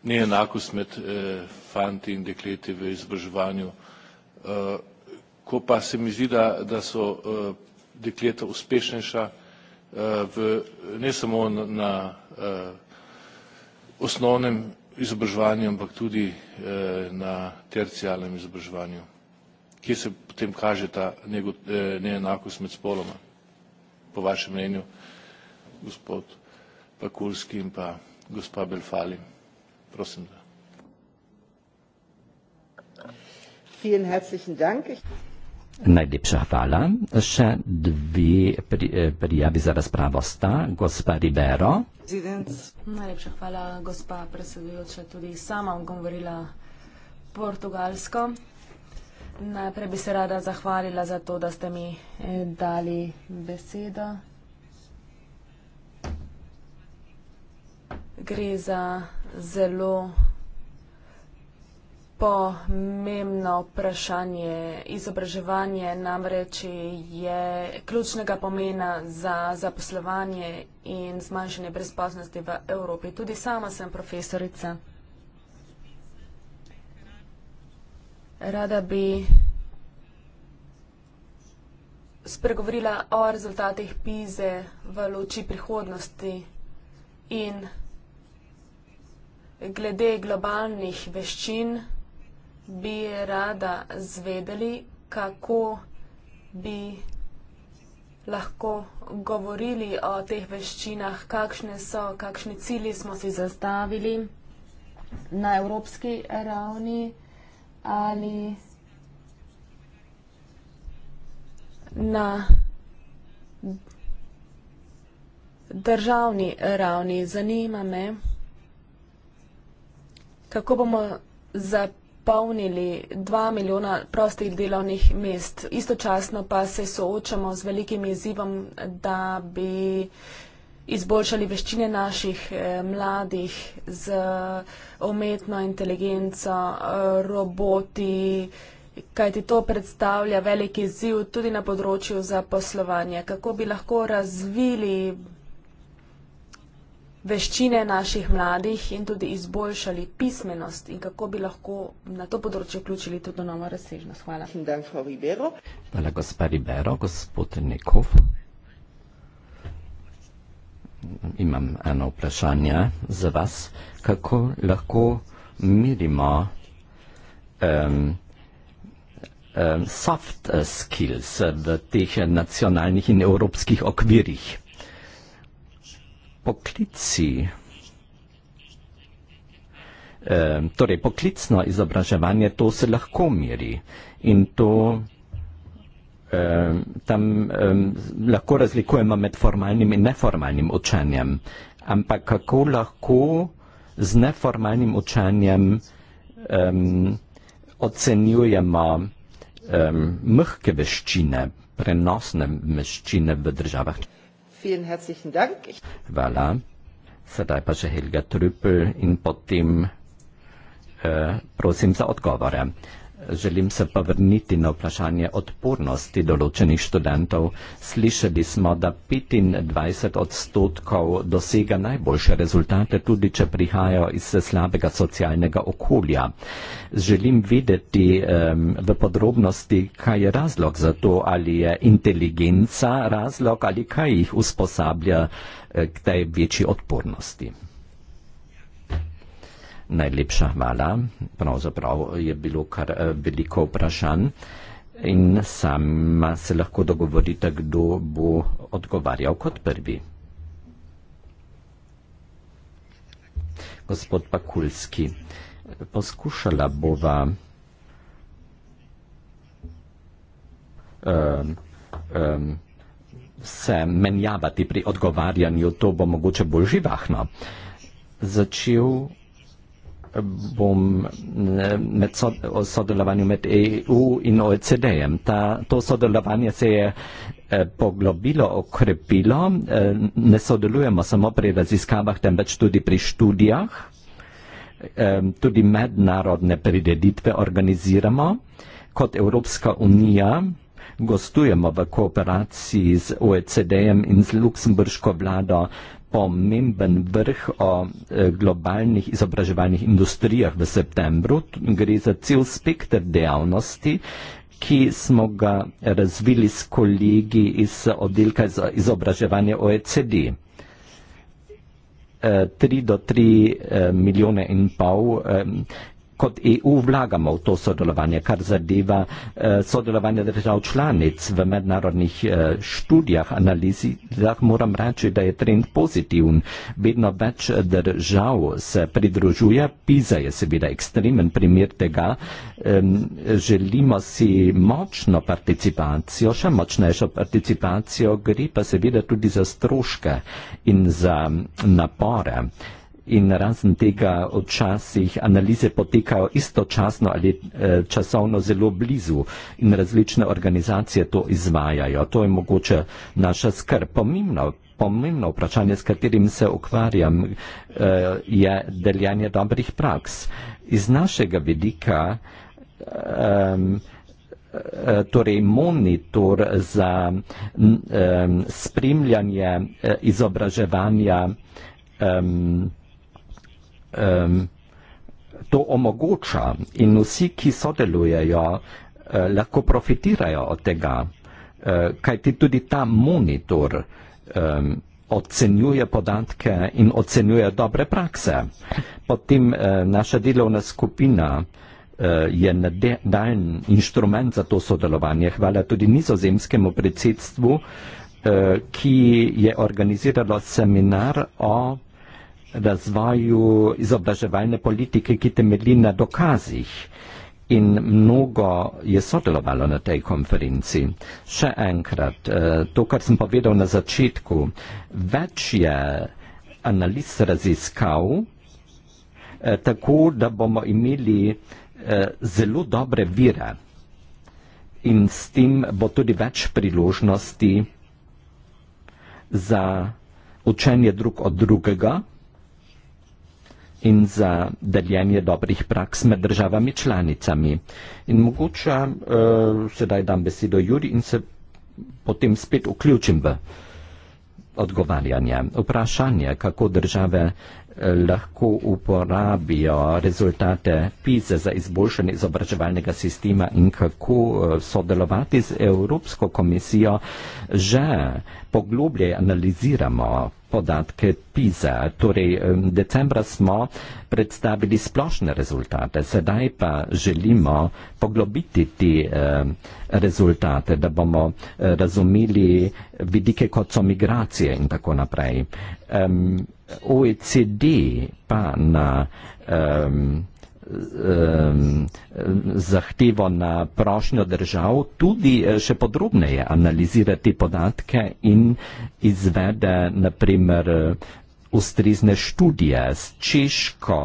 neenakost med eh, fanti in dekleti v izobraževanju. Eh, ko pa se mi zdi, da, da so eh, dekleta uspešnejša, eh, v, ne samo na, na eh, osnovnem izobraževanju, ampak tudi eh, na tercijalnem izobraževanju, kje se potem kaže ta nego, eh, neenakost med spoloma, po vašem mnenju, gospod Pakulski in pa gospa Belfalin. Prosim. Da. Najlepša hvala. Še dve eh, prijavi za razpravo sta. Gospa Ribero. Zident. Najlepša hvala, gospa predsedujoča. Tudi sama bom govorila portugalsko. Najprej bi se rada zahvalila za to, da ste mi eh, dali besedo. gre za zelo pomembno vprašanje. Izobraževanje namreč je ključnega pomena za zaposlovanje in zmanjšanje brezposobnosti v Evropi. Tudi sama sem profesorica. Rada bi spregovorila o rezultatih PIZE v luči prihodnosti in glede globalnih veščin bi rada zvedeli, kako bi lahko govorili o teh veščinah, kakšne so, kakšni cilji smo si zastavili na evropski ravni ali na državni ravni. Zanima me, kako bomo zapolnili dva milijona prostih delovnih mest. Istočasno pa se soočamo z velikim izzivom, da bi izboljšali veščine naših eh, mladih z eh, umetno inteligenco, eh, roboti, kajti to predstavlja veliki izziv tudi na področju zaposlovanja. Kako bi lahko razvili veščine naših mladih in tudi izboljšali pismenost in kako bi lahko na to področje vključili tudi novo razsežnost. Hvala. Hvala, gospa Ribero. Gospod Nekov. Imam eno vprašanje za vas. Kako lahko merimo um, um, soft skills v teh nacionalnih in evropskih okvirih? poklici. Torej, poklicno izobraževanje, to se lahko meri in to tam lahko razlikujemo med formalnim in neformalnim učenjem. Ampak kako lahko z neformalnim učenjem um, ocenjujemo um, mhke veščine, prenosne veščine v državah? Vielen herzlichen Dank. Hvala. Sedaj pa še Helga Trüppel in potem eh, prosim za odgovore. Želim se pa vrniti na vprašanje odpornosti določenih študentov. Slišali smo, da 25 odstotkov dosega najboljše rezultate, tudi če prihajajo iz slabega socialnega okolja. Želim videti um, v podrobnosti, kaj je razlog za to, ali je inteligenca razlog ali kaj jih usposablja eh, k tej večji odpornosti najlepša hvala. Pravzaprav je bilo kar eh, veliko vprašanj in sama se lahko dogovorite, kdo bo odgovarjal kot prvi. Gospod Pakulski, poskušala bova um, um, se menjavati pri odgovarjanju, to bo mogoče bolj živahno. Začel bom med so, o sodelovanju med EU in OECD. Ta, to sodelovanje se je eh, poglobilo, okrepilo. Eh, ne sodelujemo samo pri raziskavah, temveč tudi pri študijah. Eh, tudi mednarodne prideditve organiziramo. Kot Evropska unija gostujemo v kooperaciji z OECD-em in z luksemburško vlado pomemben vrh o e, globalnih izobraževalnih industrijah v septembru. Gre za cel spekter dejavnosti, ki smo ga razvili s kolegi iz oddelka za izobraževanje OECD. 3 e, do 3 e, milijone in pol kot EU vlagamo v to sodelovanje, kar zadeva eh, sodelovanje držav članic v mednarodnih eh, študijah, analizah, moram reči, da je trend pozitiven. Vedno več držav se pridružuje, PISA je seveda ekstremen primer tega. Eh, želimo si močno participacijo, še močnejšo participacijo, gre pa seveda tudi za stroške in za napore in razen tega včasih analize potekajo istočasno ali eh, časovno zelo blizu in različne organizacije to izvajajo. To je mogoče naša skrb. Pomembno, pomembno vprašanje, s katerim se ukvarjam, eh, je deljanje dobrih praks. Iz našega vidika. Ehm, eh, torej monitor za ehm, spremljanje eh, izobraževanja ehm, um, to omogoča in vsi, ki sodelujejo, uh, lahko profitirajo od tega, uh, kajti tudi ta monitor um, ocenjuje podatke in ocenjuje dobre prakse. Potem uh, naša delovna skupina je nadaljen inštrument za to sodelovanje. Hvala tudi nizozemskemu predsedstvu, ki je organiziralo seminar o razvoju izobraževalne politike, ki temelji na dokazih. In mnogo je sodelovalo na tej konferenci. Še enkrat, eh, to, kar sem povedal na začetku, več je analiz raziskav, eh, tako da bomo imeli eh, zelo dobre vire in s tem bo tudi več priložnosti za učenje drug od drugega in za deljenje dobrih praks med državami članicami. In mogoče uh, sedaj dam besedo Juri in se potem spet vključim v odgovarjanje. Vprašanje, kako države eh, lahko uporabijo rezultate PISA za izboljšanje izobraževalnega sistema in kako eh, sodelovati z Evropsko komisijo, že poglobljaj analiziramo, podatke PISA. Torej, decembra smo predstavili splošne rezultate, sedaj pa želimo poglobiti te eh, rezultate, da bomo eh, razumeli vidike kot so migracije in tako naprej. Um, OECD pa na um, Ehm, zahtevo na prošnjo držav tudi eh, še podrobneje analizira te podatke in izvede naprimer ustrezne študije. S Češko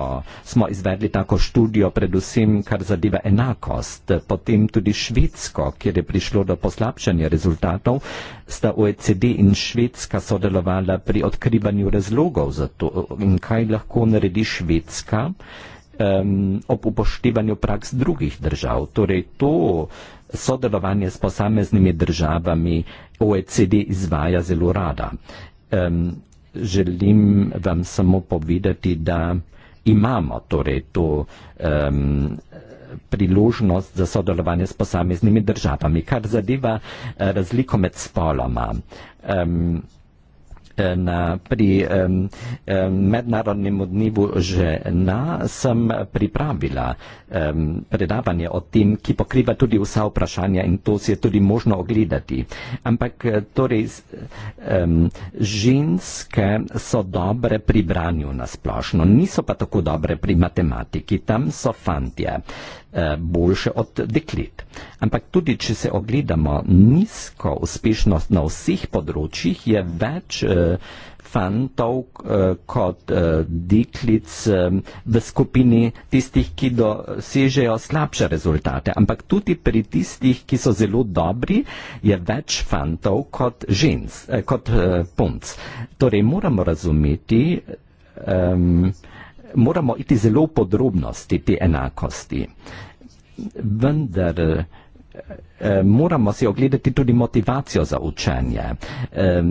smo izvedli tako študijo predvsem, kar zadeva enakost. Potem tudi Švedsko, kjer je prišlo do poslabšanja rezultatov, sta OECD in Švedska sodelovala pri odkrivanju razlogov za to. In kaj lahko naredi Švedska? Uh, um, ob upoštevanju praks drugih držav. Torej to sodelovanje s posameznimi državami OECD izvaja zelo rada. Um, želim vam samo povedati, da imamo torej to um, priložnost za sodelovanje s posameznimi državami, kar zadeva eh, razliko med spoloma. Um, Eh, na, pri um, um, mednarodnem dnevu žena sem pripravila um, predavanje o tem, ki pokriva tudi vsa vprašanja in to se je tudi možno ogledati. Ampak eh, torej um, ženske so dobre pri branju na splošno, niso pa tako dobre pri matematiki, tam so fantje eh, boljše od deklet. Ampak tudi, če se ogledamo nizko uspešnost na vseh področjih, je več eh, fantov eh, eh, kot eh, deklic v skupini tistih, ki dosežejo slabše rezultate. Ampak tudi pri tistih, ki so zelo dobri, je več fantov kot, žens, kot punc. Torej moramo razumeti, moramo iti zelo podrobnosti te enakosti. Vendar. Eh, moramo si ogledati tudi motivacijo za učenje. Eh,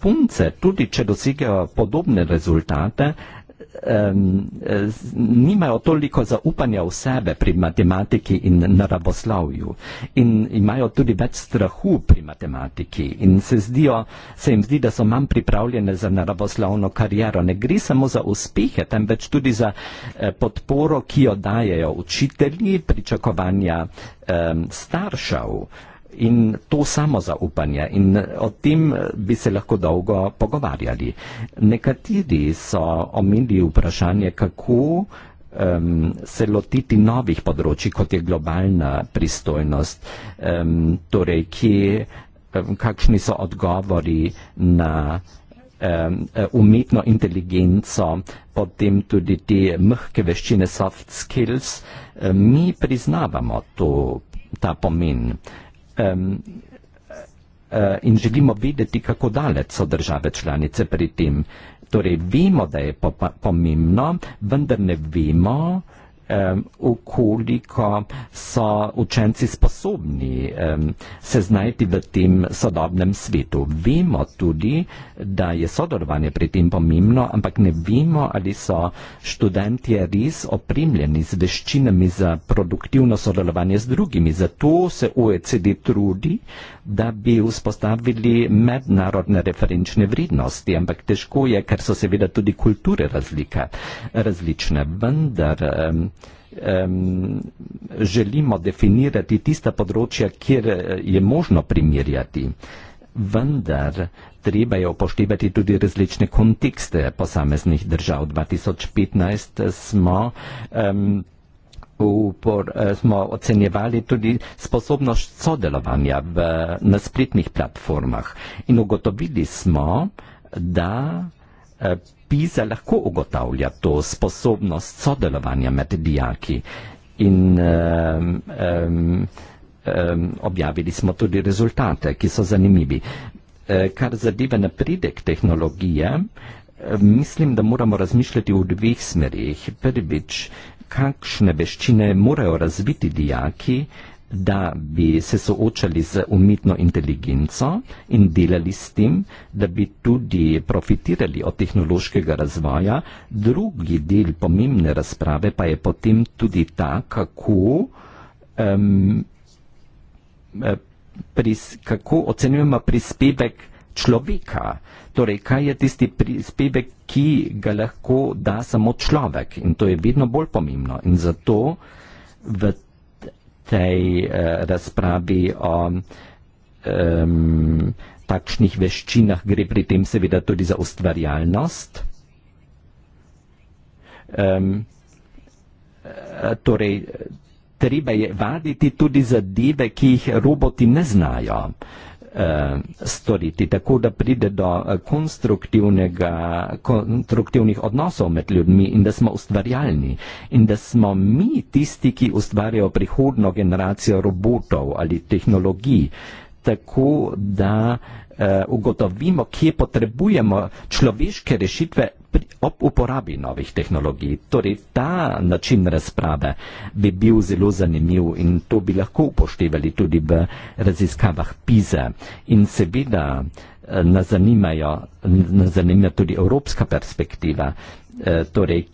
punce, tudi če dosegajo podobne rezultate, um, nimajo toliko zaupanja v sebe pri matematiki in naravoslavju in imajo tudi več strahu pri matematiki in se, zdijo, se jim zdi, da so manj pripravljene za naravoslavno kariero. Ne gre samo za uspehe, temveč tudi za eh, podporo, ki jo dajejo učitelji, pričakovanja eh, staršev in to samo zaupanje. In eh, o tem eh, bi se lahko dolgo pogovarjali. Nekateri so omenili vprašanje, kako um, se lotiti novih področji, kot je globalna pristojnost, um, torej kje, um, kakšni so odgovori na e, umetno inteligenco, potem tudi te mhke veščine soft skills, mi priznavamo to, ta pomen um, in želimo videti, kako daleč so države članice pri tem. Torej, vemo, da je pomembno, vendar ne vemo, ukoliko so učenci sposobni se znajti v tem sodobnem svetu. Vemo tudi, da je sodelovanje pri tem pomembno, ampak ne vemo, ali so študentje res opremljeni z veščinami za produktivno sodelovanje z drugimi. Zato se OECD trudi, da bi vzpostavili mednarodne referenčne vrednosti, ampak težko je, ker so seveda tudi kulture razlika, različne. Vendar, um, um, želimo definirati tista področja, kjer eh, je možno primerjati. Vendar treba je upoštevati tudi različne kontekste posameznih držav. 2015 smo. Um, Upor, eh, smo ocenjevali tudi sposobnost sodelovanja v, na spletnih platformah in ugotovili smo, da eh, PISA lahko ugotavlja to sposobnost sodelovanja med dijaki. In um, um, um, objavili smo tudi rezultate, ki so zanimivi. E, kar zadeva napredek tehnologije, mislim, da moramo razmišljati v dveh smerih. Prvič, kakšne veščine morajo razviti dijaki, da bi se soočali z umetno inteligenco in delali s tem, da bi tudi profitirali od tehnološkega razvoja. Drugi del pomembne razprave pa je potem tudi ta, kako, um, pris, kako ocenjujemo prispevek človeka. Torej, kaj je tisti prispevek, ki ga lahko da samo človek? In to je vedno bolj pomembno. In zato v tej eh, razpravi o um, takšnih veščinah gre pri tem seveda tudi za ustvarjalnost. Um, torej, treba je vaditi tudi zadeve, ki jih roboti ne znajo. Eh, storiti, tako da pride do eh, konstruktivnih odnosov med ljudmi in da smo ustvarjalni in da smo mi tisti, ki ustvarjajo prihodno generacijo robotov ali tehnologij, tako da eh, ugotovimo, kje potrebujemo človeške rešitve ob uporabi novih tehnologij. Torej, ta način razprave bi bil zelo zanimiv in to bi lahko upoštevali tudi v raziskavah PISA. In seveda eh, nas zanima tudi evropska perspektiva, eh, torej,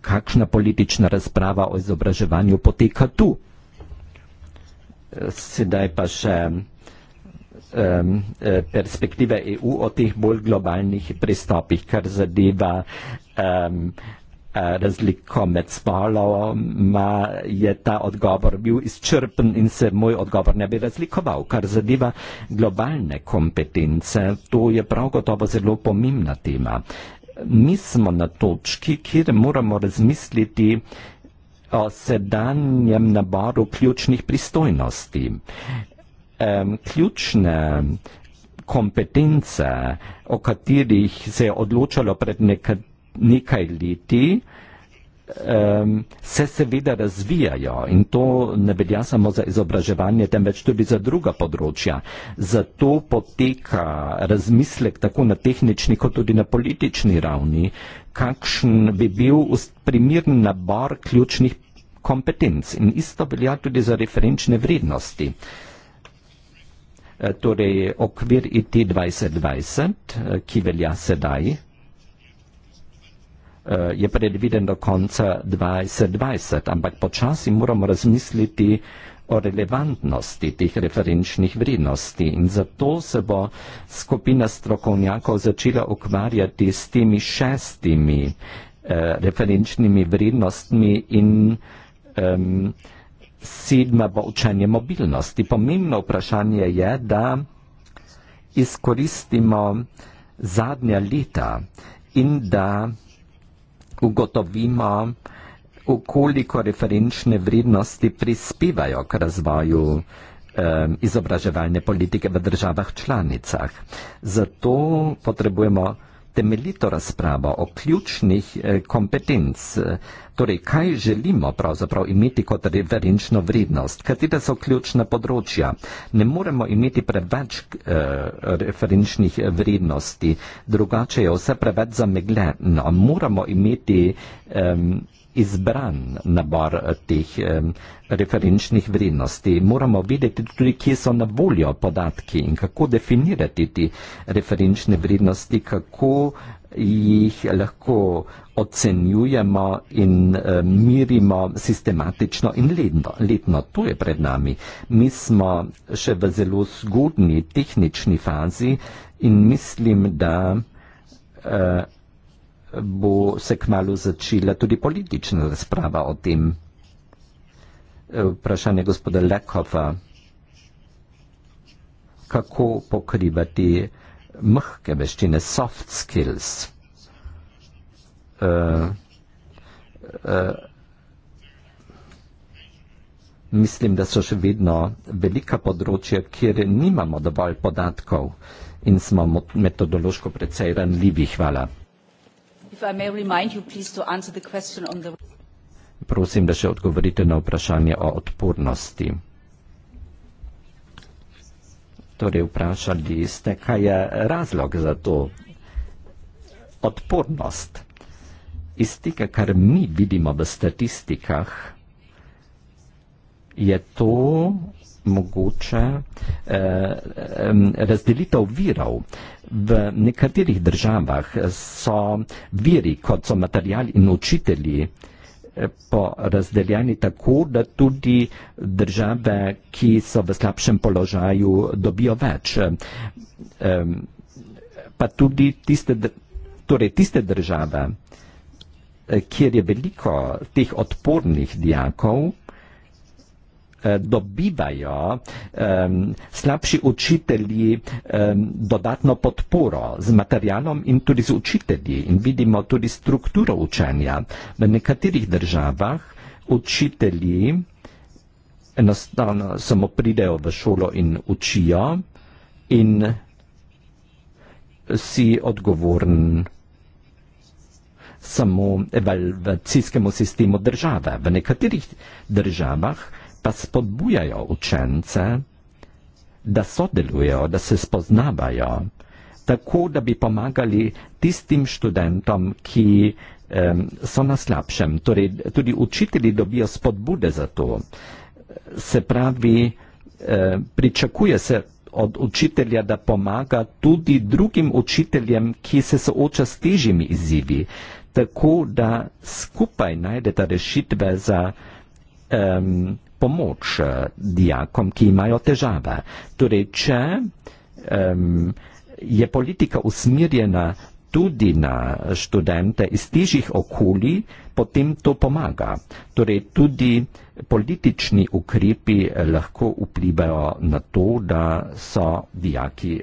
kakšna politična razprava o izobraževanju poteka tu. Eh, sedaj pa še um, eh, perspektive EU o teh bolj globalnih pristopih, kar zadeva um, eh, razliko med spoloma, je ta odgovor bil izčrpen in se moj odgovor ne bi razlikoval. Kar zadeva globalne kompetence, to je prav gotovo zelo pomembna tema. Mi smo na točki, kjer moramo razmisliti o sedanjem naboru ključnih pristojnosti um, ključna kompetenca, o katerih se je odločalo pred neka, nekaj leti, um, se seveda razvijajo in to ne velja samo za izobraževanje, temveč tudi za druga področja. Zato poteka razmislek tako na tehnični kot tudi na politični ravni, kakšen bi bil primern nabor ključnih kompetenc. In isto velja tudi za referenčne vrednosti. Uh, Eh, torej okvir IT 2020, eh, ki velja sedaj, eh, je predviden do konca 2020, ampak počasi moramo razmisliti o relevantnosti teh referenčnih vrednosti in zato se bo skupina strokovnjakov začela ukvarjati s temi šestimi eh, referenčnimi vrednostmi in eh, sedma bo učenje mobilnosti. Pomembno vprašanje je, da izkoristimo zadnja leta in da ugotovimo, koliko referenčne vrednosti prispevajo k razvoju eh, izobraževalne politike v državah članicah. Zato potrebujemo temeljito razpravo o ključnih eh, kompetenc. Eh, Torej, kaj želimo pravzaprav imeti kot referenčno vrednost? Katere so ključne področja? Ne moremo imeti preveč eh, referenčnih eh, vrednosti, drugače je vse preveč zamegleno. Moramo imeti eh, izbran nabor eh, teh eh, referenčnih vrednosti. Moramo vedeti tudi, kje so na voljo podatki in kako definirati te referenčne vrednosti, kako eh, jih lahko ocenjujemo in uh, mirimo sistematično in letno. letno. To je pred nami. Mi smo še v zelo zgodni tehnični fazi in mislim, da uh, bo se kmalo začela tudi politična razprava o tem. Eh, vprašanje gospoda Lekova, kako pokrivati uh, mehke veščine, soft skills. Uh, uh, mislim, da so še vedno velika področja, kjer nimamo dovolj podatkov in smo metodološko precej ranljivi. Hvala. Prosim, da še odgovorite na vprašanje o odpornosti torej vprašali ste, kaj je razlog za to odpornost. Iz tega, kar mi vidimo v statistikah, je to mogoče eh, razdelitev virov. V nekaterih državah so viri, kot so material in učitelji, eh, po razdeljeni tako, da tudi države, ki so v slabšem položaju, dobijo več. Pa tudi tiste, torej tiste države, kjer je veliko teh odpornih dijakov, Eh, dobivajo um, slabši učitelji um, dodatno podporo z materialom in tudi z učitelji. In vidimo tudi strukturo učenja. V nekaterih državah učitelji enostavno samo pridejo v šolo in učijo in si odgovoren samo evalvacijskemu sistemu države. V nekaterih državah pa spodbujajo učence, da sodelujo, da se spoznavajo, tako da bi pomagali tistim študentom, ki um, so na slabšem. Torej, tudi učitelji dobijo spodbude za to. Se pravi, um, pričakuje se od učitelja, da pomaga tudi drugim učiteljem, ki se sooča s težjimi izzivi, tako da skupaj najdete rešitve za um, pomoč eh, dijakom, ki imajo težave. Torej, če um, je politika usmirjena tudi na študente iz tižjih okolij, potem to pomaga. Torej, tudi politični ukrepi eh, lahko vplivajo na to, da so dijaki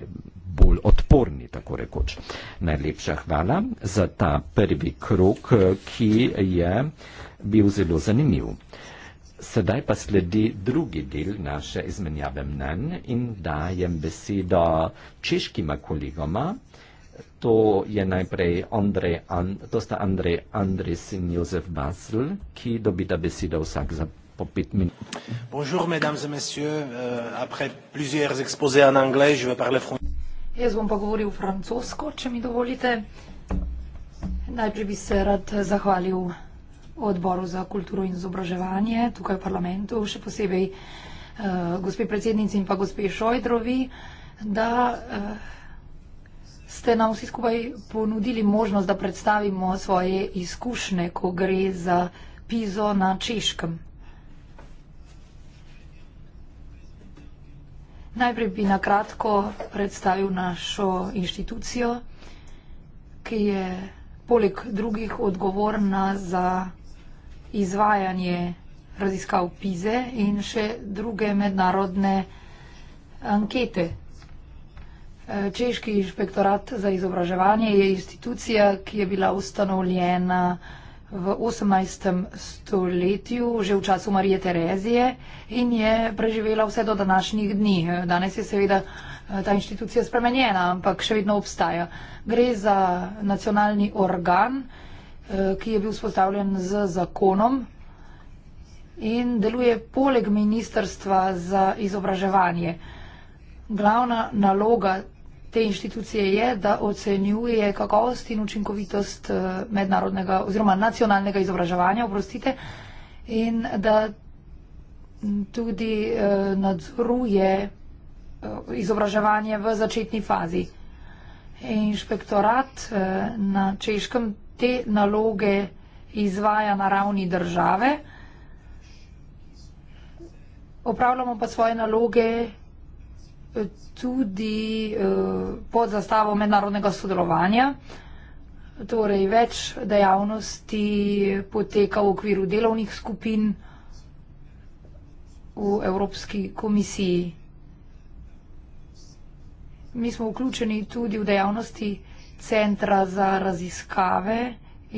bolj odporni, tako rekoč. Najlepša hvala za ta prvi krok, eh, ki je bil zelo zanimiv. Sedaj pa sledi drugi del naše izmenjave mnen in dajem besedo češkima kolegoma. To je najprej Andrej, An, to sta Andrej Andres in Jozef Basel, ki dobita besedo vsak za po pet minut. Bonjour, mesdames et messieurs. Uh, après plusieurs exposés en anglais, je vais parler français. Jaz bom pa govoril francosko, če mi dovolite. Najprej bi se rad zahvalil v odboru za kulturo in izobraževanje tukaj v parlamentu, še posebej uh, gospe predsednici in pa gospe Šojdrovi, da uh, ste nam vsi skupaj ponudili možnost, da predstavimo svoje izkušnje, ko gre za pizo na češkem. Najprej bi na kratko predstavil našo inštitucijo, ki je poleg drugih odgovorna za izvajanje raziskav PISE in še druge mednarodne ankete. E, Češki inšpektorat za izobraževanje je institucija, ki je bila ustanovljena v 18. stoletju, že v času Marije Terezije in je preživela vse do današnjih dni. E, Danes je seveda e, ta inštitucija spremenjena, ampak še vedno obstaja. Gre za nacionalni organ, Eh, ki je bil spostavljen z zakonom in deluje poleg Ministrstva za izobraževanje. Glavna naloga te inštitucije je, da ocenjuje kakovost in učinkovitost eh, mednarodnega oziroma nacionalnega izobraževanja, oprostite, in da tudi eh, nadzoruje izobraževanje v začetni fazi. Inšpektorat na češkem te naloge izvaja na ravni države. Opravljamo pa svoje naloge eh, tudi eh, pod zastavo mednarodnega sodelovanja. Torej, več dejavnosti poteka v okviru delovnih skupin v Evropski komisiji. Mi smo vključeni tudi v dejavnosti Centra za raziskave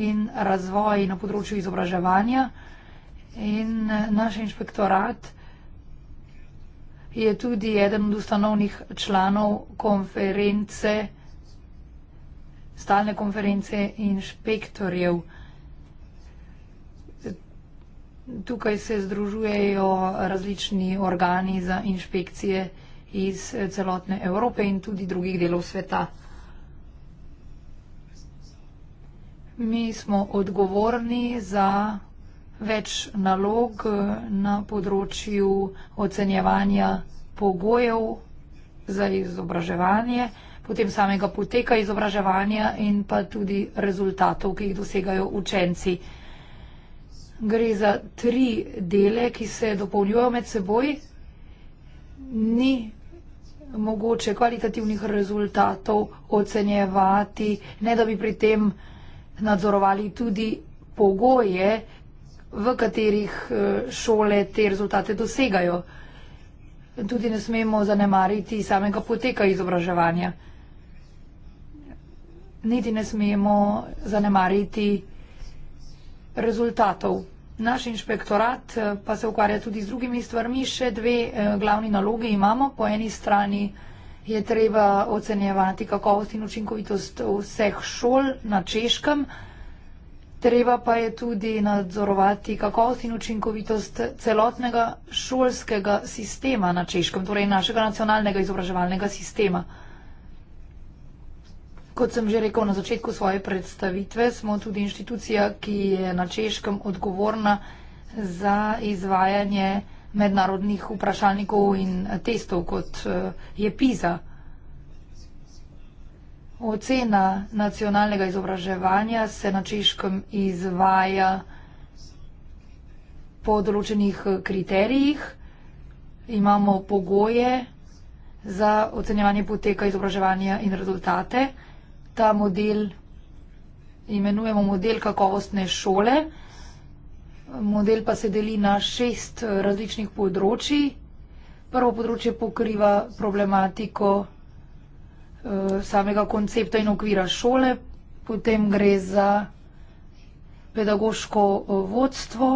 in razvoj na področju izobraževanja. In eh, naš inšpektorat je tudi eden od ustanovnih članov konference, stalne konference inšpektorjev. Tukaj se združujejo različni organi za inšpekcije iz eh, celotne Evrope in tudi drugih delov sveta. Mi smo odgovorni za več nalog na področju ocenjevanja pogojev za izobraževanje, potem samega poteka izobraževanja in pa tudi rezultatov, ki jih dosegajo učenci. Gre za tri dele, ki se dopolnjujejo med seboj. Ni mogoče kvalitativnih rezultatov ocenjevati, ne da bi pri tem nadzorovali tudi pogoje, v katerih eh, šole te rezultate dosegajo. Tudi ne smemo zanemariti samega poteka izobraževanja. Niti ne smemo zanemariti rezultatov. Naš inšpektorat eh, pa se ukvarja tudi z drugimi stvarmi. Še dve eh, glavni nalogi imamo. Po eni strani je treba ocenjevati kakovost in učinkovitost vseh šol na češkem. Treba pa je tudi nadzorovati kakovost in učinkovitost celotnega šolskega sistema na češkem, torej našega nacionalnega izobraževalnega sistema. Kot sem že rekel na začetku svoje predstavitve, smo tudi inštitucija, ki je na češkem odgovorna za izvajanje mednarodnih vprašalnikov in testov, kot eh, je PISA. Ocena nacionalnega izobraževanja se na češkem izvaja po določenih eh, kriterijih. Imamo pogoje za ocenjevanje poteka izobraževanja in rezultate. Ta model imenujemo model kakovostne šole. Model pa se deli na šest eh, različnih področji. Prvo področje pokriva problematiko eh, samega koncepta in okvira šole, potem gre za pedagoško eh, vodstvo.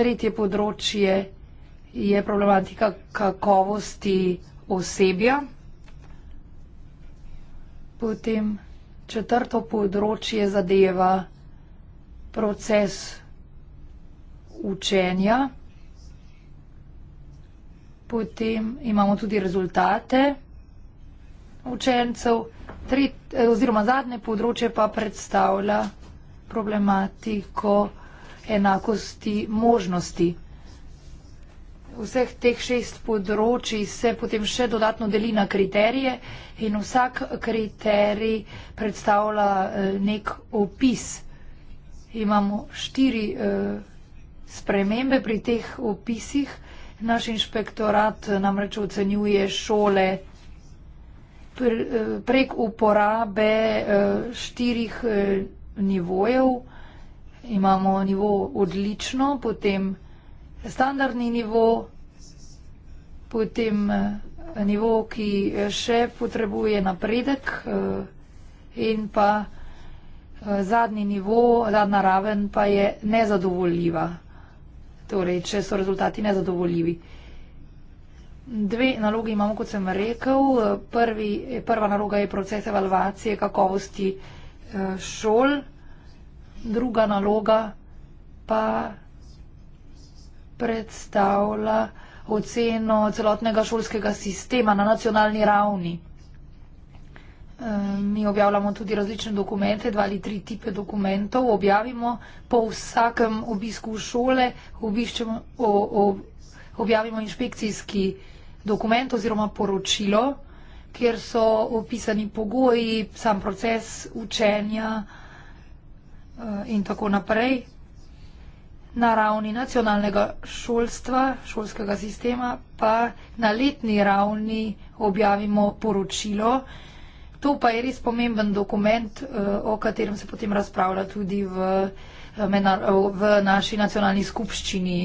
Tretje področje je problematika kakovosti osebja. Potem četrto področje zadeva proces učenja, potem imamo tudi rezultate učencev, tri, eh, oziroma zadnje področje pa predstavlja problematiko enakosti možnosti. Vseh teh šest področji se potem še dodatno deli na kriterije in vsak kriterij predstavlja eh, nek opis imamo štiri eh, spremembe pri teh opisih. Naš inšpektorat namreč ocenjuje šole eh, prek uporabe eh, štirih eh, nivojev. Imamo nivo odlično, potem standardni nivo, potem nivo, ki še potrebuje napredek in pa Eh, zadnji nivo, zadnja raven pa je nezadovoljiva. Torej, če so rezultati nezadovoljivi. Dve nalogi imamo, kot sem rekel. Prvi, prva naloga je proces evalvacije kakovosti eh, šol, druga naloga pa predstavlja oceno celotnega šolskega sistema na nacionalni ravni mi objavljamo tudi različne dokumente, dva ali tri tipe dokumentov. Objavimo po vsakem obisku šole, obiščemo, o, o, objavimo inšpekcijski dokument oziroma poročilo, kjer so opisani pogoji, sam proces učenja eh, in tako naprej. Na ravni nacionalnega šolstva, šolskega sistema pa na letni ravni objavimo poročilo, To pa je res pomemben dokument, eh, o katerem se potem razpravlja tudi v, eh, eh, v naši nacionalni skupščini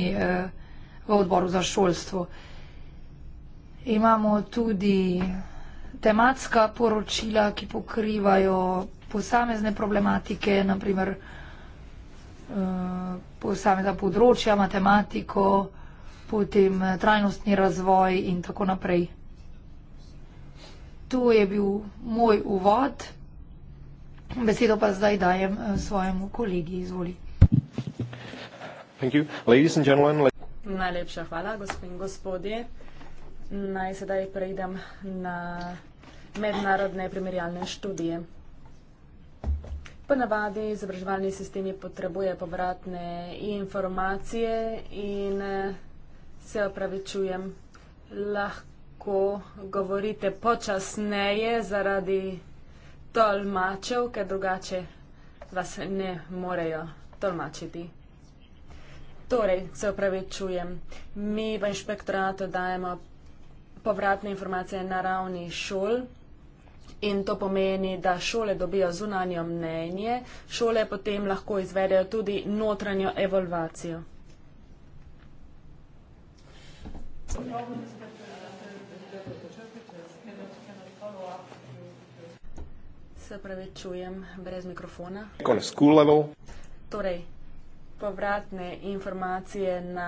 v odboru za šolstvo. Imamo tudi tematska poročila, ki pokrivajo posamezne problematike, naprimer posamezna področja, matematiko, potem trajnostni razvoj in tako naprej. To je bil moj uvod. Besedo pa zdaj dajem eh, svojemu kolegi. Izvoli. Najlepša hvala, gospod in gospodje. Naj sedaj prejdem na mednarodne primerjalne študije. Ponavadi izobraževalni sistem je potrebuje povratne informacije in eh, se opravičujem, lahko lahko govorite počasneje zaradi tolmačev, ker drugače vas ne morejo tolmačiti. Torej, se upravičujem, mi v inšpektoratu dajemo povratne informacije na ravni šol in to pomeni, da šole dobijo zunanjo mnenje, šole potem lahko izvedejo tudi notranjo evolvacijo. Thank you. se pravi, čujem brez mikrofona. Tako na school level. Torej, povratne informacije na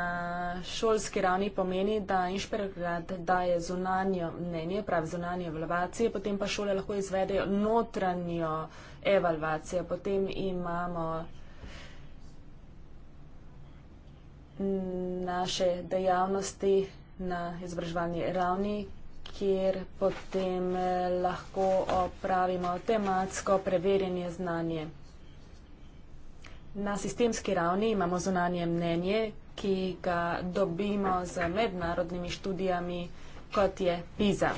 šolski ravni pomeni, da inšpektorat daje zunanjo mnenje, pravi zunanjo evalvacijo, potem pa šole lahko izvedejo notranjo evalvacijo. Potem imamo naše dejavnosti na izobraževalni ravni, kjer potem eh, lahko opravimo tematsko preverjanje znanje. Na sistemski ravni imamo zunanje mnenje, ki ga dobimo z mednarodnimi študijami, kot je PISA.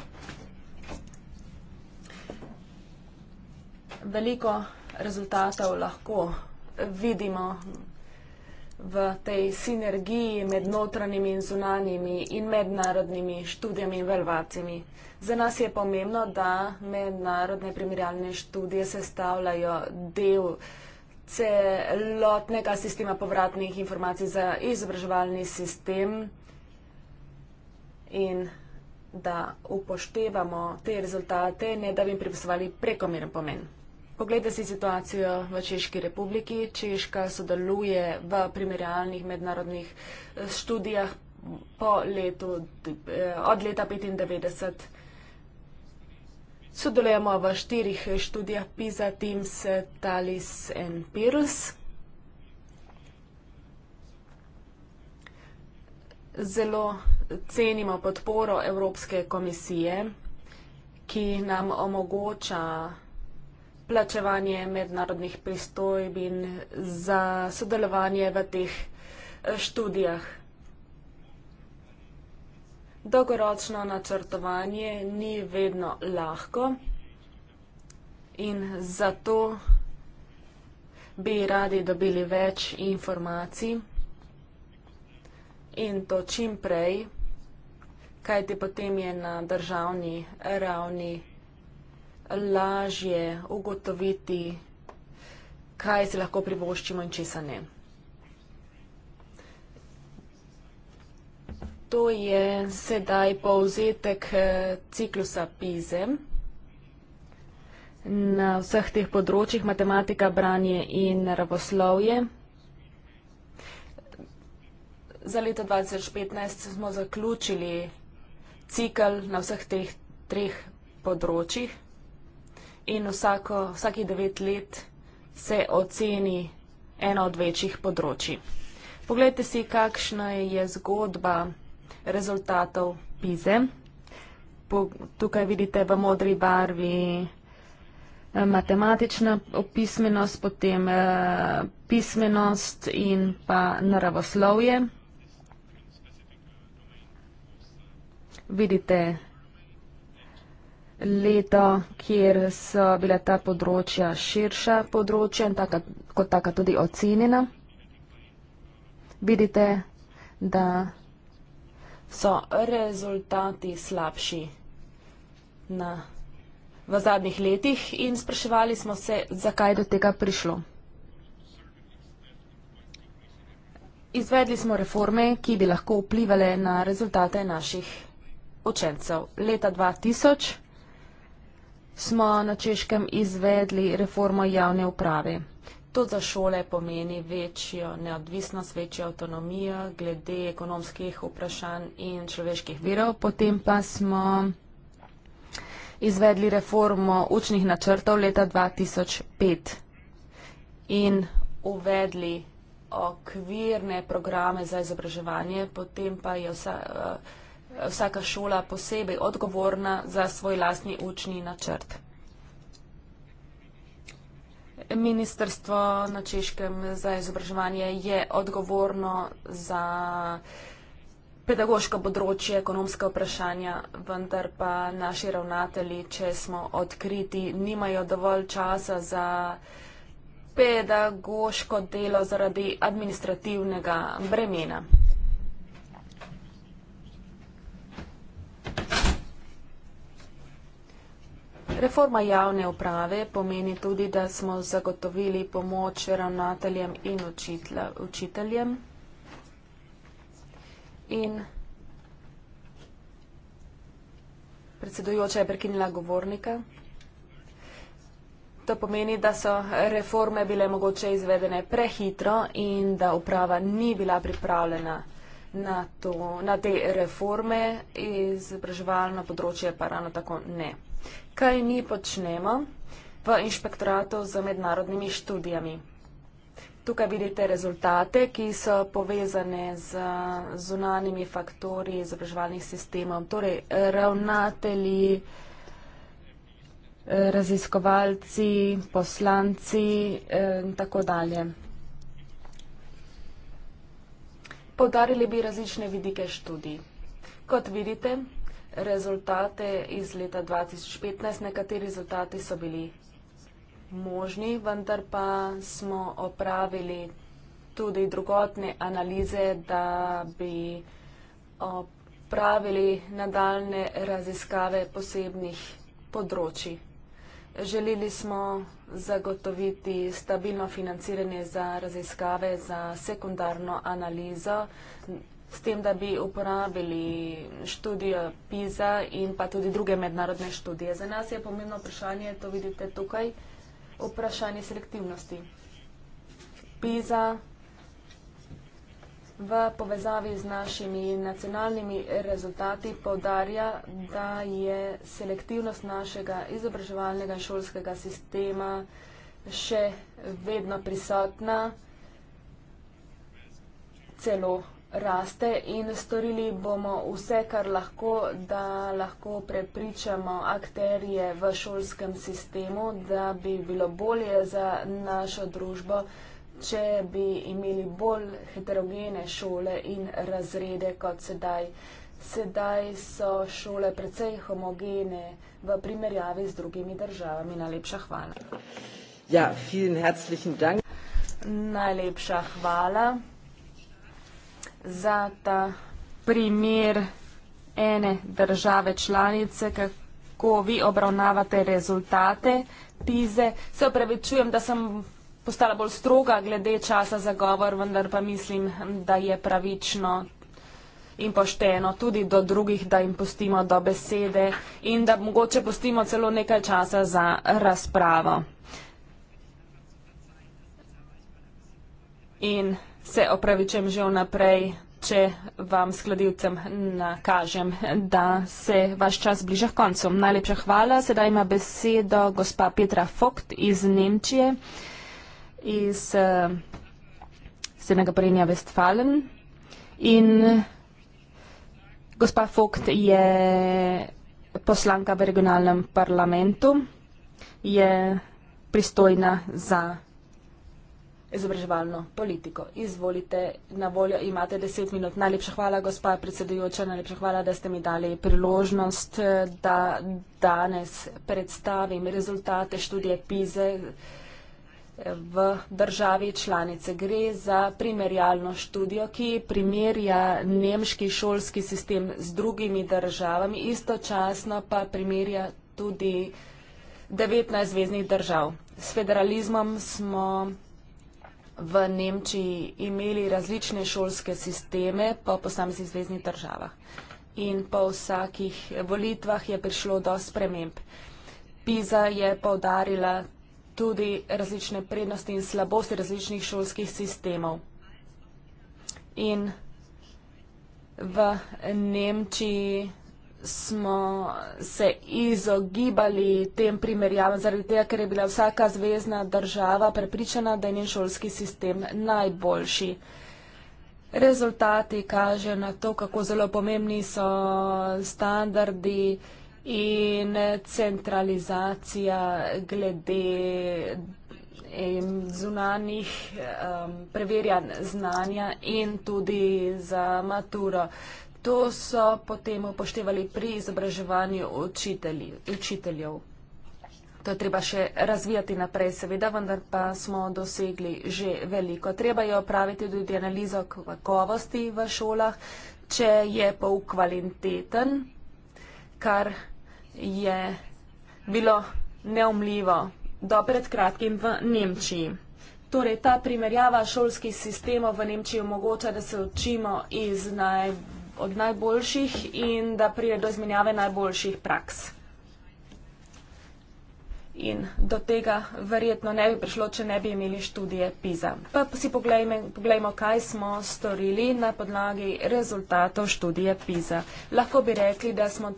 Veliko rezultatov lahko vidimo v tej sinergiji med notranjimi in zunanjimi in mednarodnimi študijami in velvacijami. Za nas je pomembno, da mednarodne primerjalne študije sestavljajo del celotnega sistema povratnih informacij za izobraževalni sistem in da upoštevamo te rezultate, ne da bi jim pripisovali prekomeren pomen. Poglejte si situacijo v Češki republiki. Češka sodeluje v primerjalnih mednarodnih eh, študijah letu, eh, od leta 1995. Sodelujemo v štirih eh, študijah PISA, TIMS, TALIS in PIRUS. Zelo cenimo podporo Evropske komisije, ki nam omogoča plačevanje mednarodnih pristojb in za sodelovanje v teh eh, študijah. Dolgoročno načrtovanje ni vedno lahko in zato bi radi dobili več informacij in to čim prej, kajti potem je na državni ravni vsega lažje ugotoviti, kaj si lahko privoščimo in česa ne. To je sedaj povzetek eh, ciklusa PISE. Na vseh teh področjih matematika, branje in naravoslovje. Za leto 2015 smo zaključili cikl na vseh teh treh področjih in vsako, vsaki devet let se oceni eno od večjih področji. Poglejte si, kakšna je zgodba rezultatov PISE. Po, tukaj vidite v modri barvi eh, matematična opismenost, potem eh, pismenost in pa naravoslovje. Vidite leta, kjer so bile ta področja širša področja in taka, kot taka tudi ocenjena. Vidite, da so rezultati slabši na, v zadnjih letih in spraševali smo se, zakaj do tega prišlo. Izvedli smo reforme, ki bi lahko vplivali na rezultate naših učencev. Leta 2000 smo na Češkem izvedli reformo javne uprave. To za šole pomeni večjo neodvisnost, večjo avtonomijo glede ekonomskih vprašanj in človeških virov. Potem pa smo izvedli reformo učnih načrtov leta 2005 in uvedli okvirne programe za izobraževanje, potem pa je vsa. Uh, vsaka šola posebej odgovorna za svoj lastni učni načrt. Ministrstvo na Češkem za izobraževanje je odgovorno za pedagoško področje, ekonomske vprašanja, vendar pa naši ravnateli, če smo odkriti, nimajo dovolj časa za pedagoško delo zaradi administrativnega bremena. Reforma javne uprave pomeni tudi, da smo zagotovili pomoč ravnateljem in učiteljem. In predsedujoča je prekinila govornika. To pomeni, da so reforme bile mogoče izvedene prehitro in da uprava ni bila pripravljena na, to, na te reforme, izobraževalno področje pa ravno tako ne kaj mi počnemo v inšpektoratu z mednarodnimi študijami. Tukaj vidite rezultate, ki so povezane z zunanimi faktori izobraževalnih sistemov, torej ravnateli, raziskovalci, poslanci eh, in tako dalje. Podarili bi različne vidike študij. Kot vidite, rezultate iz leta 2015. Nekateri rezultati so bili možni, vendar pa smo opravili tudi drugotne analize, da bi opravili nadaljne raziskave posebnih področji. Želeli smo zagotoviti stabilno financiranje za raziskave za sekundarno analizo, s tem, da bi uporabili študijo PISA in pa tudi druge mednarodne študije. Za nas je pomembno vprašanje, to vidite tukaj, vprašanje selektivnosti. PISA v povezavi z našimi nacionalnimi rezultati podarja, da je selektivnost našega izobraževalnega šolskega sistema še vedno prisotna celo raste in storili bomo vse, kar lahko, da lahko prepričamo akterje v šolskem sistemu, da bi bilo bolje za našo družbo, če bi imeli bolj heterogene šole in razrede kot sedaj. Sedaj so šole precej homogene v primerjavi z drugimi državami. Najlepša hvala. Ja, vielen herzlichen Dank. Najlepša hvala za ta primer ene države članice, kako vi obravnavate rezultate PIZE. Se upravičujem, da sem postala bolj stroga glede časa za govor, vendar pa mislim, da je pravično in pošteno tudi do drugih, da jim pustimo do besede in da mogoče pustimo celo nekaj časa za razpravo. In se opravičujem že vnaprej, če vam skladilcem nakažem, da se vaš čas bliža koncu. Najlepša hvala. Sedaj ima besedo gospa Petra Fogt iz Nemčije, iz uh, eh, Senega Prenja Westfalen. In gospa Fogt je poslanka v regionalnem parlamentu, je pristojna za izobraževalno politiko. Izvolite, na voljo imate deset minut. Najlepša hvala, gospa predsedujoča, najlepša hvala, da ste mi dali priložnost, eh, da danes predstavim rezultate študije PISE eh, v državi članice. Gre za primerjalno študijo, ki primerja nemški šolski sistem z drugimi državami, istočasno pa primerja tudi 19 zvezdnih držav. S federalizmom smo v Nemčiji imeli različne šolske sisteme po posameznih zvezdnih državah. In po vsakih volitvah je prišlo do sprememb. PISA je povdarila tudi različne prednosti in slabosti različnih šolskih sistemov. In v Nemčiji smo se izogibali tem primerjavam, zaradi tega, ker je bila vsaka zvezdna država prepričana, da je njen šolski sistem najboljši. Rezultati kaže na to, kako zelo pomembni so standardi in centralizacija glede zunanih um, preverjanj znanja in tudi za maturo to so potem upoštevali pri izobraževanju učiteljev. To je treba še razvijati naprej, seveda, vendar pa smo dosegli že veliko. Treba je opraviti tudi analizo kakovosti v šolah, če je pol kvaliteten, kar je bilo neumljivo do pred kratkim v Nemčiji. Torej, ta primerjava šolskih sistemov v Nemčiji omogoča, da se učimo iz najboljših od najboljših in da prije do izmenjave najboljših praks. In do tega verjetno ne bi prišlo, če ne bi imeli študije PISA. Pa si poglejmo, poglejmo, kaj smo storili na podlagi rezultatov študije PISA. Lahko bi rekli, da smo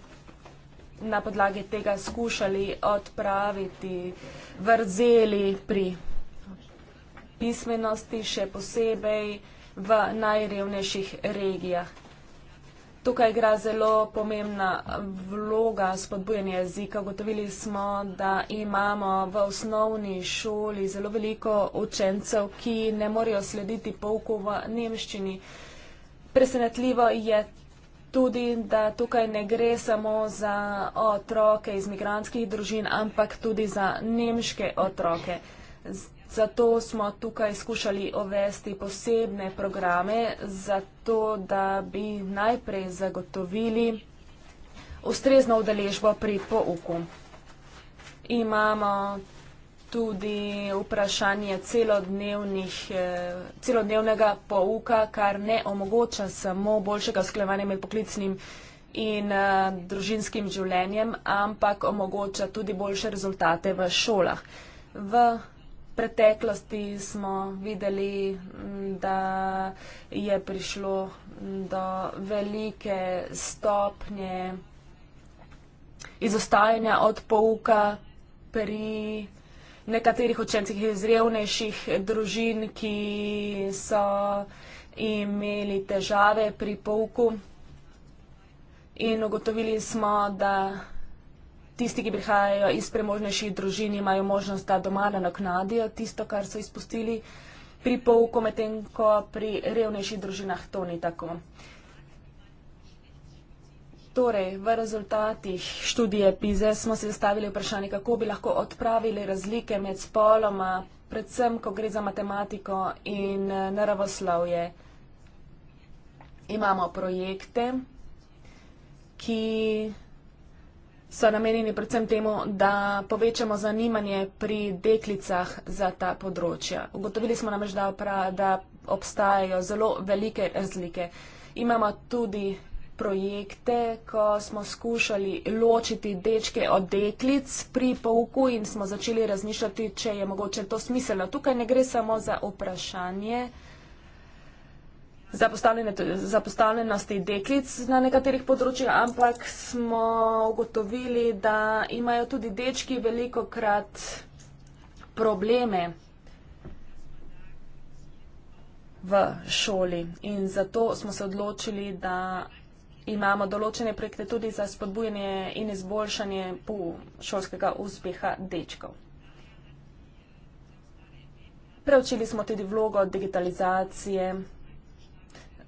na podlagi tega skušali odpraviti vrzeli pri pismenosti, še posebej v najrevnejših regijah tukaj igra zelo pomembna vloga spodbujanja jezika. Gotovili smo, da imamo v osnovni šoli zelo veliko učencev, ki ne morejo slediti pouku v nemščini. Presenetljivo je tudi, da tukaj ne gre samo za otroke iz migranskih družin, ampak tudi za nemške otroke. Zato smo tukaj skušali uvesti posebne programe, zato da bi najprej zagotovili ustrezno udeležbo pri pouku. Imamo tudi vprašanje celodnevnih, eh, celodnevnega pouka, kar ne omogoča samo boljšega sklevanja med poklicnim in eh, družinskim življenjem, ampak omogoča tudi boljše rezultate v šolah. V preteklosti smo videli, mm, da je prišlo do velike stopnje izostajanja od pouka pri nekaterih učencih iz revnejših družin, ki so imeli težave pri pouku. In ugotovili smo, da tisti, ki prihajajo iz premožnejših družin, imajo možnost, da doma nadoknadijo tisto, kar so izpustili pri pouku, medtem ko pri revnejših družinah to ni tako. Torej, v rezultatih študije PISA smo se zastavili vprašanje, kako bi lahko odpravili razlike med spoloma, predvsem, ko gre za matematiko in eh, naravoslovje. Imamo projekte, ki so namenjeni predvsem temu, da povečamo zanimanje pri deklicah za ta področja. Ugotovili smo namreč, da, da obstajajo zelo velike razlike. Imamo tudi projekte, ko smo skušali ločiti dečke od deklic pri pouku in smo začeli razmišljati, če je mogoče to smiselno. Tukaj ne gre samo za vprašanje zapostavljenosti deklic na nekaterih področjih, ampak smo ugotovili, da imajo tudi dečki veliko krat probleme v šoli. In zato smo se odločili, da imamo določene projekte tudi za spodbujanje in izboljšanje šolskega uspeha dečkov. Preučili smo tudi vlogo digitalizacije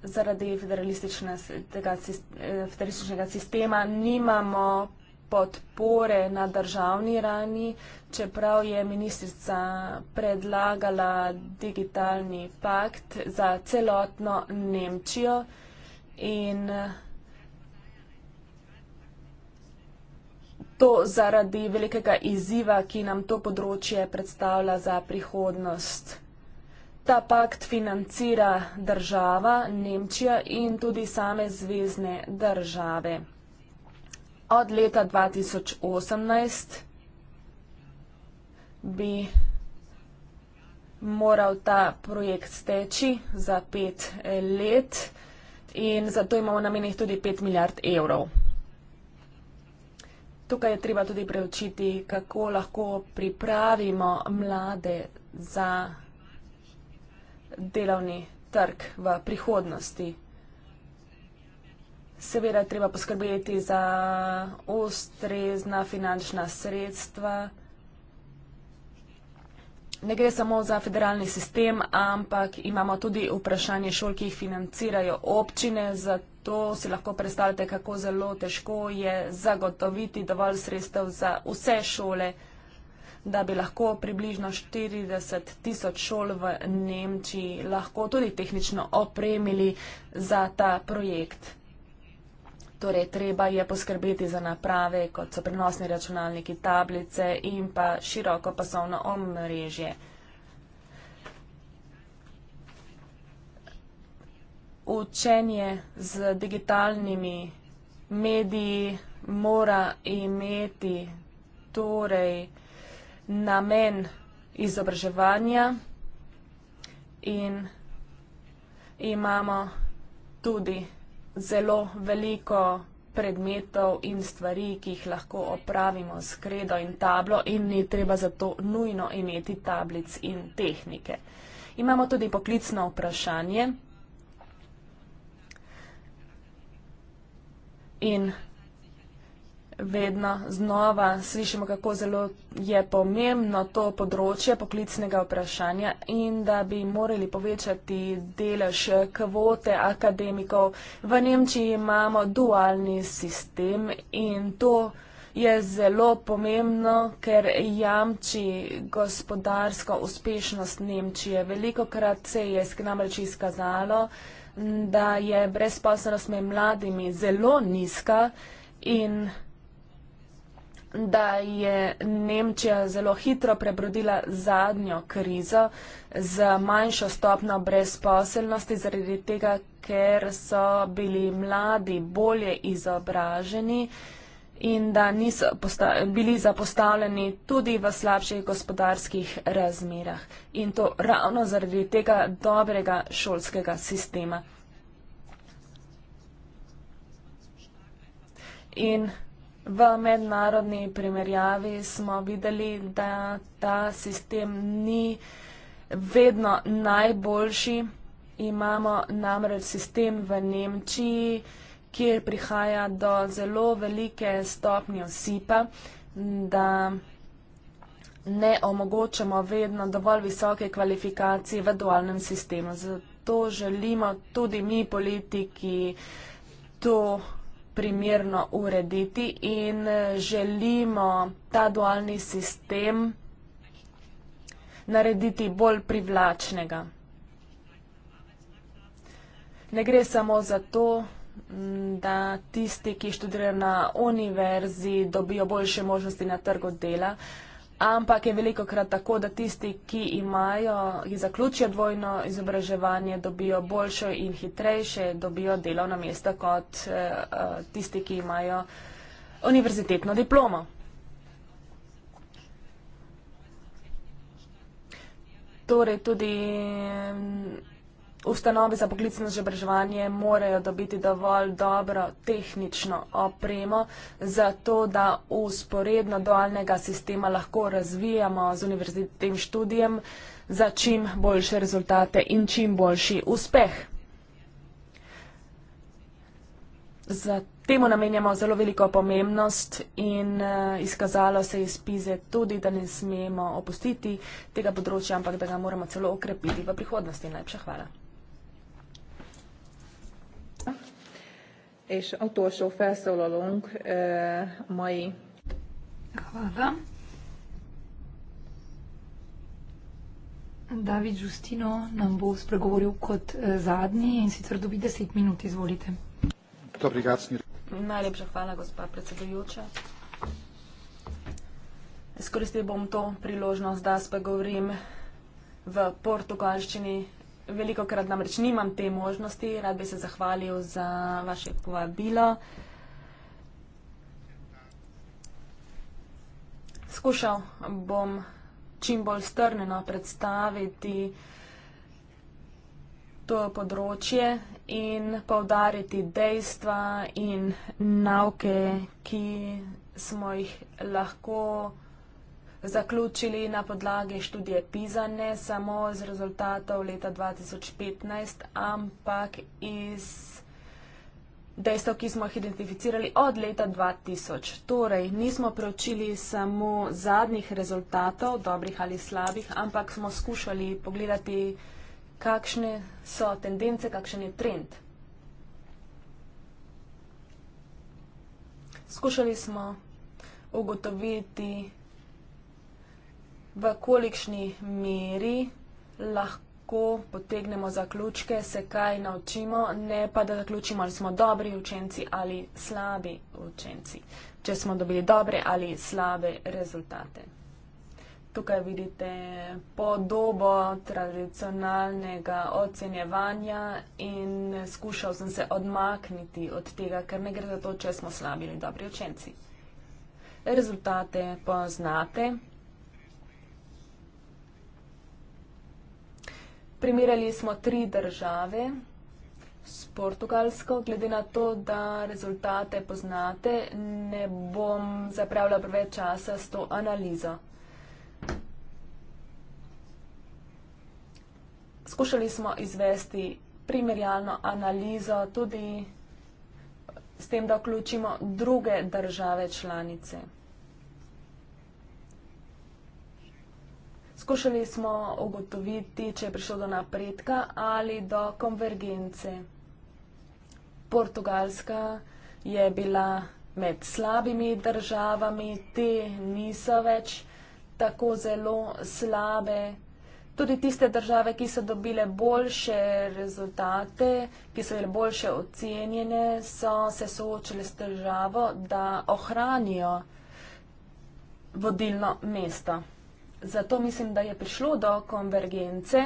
zaradi federalističnega, eh, federalističnega sistema nimamo podpore na državni rani, čeprav je ministrica predlagala digitalni pakt za celotno Nemčijo in to zaradi velikega izziva, ki nam to področje predstavlja za prihodnost. Ta pakt financira država Nemčija in tudi same zvezne države. Od leta 2018 bi moral ta projekt steči za pet let in zato imamo namenih tudi pet milijard evrov. Tukaj je treba tudi preučiti, kako lahko pripravimo mlade za projekt delovni trg v prihodnosti. Seveda treba poskrbeti za ustrezna finančna sredstva. Ne gre samo za federalni sistem, ampak imamo tudi vprašanje šol, ki jih financirajo občine, zato si lahko predstavljate, kako zelo težko je zagotoviti dovolj sredstev za vse šole da bi lahko približno 40 tisoč šol v Nemčiji lahko tudi tehnično opremili za ta projekt. Torej, treba je poskrbeti za naprave, kot so prenosni računalniki, tablice in pa široko pasovno omrežje. Učenje z digitalnimi mediji mora imeti torej, namen izobraževanja in imamo tudi zelo veliko predmetov in stvari, ki jih lahko opravimo s kredo in tablo in ni treba za to nujno imeti tablic in tehnike. Imamo tudi poklicno vprašanje in vprašanje vedno znova slišimo, kako zelo je pomembno to področje poklicnega vprašanja in da bi morali povečati delež kvote akademikov. V Nemčiji imamo dualni sistem in to je zelo pomembno, ker jamči gospodarsko uspešnost Nemčije. Veliko krat se je namreč izkazalo, da je brezposobnost med mladimi zelo nizka in da je Nemčija zelo hitro prebrodila zadnjo krizo z manjšo stopno brezposelnosti, zaradi tega, ker so bili mladi bolje izobraženi in da niso bili zapostavljeni tudi v slabših gospodarskih razmerah. In to ravno zaradi tega dobrega šolskega sistema. In V mednarodni primerjavi smo videli, da ta sistem ni vedno najboljši. Imamo namreč sistem v Nemčiji, kjer prihaja do zelo velike stopnje osipa, da ne omogočamo vedno dovolj visoke kvalifikacije v dualnem sistemu. Zato želimo tudi mi politiki to primerno urediti in eh, želimo ta dualni sistem narediti bolj privlačnega. Ne gre samo za to, da tisti, ki študirajo na univerzi, dobijo boljše možnosti na trgu dela, Ampak je veliko krat tako, da tisti, ki imajo, ki zaključijo dvojno izobraževanje, dobijo boljšo in hitrejše, dobijo delovna mesta kot uh, tisti, ki imajo univerzitetno diplomo. Torej tudi. Um, ustanove za poklicno izobraževanje morajo dobiti dovolj dobro tehnično opremo, zato da usporedno dualnega sistema lahko razvijamo z univerzitetnim študijem za čim boljše rezultate in čim boljši uspeh. Za temu namenjamo zelo veliko pomembnost in eh, izkazalo se iz PIZE tudi, da ne smemo opustiti tega področja, ampak da ga moramo celo okrepiti v prihodnosti. Najlepša hvala. És utolsó felszólalónk a mai. Hvala. David Justino nam bo spregovoril kot e, zadnji in sicer dobi 10 minut, izvolite. Najlepša hvala, gospa predsedujoča. Izkoristil bom to priložnost, da spregovorim v portugalščini veliko krat namreč nimam te možnosti. Rad bi se zahvalil za vaše povabilo. Skušal bom čim bolj strneno predstaviti to področje in povdariti dejstva in nauke, ki smo jih lahko zaključili na podlagi študije PISA, ne samo iz rezultatov leta 2015, ampak iz dejstev, ki smo jih identificirali od leta 2000. Torej, nismo preučili samo zadnjih rezultatov, dobrih ali slabih, ampak smo skušali pogledati, kakšne so tendence, kakšen je trend. Skušali smo ugotoviti, v kolikšni meri lahko potegnemo zaključke, se kaj naučimo, ne pa da zaključimo, ali smo dobri učenci ali slabi učenci, če smo dobili dobre ali slabe rezultate. Tukaj vidite podobo tradicionalnega ocenjevanja in skušal sem se odmakniti od tega, ker ne gre za to, če smo slabi ali dobri učenci. Rezultate poznate. Primerjali smo tri države s Portugalsko. Glede na to, da rezultate poznate, ne bom zapravljala preveč časa s to analizo. Skušali smo izvesti primerjalno analizo tudi s tem, da vključimo druge države članice. Poskušali smo ugotoviti, če je prišlo do napredka ali do konvergence. Portugalska je bila med slabimi državami, te niso več tako zelo slabe. Tudi tiste države, ki so dobile boljše rezultate, ki so bile boljše ocenjene, so se soočile s državo, da ohranijo vodilno mesto. Zato mislim, da je prišlo do konvergence,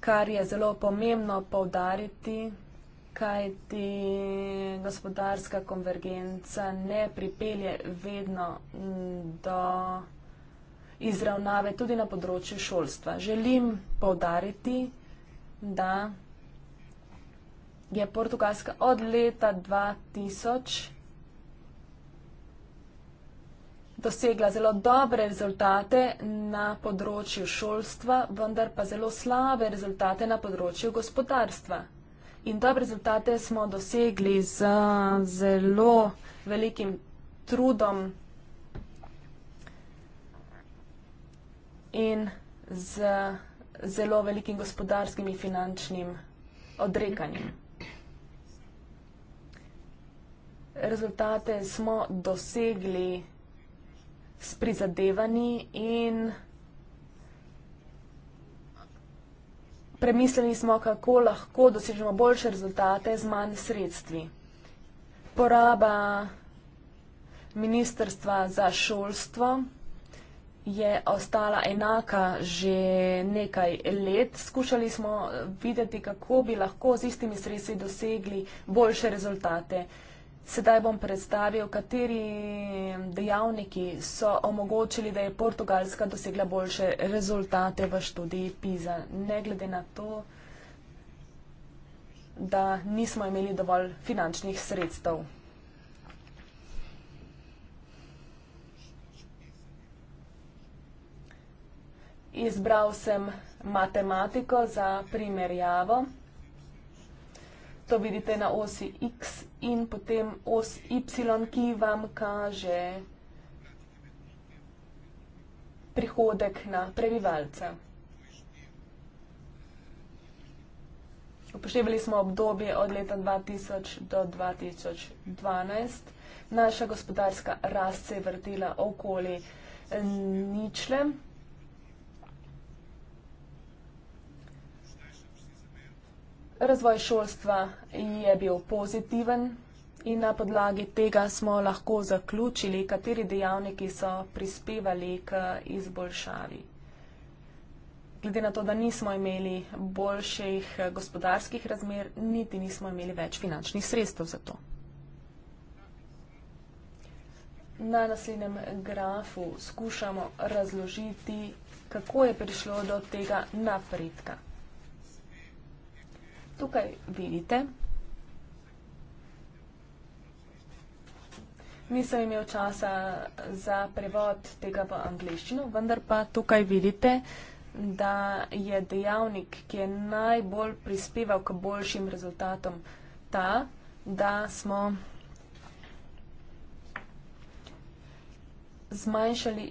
kar je zelo pomembno povdariti, kaj ti gospodarska konvergenca ne pripelje vedno mm, do izravnave tudi na področju šolstva. Želim povdariti, da je Portugalska od leta 2000 dosegla zelo dobre rezultate na področju šolstva, vendar pa zelo slabe rezultate na področju gospodarstva. In dobre rezultate smo dosegli z zelo velikim trudom in z zelo velikim gospodarskim in finančnim odrekanjem. Rezultate smo dosegli s prizadevanji in premislili smo, kako lahko dosežemo boljše rezultate z manj sredstvi. Poraba Ministrstva za šolstvo je ostala enaka že nekaj let. Skušali smo videti, kako bi lahko z istimi sredstvi dosegli boljše rezultate. Sedaj bom predstavil, kateri dejavniki so omogočili, da je Portugalska dosegla boljše rezultate v študiji PISA. Ne glede na to, da nismo imeli dovolj finančnih sredstev. Izbral sem matematiko za primerjavo to vidite na osi x in potem os y, ki vam kaže prihodek na prebivalca. Upoštevali smo obdobje od leta 2000 do 2012. Naša gospodarska rast se je vrtila okoli ničle. Razvoj šolstva je bil pozitiven in na podlagi tega smo lahko zaključili, kateri dejavniki so prispevali k izboljšavi. Glede na to, da nismo imeli boljših gospodarskih razmer, niti nismo imeli več finančnih sredstev za to. Na naslednjem grafu skušamo razložiti, kako je prišlo do tega napredka tukaj vidite, nisem imel časa za prevod tega v angliščino, vendar pa tukaj vidite, da je dejavnik, ki je najbolj prispeval k boljšim rezultatom, ta, da smo zmanjšali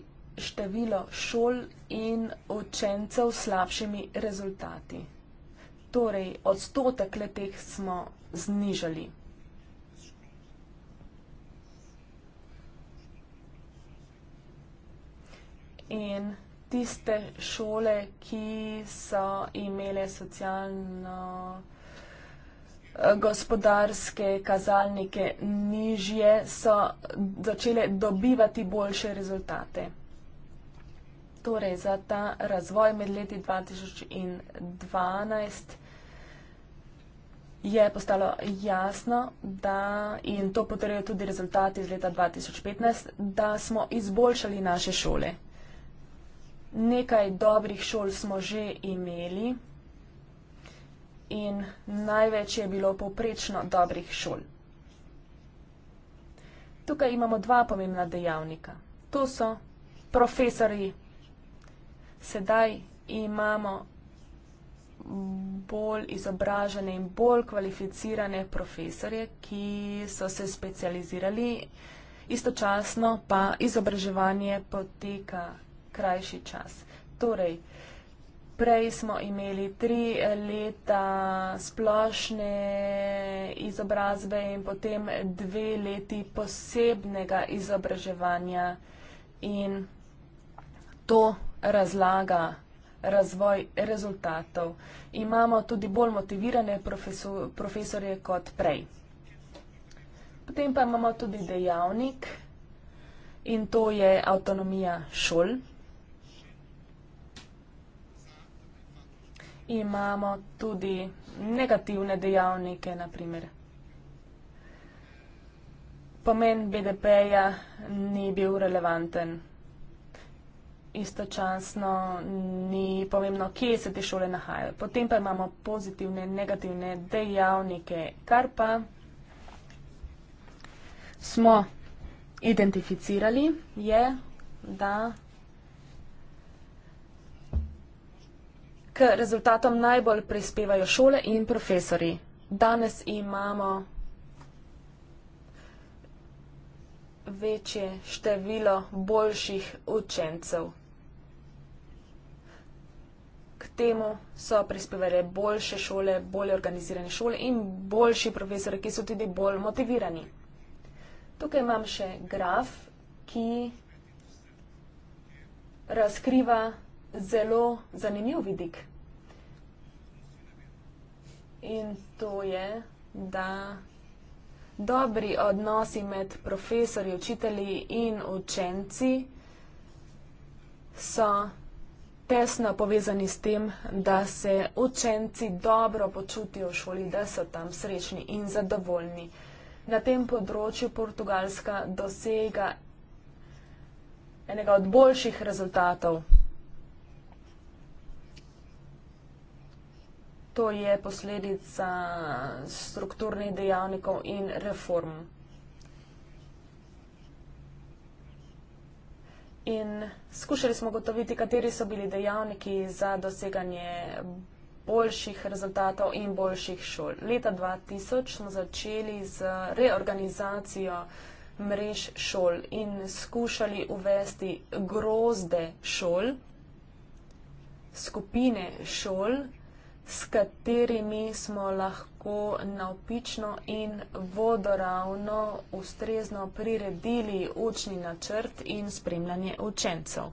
število šol in učencev s slabšimi rezultati. Torej, odstotek leteh smo znižali. In tiste šole, ki so imele socialno eh, gospodarske kazalnike nižje, so začele dobivati boljše rezultate. Torej, za ta razvoj med leti 2012 in 2012, je postalo jasno, da, in to potrjujejo tudi rezultati iz leta 2015, da smo izboljšali naše šole. Nekaj dobrih šol smo že imeli in največ je bilo poprečno dobrih šol. Tukaj imamo dva pomembna dejavnika. To so profesori. Sedaj imamo bolj izobražene in bolj kvalificirane profesorje, ki so se specializirali. Istočasno pa izobraževanje poteka krajši čas. Torej, prej smo imeli tri leta splošne izobrazbe in potem dve leti posebnega izobraževanja in to razlaga razvoj rezultatov. Imamo tudi bolj motivirane profesor, profesorje kot prej. Potem pa imamo tudi dejavnik in to je avtonomija šol. Imamo tudi negativne dejavnike, naprimer. Pomen BDP-ja ni bil relevanten istočasno ni pomembno, kje se te šole nahajajo. Potem pa imamo pozitivne, negativne dejavnike, kar pa smo identificirali, je, da k rezultatom najbolj prispevajo šole in profesori. Danes imamo večje število boljših učencev temu so prispevali boljše šole, bolje organizirane šole in boljši profesori, ki so tudi bolj motivirani. Tukaj imam še graf, ki razkriva zelo zanimiv vidik. In to je, da dobri odnosi med profesori, učitelji in učenci so tesno povezani s tem, da se učenci dobro počutijo v šoli, da so tam srečni in zadovoljni. Na tem področju Portugalska dosega enega od boljših rezultatov. To je posledica strukturnih dejavnikov in reform. In skušali smo gotoviti, kateri so bili dejavniki za doseganje boljših rezultatov in boljših šol. Leta 2000 smo začeli z reorganizacijo mrež šol in skušali uvesti grozde šol, skupine šol, s katerimi smo lahko navpično in vodoravno ustrezno priredili učni načrt in spremljanje učencev.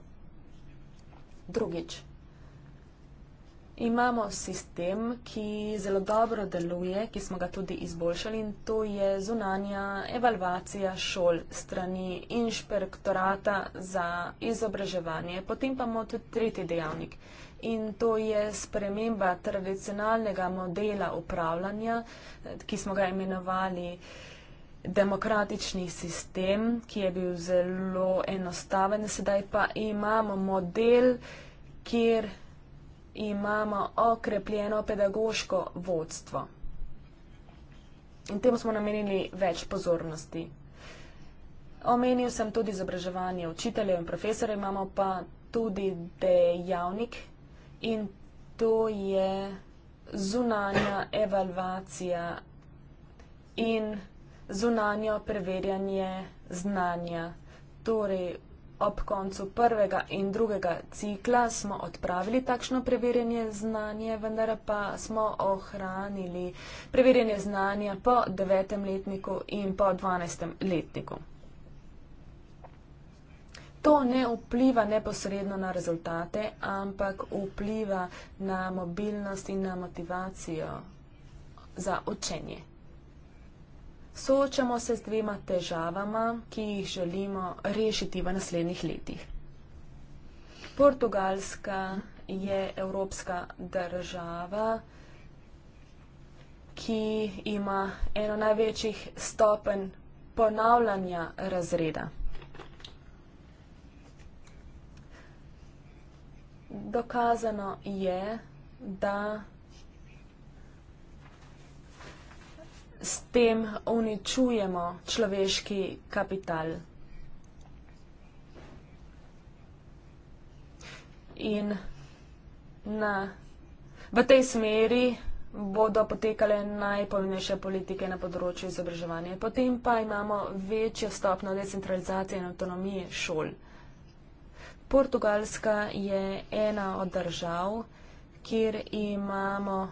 Drugič. Imamo sistem, ki zelo dobro deluje, ki smo ga tudi izboljšali in to je zunanja evalvacija šol strani inšpektorata za izobraževanje. Potem pa imamo tudi tretji dejavnik, in to je sprememba tradicionalnega modela upravljanja, ki smo ga imenovali demokratični sistem, ki je bil zelo enostaven. Sedaj pa imamo model, kjer imamo okrepljeno pedagoško vodstvo. In temu smo namenili več pozornosti. Omenil sem tudi izobraževanje učiteljev in profesorjev, imamo pa tudi dejavnik, in to je zunanja evalvacija in zunanje preverjanje znanja. Torej, ob koncu prvega in drugega cikla smo odpravili takšno preverjanje znanja, vendar pa smo ohranili preverjanje znanja po devetem letniku in po dvanajstem letniku. To ne vpliva neposredno na rezultate, ampak vpliva na mobilnost in na motivacijo za učenje. Soočamo se z dvema težavama, ki jih želimo rešiti v naslednjih letih. Portugalska je evropska država, ki ima eno največjih stopenj ponavljanja razreda. dokazano je, da s tem uničujemo človeški kapital. In na, v tej smeri bodo potekale najpomembnejše politike na področju izobraževanja. Potem pa imamo večjo stopno decentralizacije in avtonomije šol. Portugalska je ena od držav, kjer imamo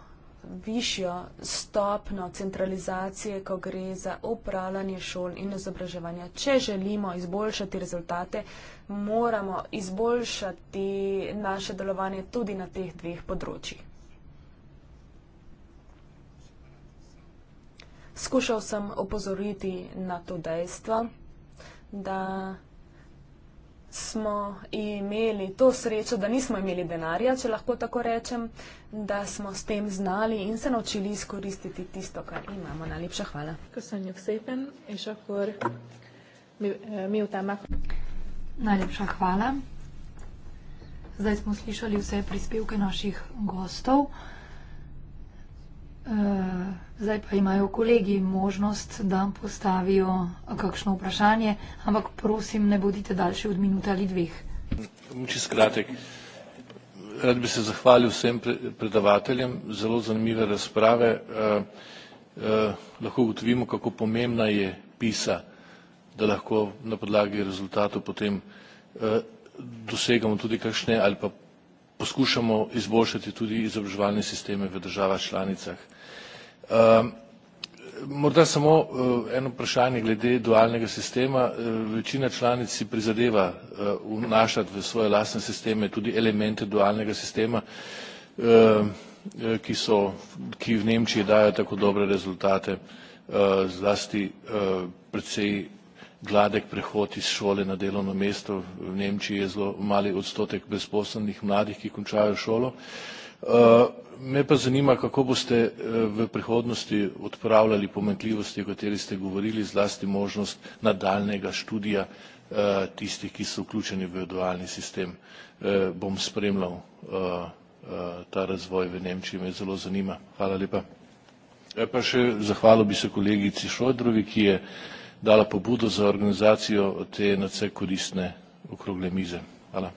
višjo stopno centralizacije, ko gre za upravljanje šol in izobraževanja. Če želimo izboljšati rezultate, moramo izboljšati naše delovanje tudi na teh dveh področjih. Skušal sem opozoriti na to dejstvo, da smo imeli to srečo, da nismo imeli denarja, če lahko tako rečem, da smo s tem znali in se naučili izkoristiti tisto, kar imamo. Najlepša hvala. Eh, Najlepša hvala. Zdaj smo slišali vse prispevke naših gostov. Eh, zdaj pa imajo kolegi možnost, da postavijo kakšno vprašanje, ampak prosim, ne bodite daljši od minute ali dveh. Čisto kratek. Rad bi se zahvalil vsem predavateljem, zelo zanimive razprave. Eh, eh, lahko ugotovimo, kako pomembna je PISA, da lahko na podlagi rezultatov potem eh, dosegamo tudi kakšne ali pa poskušamo izboljšati tudi izobraževalne sisteme v državah članicah. Ehm, morda samo eh, eno vprašanje glede dualnega sistema. Eh, večina članic si prizadeva eh, vnašati v svoje lastne sisteme tudi elemente dualnega sistema, ki, so, ki v Nemčiji dajo tako dobre rezultate, zlasti precej gladek prehod iz šole na delovno mesto. V Nemčiji je zelo mali odstotek brezposelnih mladih, ki končajo šolo. Eh, me pa zanima, kako boste eh, v prihodnosti odpravljali pomankljivosti, o kateri ste govorili, zlasti možnost nadaljnega študija eh, tistih, ki so vključeni v dualni sistem. Bom spremljal ta razvoj v Nemčiji, me zelo zanima. Hvala lepa. Ja, pa še zahvalil bi se kolegici Šojdrovi, ki je dala pobudo za organizacijo te nadvse koristne okrogle mize. Hvala.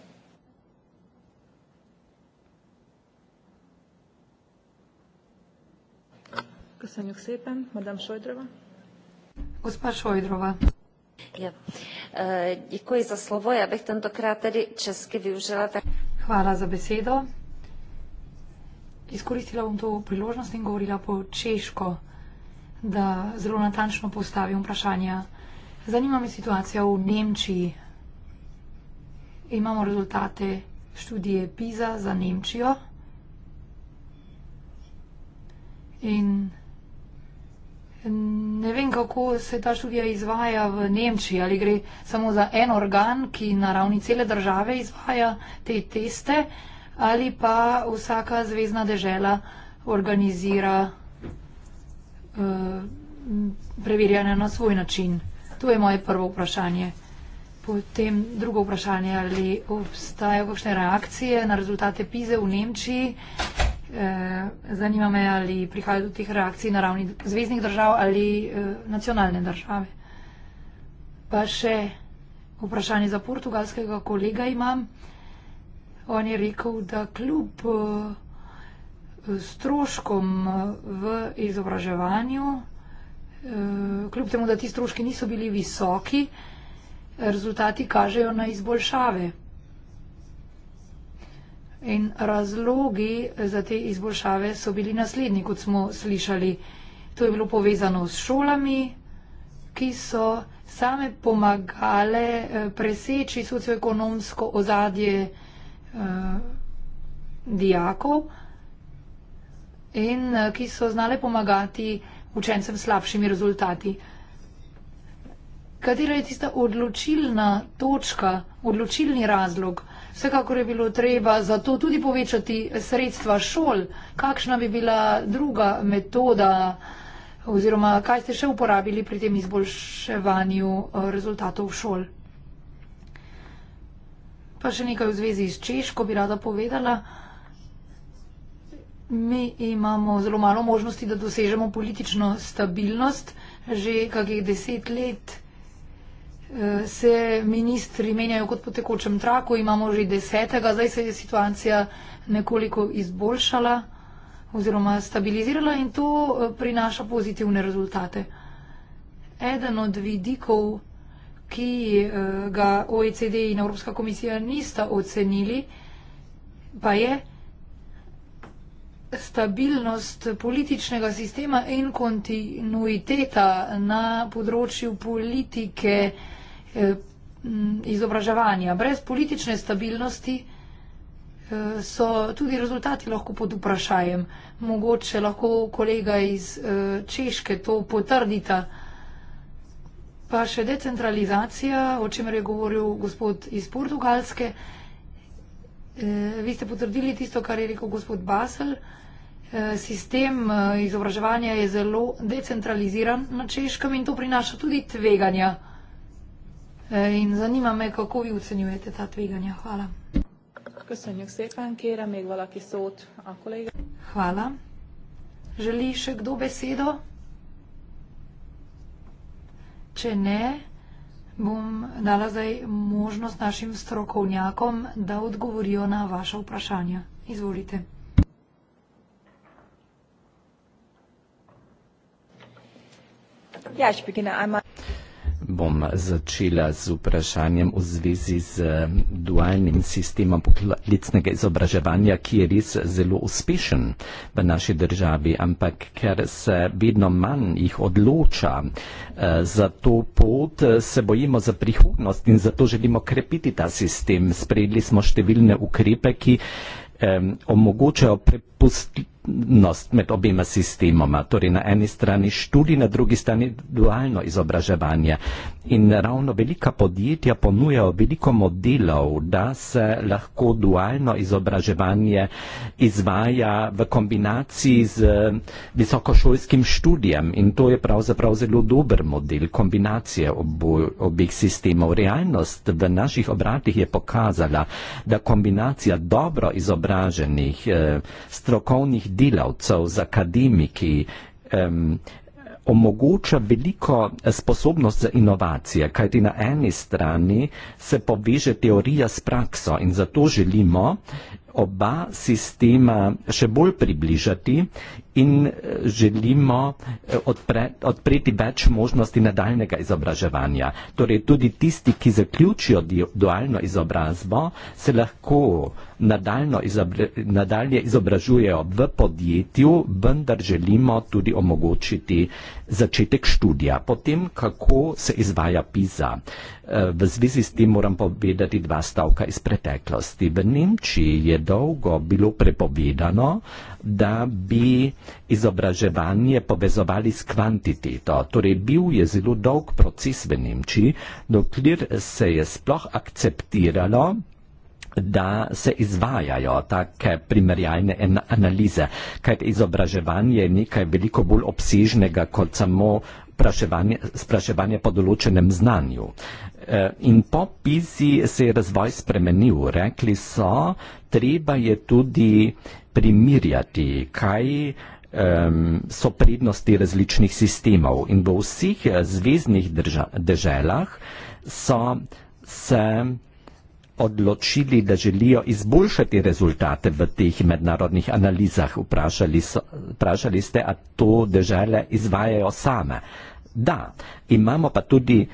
Ksenjo Ksepen, madam Šojdrova. Gospa Šojdrova. Jo. Ja. E, děkuji za slovo, já bych tentokrát tedy česky využila. Tak... Hvala za besedo. Izkoristila bom to priložnost in govorila po češko, da zelo natančno postavim vprašanja. Zanima me situacija v Nemčiji. Imamo rezultate študije PISA za Nemčijo. In Ne vem, kako se ta študija izvaja v Nemčiji, ali gre samo za en organ, ki na ravni cele države izvaja te teste, ali pa vsaka zvezdna dežela organizira uh, preverjanje na svoj način. To je moje prvo vprašanje. Potem drugo vprašanje, ali obstajajo kakšne reakcije na rezultate PISA v Nemčiji. Eh, zanima me, ali prihaja do teh reakcij na ravni zvezdnih držav ali eh, nacionalne države. Pa še vprašanje za portugalskega kolega imam. On je rekel, da kljub eh, stroškom v izobraževanju, kljub temu, da ti stroški niso bili visoki, rezultati kažejo na izboljšave. In razlogi za te izboljšave so bili naslednji, kot smo slišali. To je bilo povezano s šolami, ki so same pomagale eh, preseči socioekonomsko ozadje eh, dijakov in eh, ki so znale pomagati učencem s slabšimi rezultati. Katera je tista odločilna točka, odločilni razlog, Vsekakor je bilo treba zato tudi povečati sredstva šol. Kakšna bi bila druga metoda oziroma kaj ste še uporabili pri tem izboljševanju eh, rezultatov šol? Pa še nekaj v zvezi s Češko bi rada povedala. Mi imamo zelo malo možnosti, da dosežemo politično stabilnost. Že kakih deset let se ministri menjajo kot po tekočem traku, imamo že desetega, zdaj se je situacija nekoliko izboljšala oziroma stabilizirala in to eh, prinaša pozitivne rezultate. Eden od vidikov, ki eh, ga OECD in Evropska komisija nista ocenili, pa je stabilnost političnega sistema in kontinuiteta na področju politike, Eh, mm, izobraževanja. Brez politične stabilnosti eh, so tudi rezultati lahko pod vprašajem. Mogoče lahko kolega iz eh, Češke to potrdita. Pa še decentralizacija, o čemer je govoril gospod iz Portugalske. Vi ste potrdili tisto, kar je rekel gospod Basel. Sistem izobraževanja je zelo decentraliziran na češkem in to prinaša tudi tveganja. Eh, in zanima me, kako vi ocenjujete ta tveganja. Hvala. Köszönjük szépen, kérem még valaki szót a kolléga. Hvala. Želi še kdo besedo? Če ne, bom dala zdaj možnost našim strokovnjakom, da odgovorijo na vaše vprašanje. Izvolite. Ja, špikina, ajma bom začela z vprašanjem v zvezi z eh, dualnim sistemom poklicnega izobraževanja, ki je res zelo uspešen v naši državi, ampak ker se vedno manj jih odloča eh, za to pot, eh, se bojimo za prihodnost in zato želimo krepiti ta sistem. Sprejeli smo številne ukrepe, ki omogočajo prepustiti skupnost med obima sistemoma, torej na eni strani študij, na drugi strani dualno izobraževanje. In ravno velika podjetja ponujajo veliko modelov, da se lahko dualno izobraževanje izvaja v kombinaciji z eh, visokošolskim študijem in to je pravzaprav zelo dober model kombinacije obih sistemov. Realnost v naših obratih je pokazala, da kombinacija dobro izobraženih eh, strokovnih delavcev, z akademiki, um, omogoča veliko sposobnost za inovacije, kajti na eni strani se poveže teorija s prakso in zato želimo oba sistema še bolj približati in eh, želimo eh, odpre, odpreti več možnosti nadaljnega izobraževanja. Torej tudi tisti, ki zaključijo dualno izobrazbo, se lahko izobra, nadalje izobražujejo v podjetju, vendar želimo tudi omogočiti začetek študija. Potem, kako se izvaja PISA. Eh, v zvezi s tem moram povedati dva stavka iz preteklosti. V Nemčiji je dolgo bilo prepovedano, da bi izobraževanje povezovali s kvantiteto. Torej, bil je zelo dolg proces v Nemčiji, dokler se je sploh akceptiralo, da se izvajajo take primerjajne analize, kaj izobraževanje je nekaj veliko bolj obsežnega kot samo spraševanje po določenem znanju. Uh, Eh, in po pizi se je razvoj spremenil. Rekli so, treba je tudi primirjati, kaj um, so prednosti različnih sistemov. In v vseh eh, zvezdnih deželah so se odločili, da želijo izboljšati rezultate v teh mednarodnih analizah. Vprašali, so, vprašali ste, a to dežele izvajajo same. Da, imamo pa tudi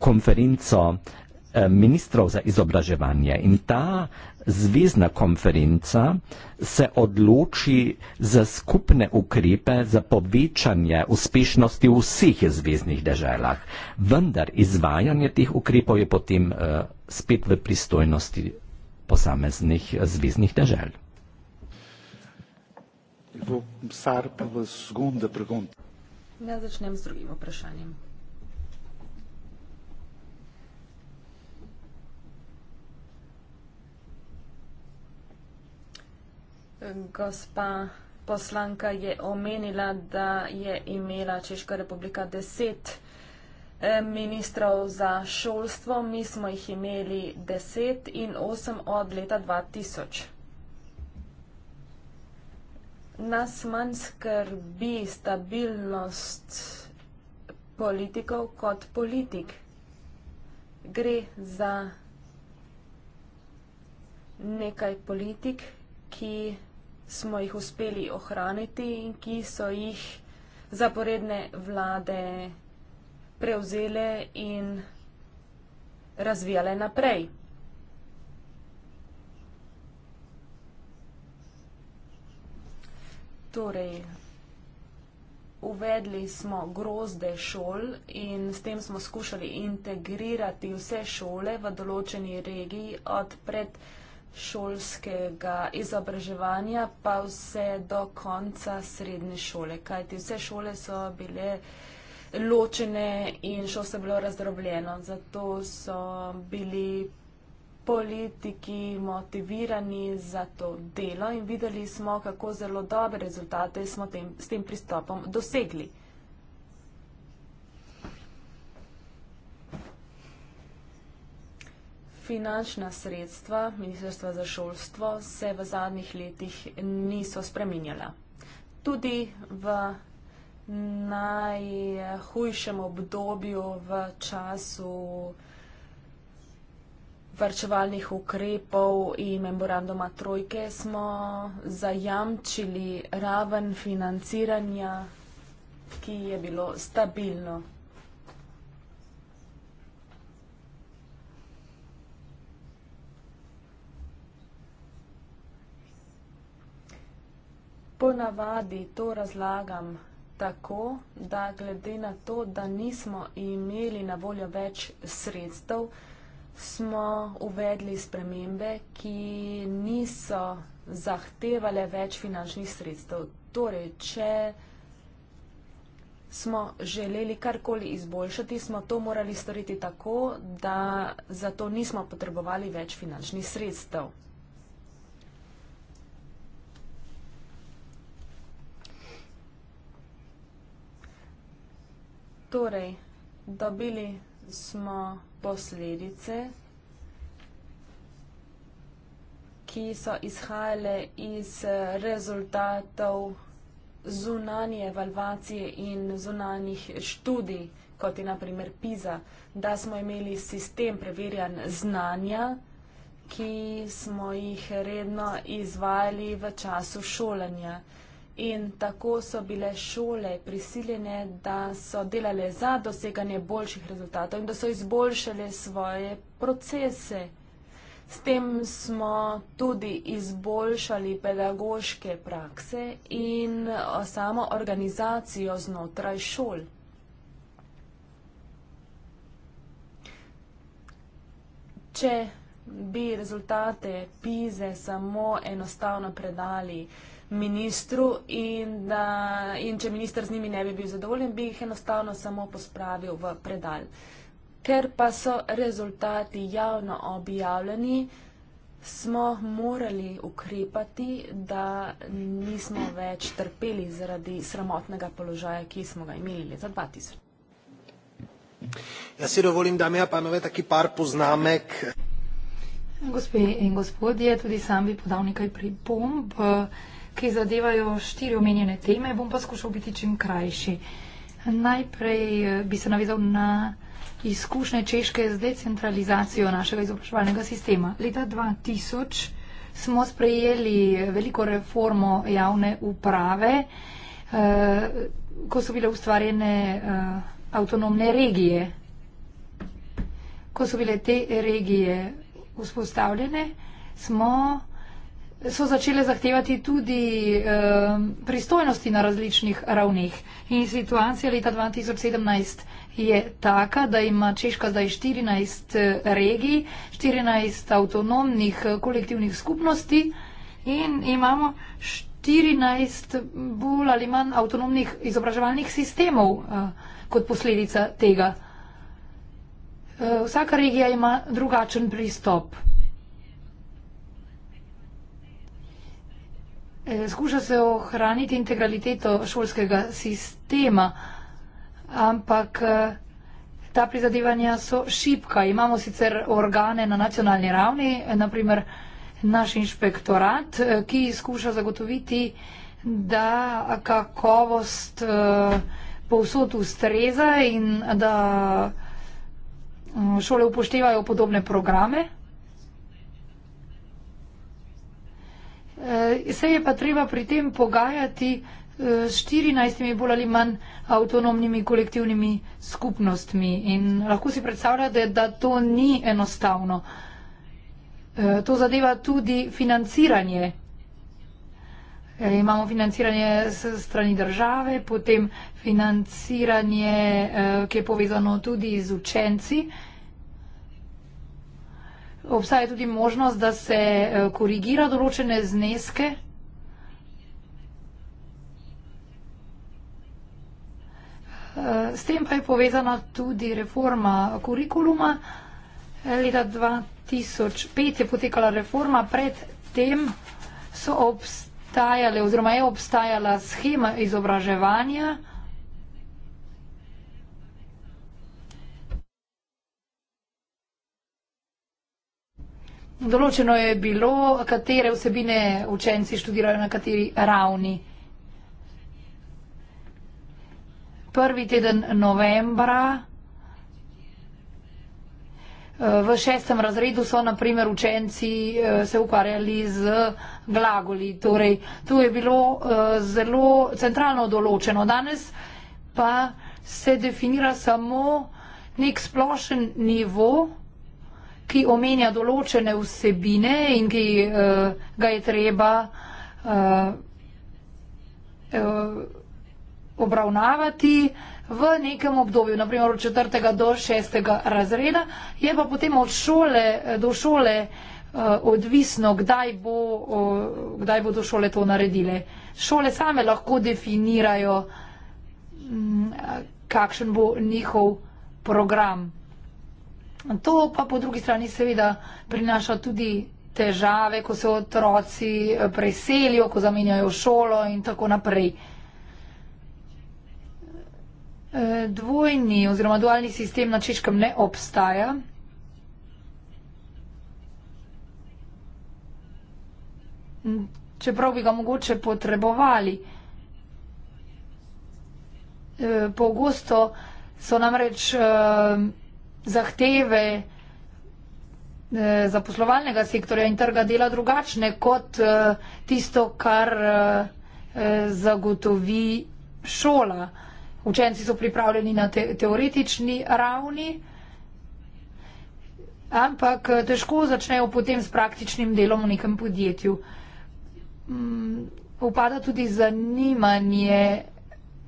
konferenco eh, ministrov za izobraževanje in ta zvezdna konferenca se odloči za skupne ukrepe za povečanje uspešnosti v vseh zvezdnih deželah. Vendar izvajanje teh ukrepov je potem uh, spet v pristojnosti posameznih zvezdnih dežel. Naj začnem s drugim vprašanjem. Gospa poslanka je omenila, da je imela Češka republika deset eh, ministrov za šolstvo. Mi smo jih imeli deset in osem od leta 2000. Nas manj skrbi stabilnost politikov kot politik. Gre za nekaj politik, ki smo jih uspeli ohraniti in ki so jih zaporedne vlade prevzele in razvijale naprej. Torej, uvedli smo grozde šol in s tem smo skušali integrirati vse šole v določeni regiji od predhodnjih šolskega izobraževanja pa vse do konca srednje šole. Kajti vse šole so bile ločene in šol se je bilo razdrobljeno. Zato so bili politiki motivirani za to delo in videli smo, kako zelo dobre rezultate smo tem, s tem pristopom dosegli. finančna sredstva Ministrstva za šolstvo se v zadnjih letih niso spreminjala. Tudi v najhujšem obdobju v času varčevalnih ukrepov in memoranduma Trojke smo zajamčili raven financiranja, ki je bilo stabilno. Ponavadi to razlagam tako, da glede na to, da nismo imeli na voljo več sredstev, smo uvedli spremembe, ki niso zahtevale več finančnih sredstev. Torej, če smo želeli karkoli izboljšati, smo to morali storiti tako, da zato nismo potrebovali več finančnih sredstev. Torej, dobili smo posledice, ki so izhajale iz rezultatov zunanje evalvacije in zunanjih študij, kot je naprimer PISA, da smo imeli sistem preverjan znanja, ki smo jih redno izvajali v času šolanja. In tako so bile šole prisiljene, da so delale za doseganje boljših rezultatov in da so izboljšale svoje procese. S tem smo tudi izboljšali pedagoške prakse in samo organizacijo znotraj šol. Če bi rezultate PIZE samo enostavno predali, ministru in, da, in če minister z njimi ne bi bil zadovoljen, bi jih enostavno samo pospravil v predal. Ker pa so rezultati javno objavljeni, smo morali ukrepati, da nismo več trpeli zaradi sramotnega položaja, ki smo ga imeli leta 2000. Jaz si dovolim, dame in panove, taki par poznamek. Gospe in gospodje, tudi sam bi podal nekaj pripomb ki zadevajo štiri omenjene teme, bom pa skušal biti čim krajši. Najprej eh, bi se navezal na izkušnje Češke z decentralizacijo našega izobraževalnega sistema. Leta 2000 smo sprejeli veliko reformo javne uprave, eh, ko so bile ustvarjene eh, avtonomne regije. Ko so bile te regije vzpostavljene, smo so začele zahtevati tudi eh, pristojnosti na različnih ravneh. In situacija leta 2017 je taka, da ima Češka zdaj 14 eh, regij, 14 avtonomnih eh, kolektivnih skupnosti in imamo 14 bolj ali manj avtonomnih izobraževalnih sistemov eh, kot posledica tega. Eh, vsaka regija ima drugačen pristop. E, skuša se ohraniti integraliteto šolskega sistema, ampak e, ta prizadevanja so šipka. Imamo sicer organe na nacionalni ravni, naprimer naš inšpektorat, e, ki skuša zagotoviti, da kakovost povsod ustreza in da šole upoštevajo podobne programe. Eh, se je pa treba pri tem pogajati eh, s 14 bolj ali manj avtonomnimi kolektivnimi skupnostmi in lahko si predstavljate, da to ni enostavno. Eh, to zadeva tudi financiranje. Imamo financiranje s strani države, potem financiranje, ki je povezano tudi z učenci. Obstaja tudi možnost, da se eh, korigira določene zneske. Eh, s tem pa je povezana tudi reforma kurikuluma. Leta 2005 je potekala reforma, predtem so obstajale oziroma je obstajala schema izobraževanja. Določeno je bilo, katere vsebine učenci študirajo na kateri ravni. Prvi teden novembra eh, v šestem razredu so naprimer učenci eh, se ukvarjali z glagoli. Torej, to je bilo eh, zelo centralno določeno. Danes pa se definira samo nek splošen nivo ki omenja določene vsebine in ki uh, ga je treba uh, uh, obravnavati v nekem obdobju, naprimer od 4. do 6. razreda, je pa potem od šole do šole uh, odvisno, kdaj, bo, uh, kdaj bodo šole to naredile. Šole same lahko definirajo, m, mm, kakšen bo njihov program. To pa po drugi strani seveda prinaša tudi težave, ko se otroci eh, preselijo, ko zamenjajo šolo in tako naprej. Eh, dvojni oziroma dualni sistem na češkem ne obstaja. Hm, čeprav bi ga mogoče potrebovali. Eh, pogosto so namreč zahteve eh, zaposlovalnega sektorja in trga dela drugačne kot eh, tisto, kar eh, zagotovi šola. Učenci so pripravljeni na te teoretični ravni, ampak težko začnejo potem s praktičnim delom v nekem podjetju. Mm, upada tudi zanimanje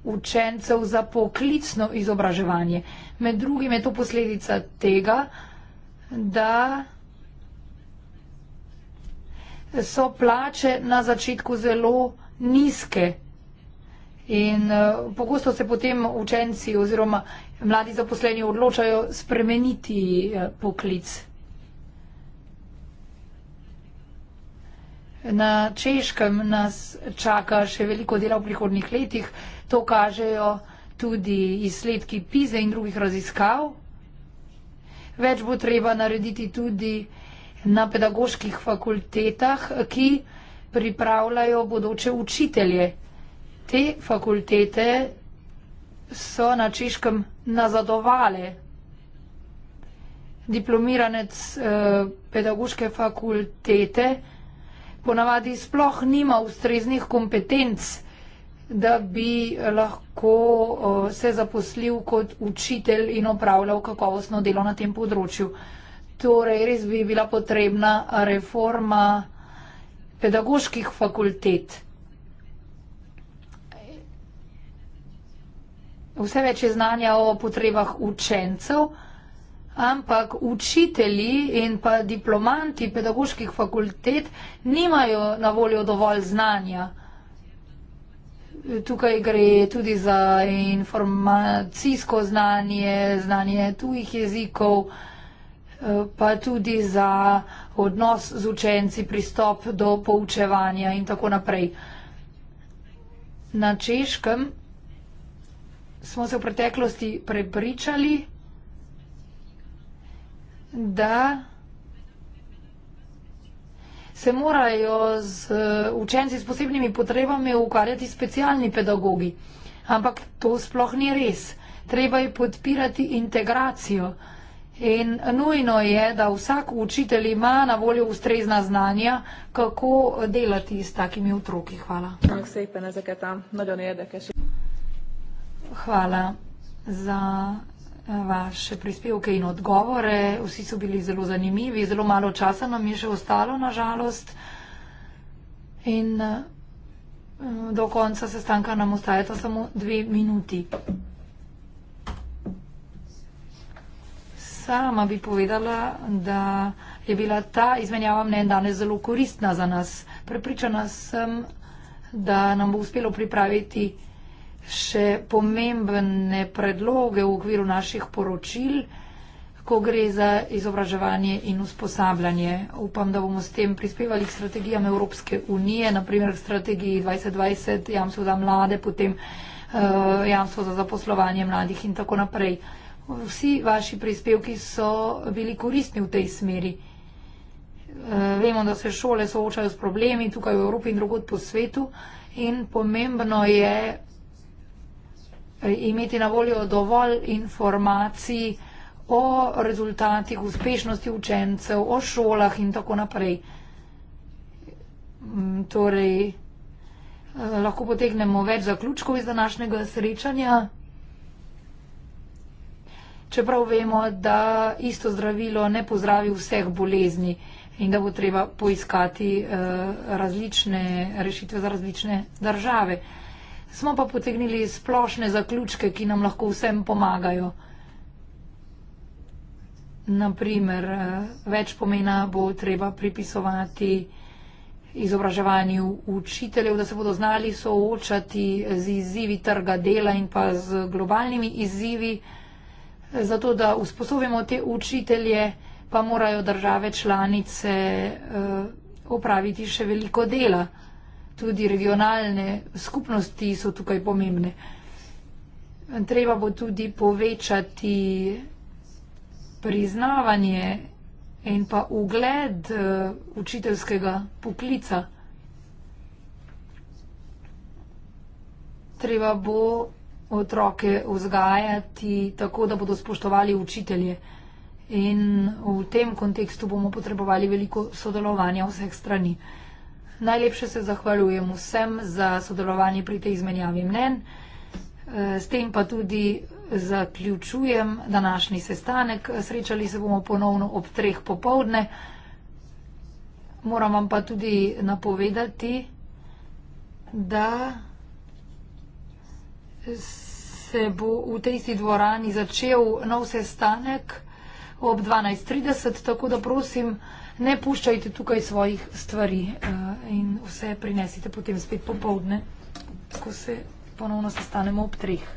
učencev za poklicno izobraževanje. Med drugim je to posledica tega, da so plače na začetku zelo nizke in uh, pogosto se potem učenci oziroma mladi zaposleni odločajo spremeniti uh, poklic. Na češkem nas čaka še veliko dela v prihodnih letih. Uh, To kažejo tudi izsledki PISA in drugih raziskav. Več bo treba narediti tudi na pedagoških fakultetah, ki pripravljajo bodoče učitelje. Te fakultete so na češkem nazadovale. Diplomiranec eh, pedagoške fakultete ponavadi sploh nima ustreznih kompetenc, da bi lahko se zaposlil kot učitelj in opravljal kakovostno delo na tem področju. Torej, res bi bila potrebna reforma pedagoških fakultet. Vse več je znanja o potrebah učencev, ampak učitelji in pa diplomanti pedagoških fakultet nimajo na voljo dovolj znanja. Tukaj gre tudi za informacijsko znanje, znanje tujih jezikov, eh, pa tudi za odnos z učenci, pristop do poučevanja in tako naprej. Na češkem smo se v preteklosti prepričali, da se morajo z eh, učenci s posebnimi potrebami ukvarjati specialni pedagogi. Ampak to sploh ni res. Treba je podpirati integracijo. In nujno je, da vsak učitelj ima na voljo ustrezna znanja, kako delati s takimi otroki. Hvala. Hvala za vaše prispevke in odgovore. Vsi so bili zelo zanimivi, zelo malo časa nam je še ostalo, nažalost. In eh, do konca sestanka nam ostajata samo dve minuti. Sama bi povedala, da je bila ta izmenjava mnen danes zelo koristna za nas. Prepričana sem, da nam bo uspelo pripraviti še pomembne predloge v okviru naših poročil, ko gre za izobraževanje in usposabljanje. Upam, da bomo s tem prispevali k strategijam Evropske unije, naprimer k strategiji 2020, jamstvo za mlade, potem uh, jamstvo za zaposlovanje mladih in tako naprej. Vsi vaši prispevki so bili koristni v tej smeri. Eh, vemo, da se šole soočajo s problemi tukaj v Evropi in drugod po svetu in pomembno je imeti na voljo dovolj informacij o rezultatih uspešnosti učencev, o šolah in tako naprej. Mm, torej, eh, lahko potegnemo več zaključkov iz današnjega srečanja. Čeprav vemo, da isto zdravilo ne pozdravi vseh bolezni in da bo treba poiskati eh, različne rešitve za različne države smo pa potegnili splošne zaključke, ki nam lahko vsem pomagajo. Naprimer, eh, več pomena bo treba pripisovati izobraževanju učiteljev, da se bodo znali soočati z izzivi trga dela in pa z globalnimi izzivi. Zato, da usposobimo te učitelje, pa morajo države članice eh, opraviti še veliko dela tudi regionalne skupnosti so tukaj pomembne. Treba bo tudi povečati priznavanje in pa ugled eh, učiteljskega poklica. Treba bo otroke vzgajati tako, da bodo spoštovali učitelje. In v tem kontekstu bomo potrebovali veliko sodelovanja vseh strani. Najlepše se zahvaljujem vsem za sodelovanje pri tej izmenjavi mnen. E, s tem pa tudi zaključujem današnji sestanek. Srečali se bomo ponovno ob treh popovdne. Moram vam pa tudi napovedati, da se bo v tej isti dvorani začel nov sestanek ob 12.30, tako da prosim, ne puščajte tukaj svojih stvari eh, in vse prinesite potem spet popovdne, ko se ponovno sestanemo ob treh.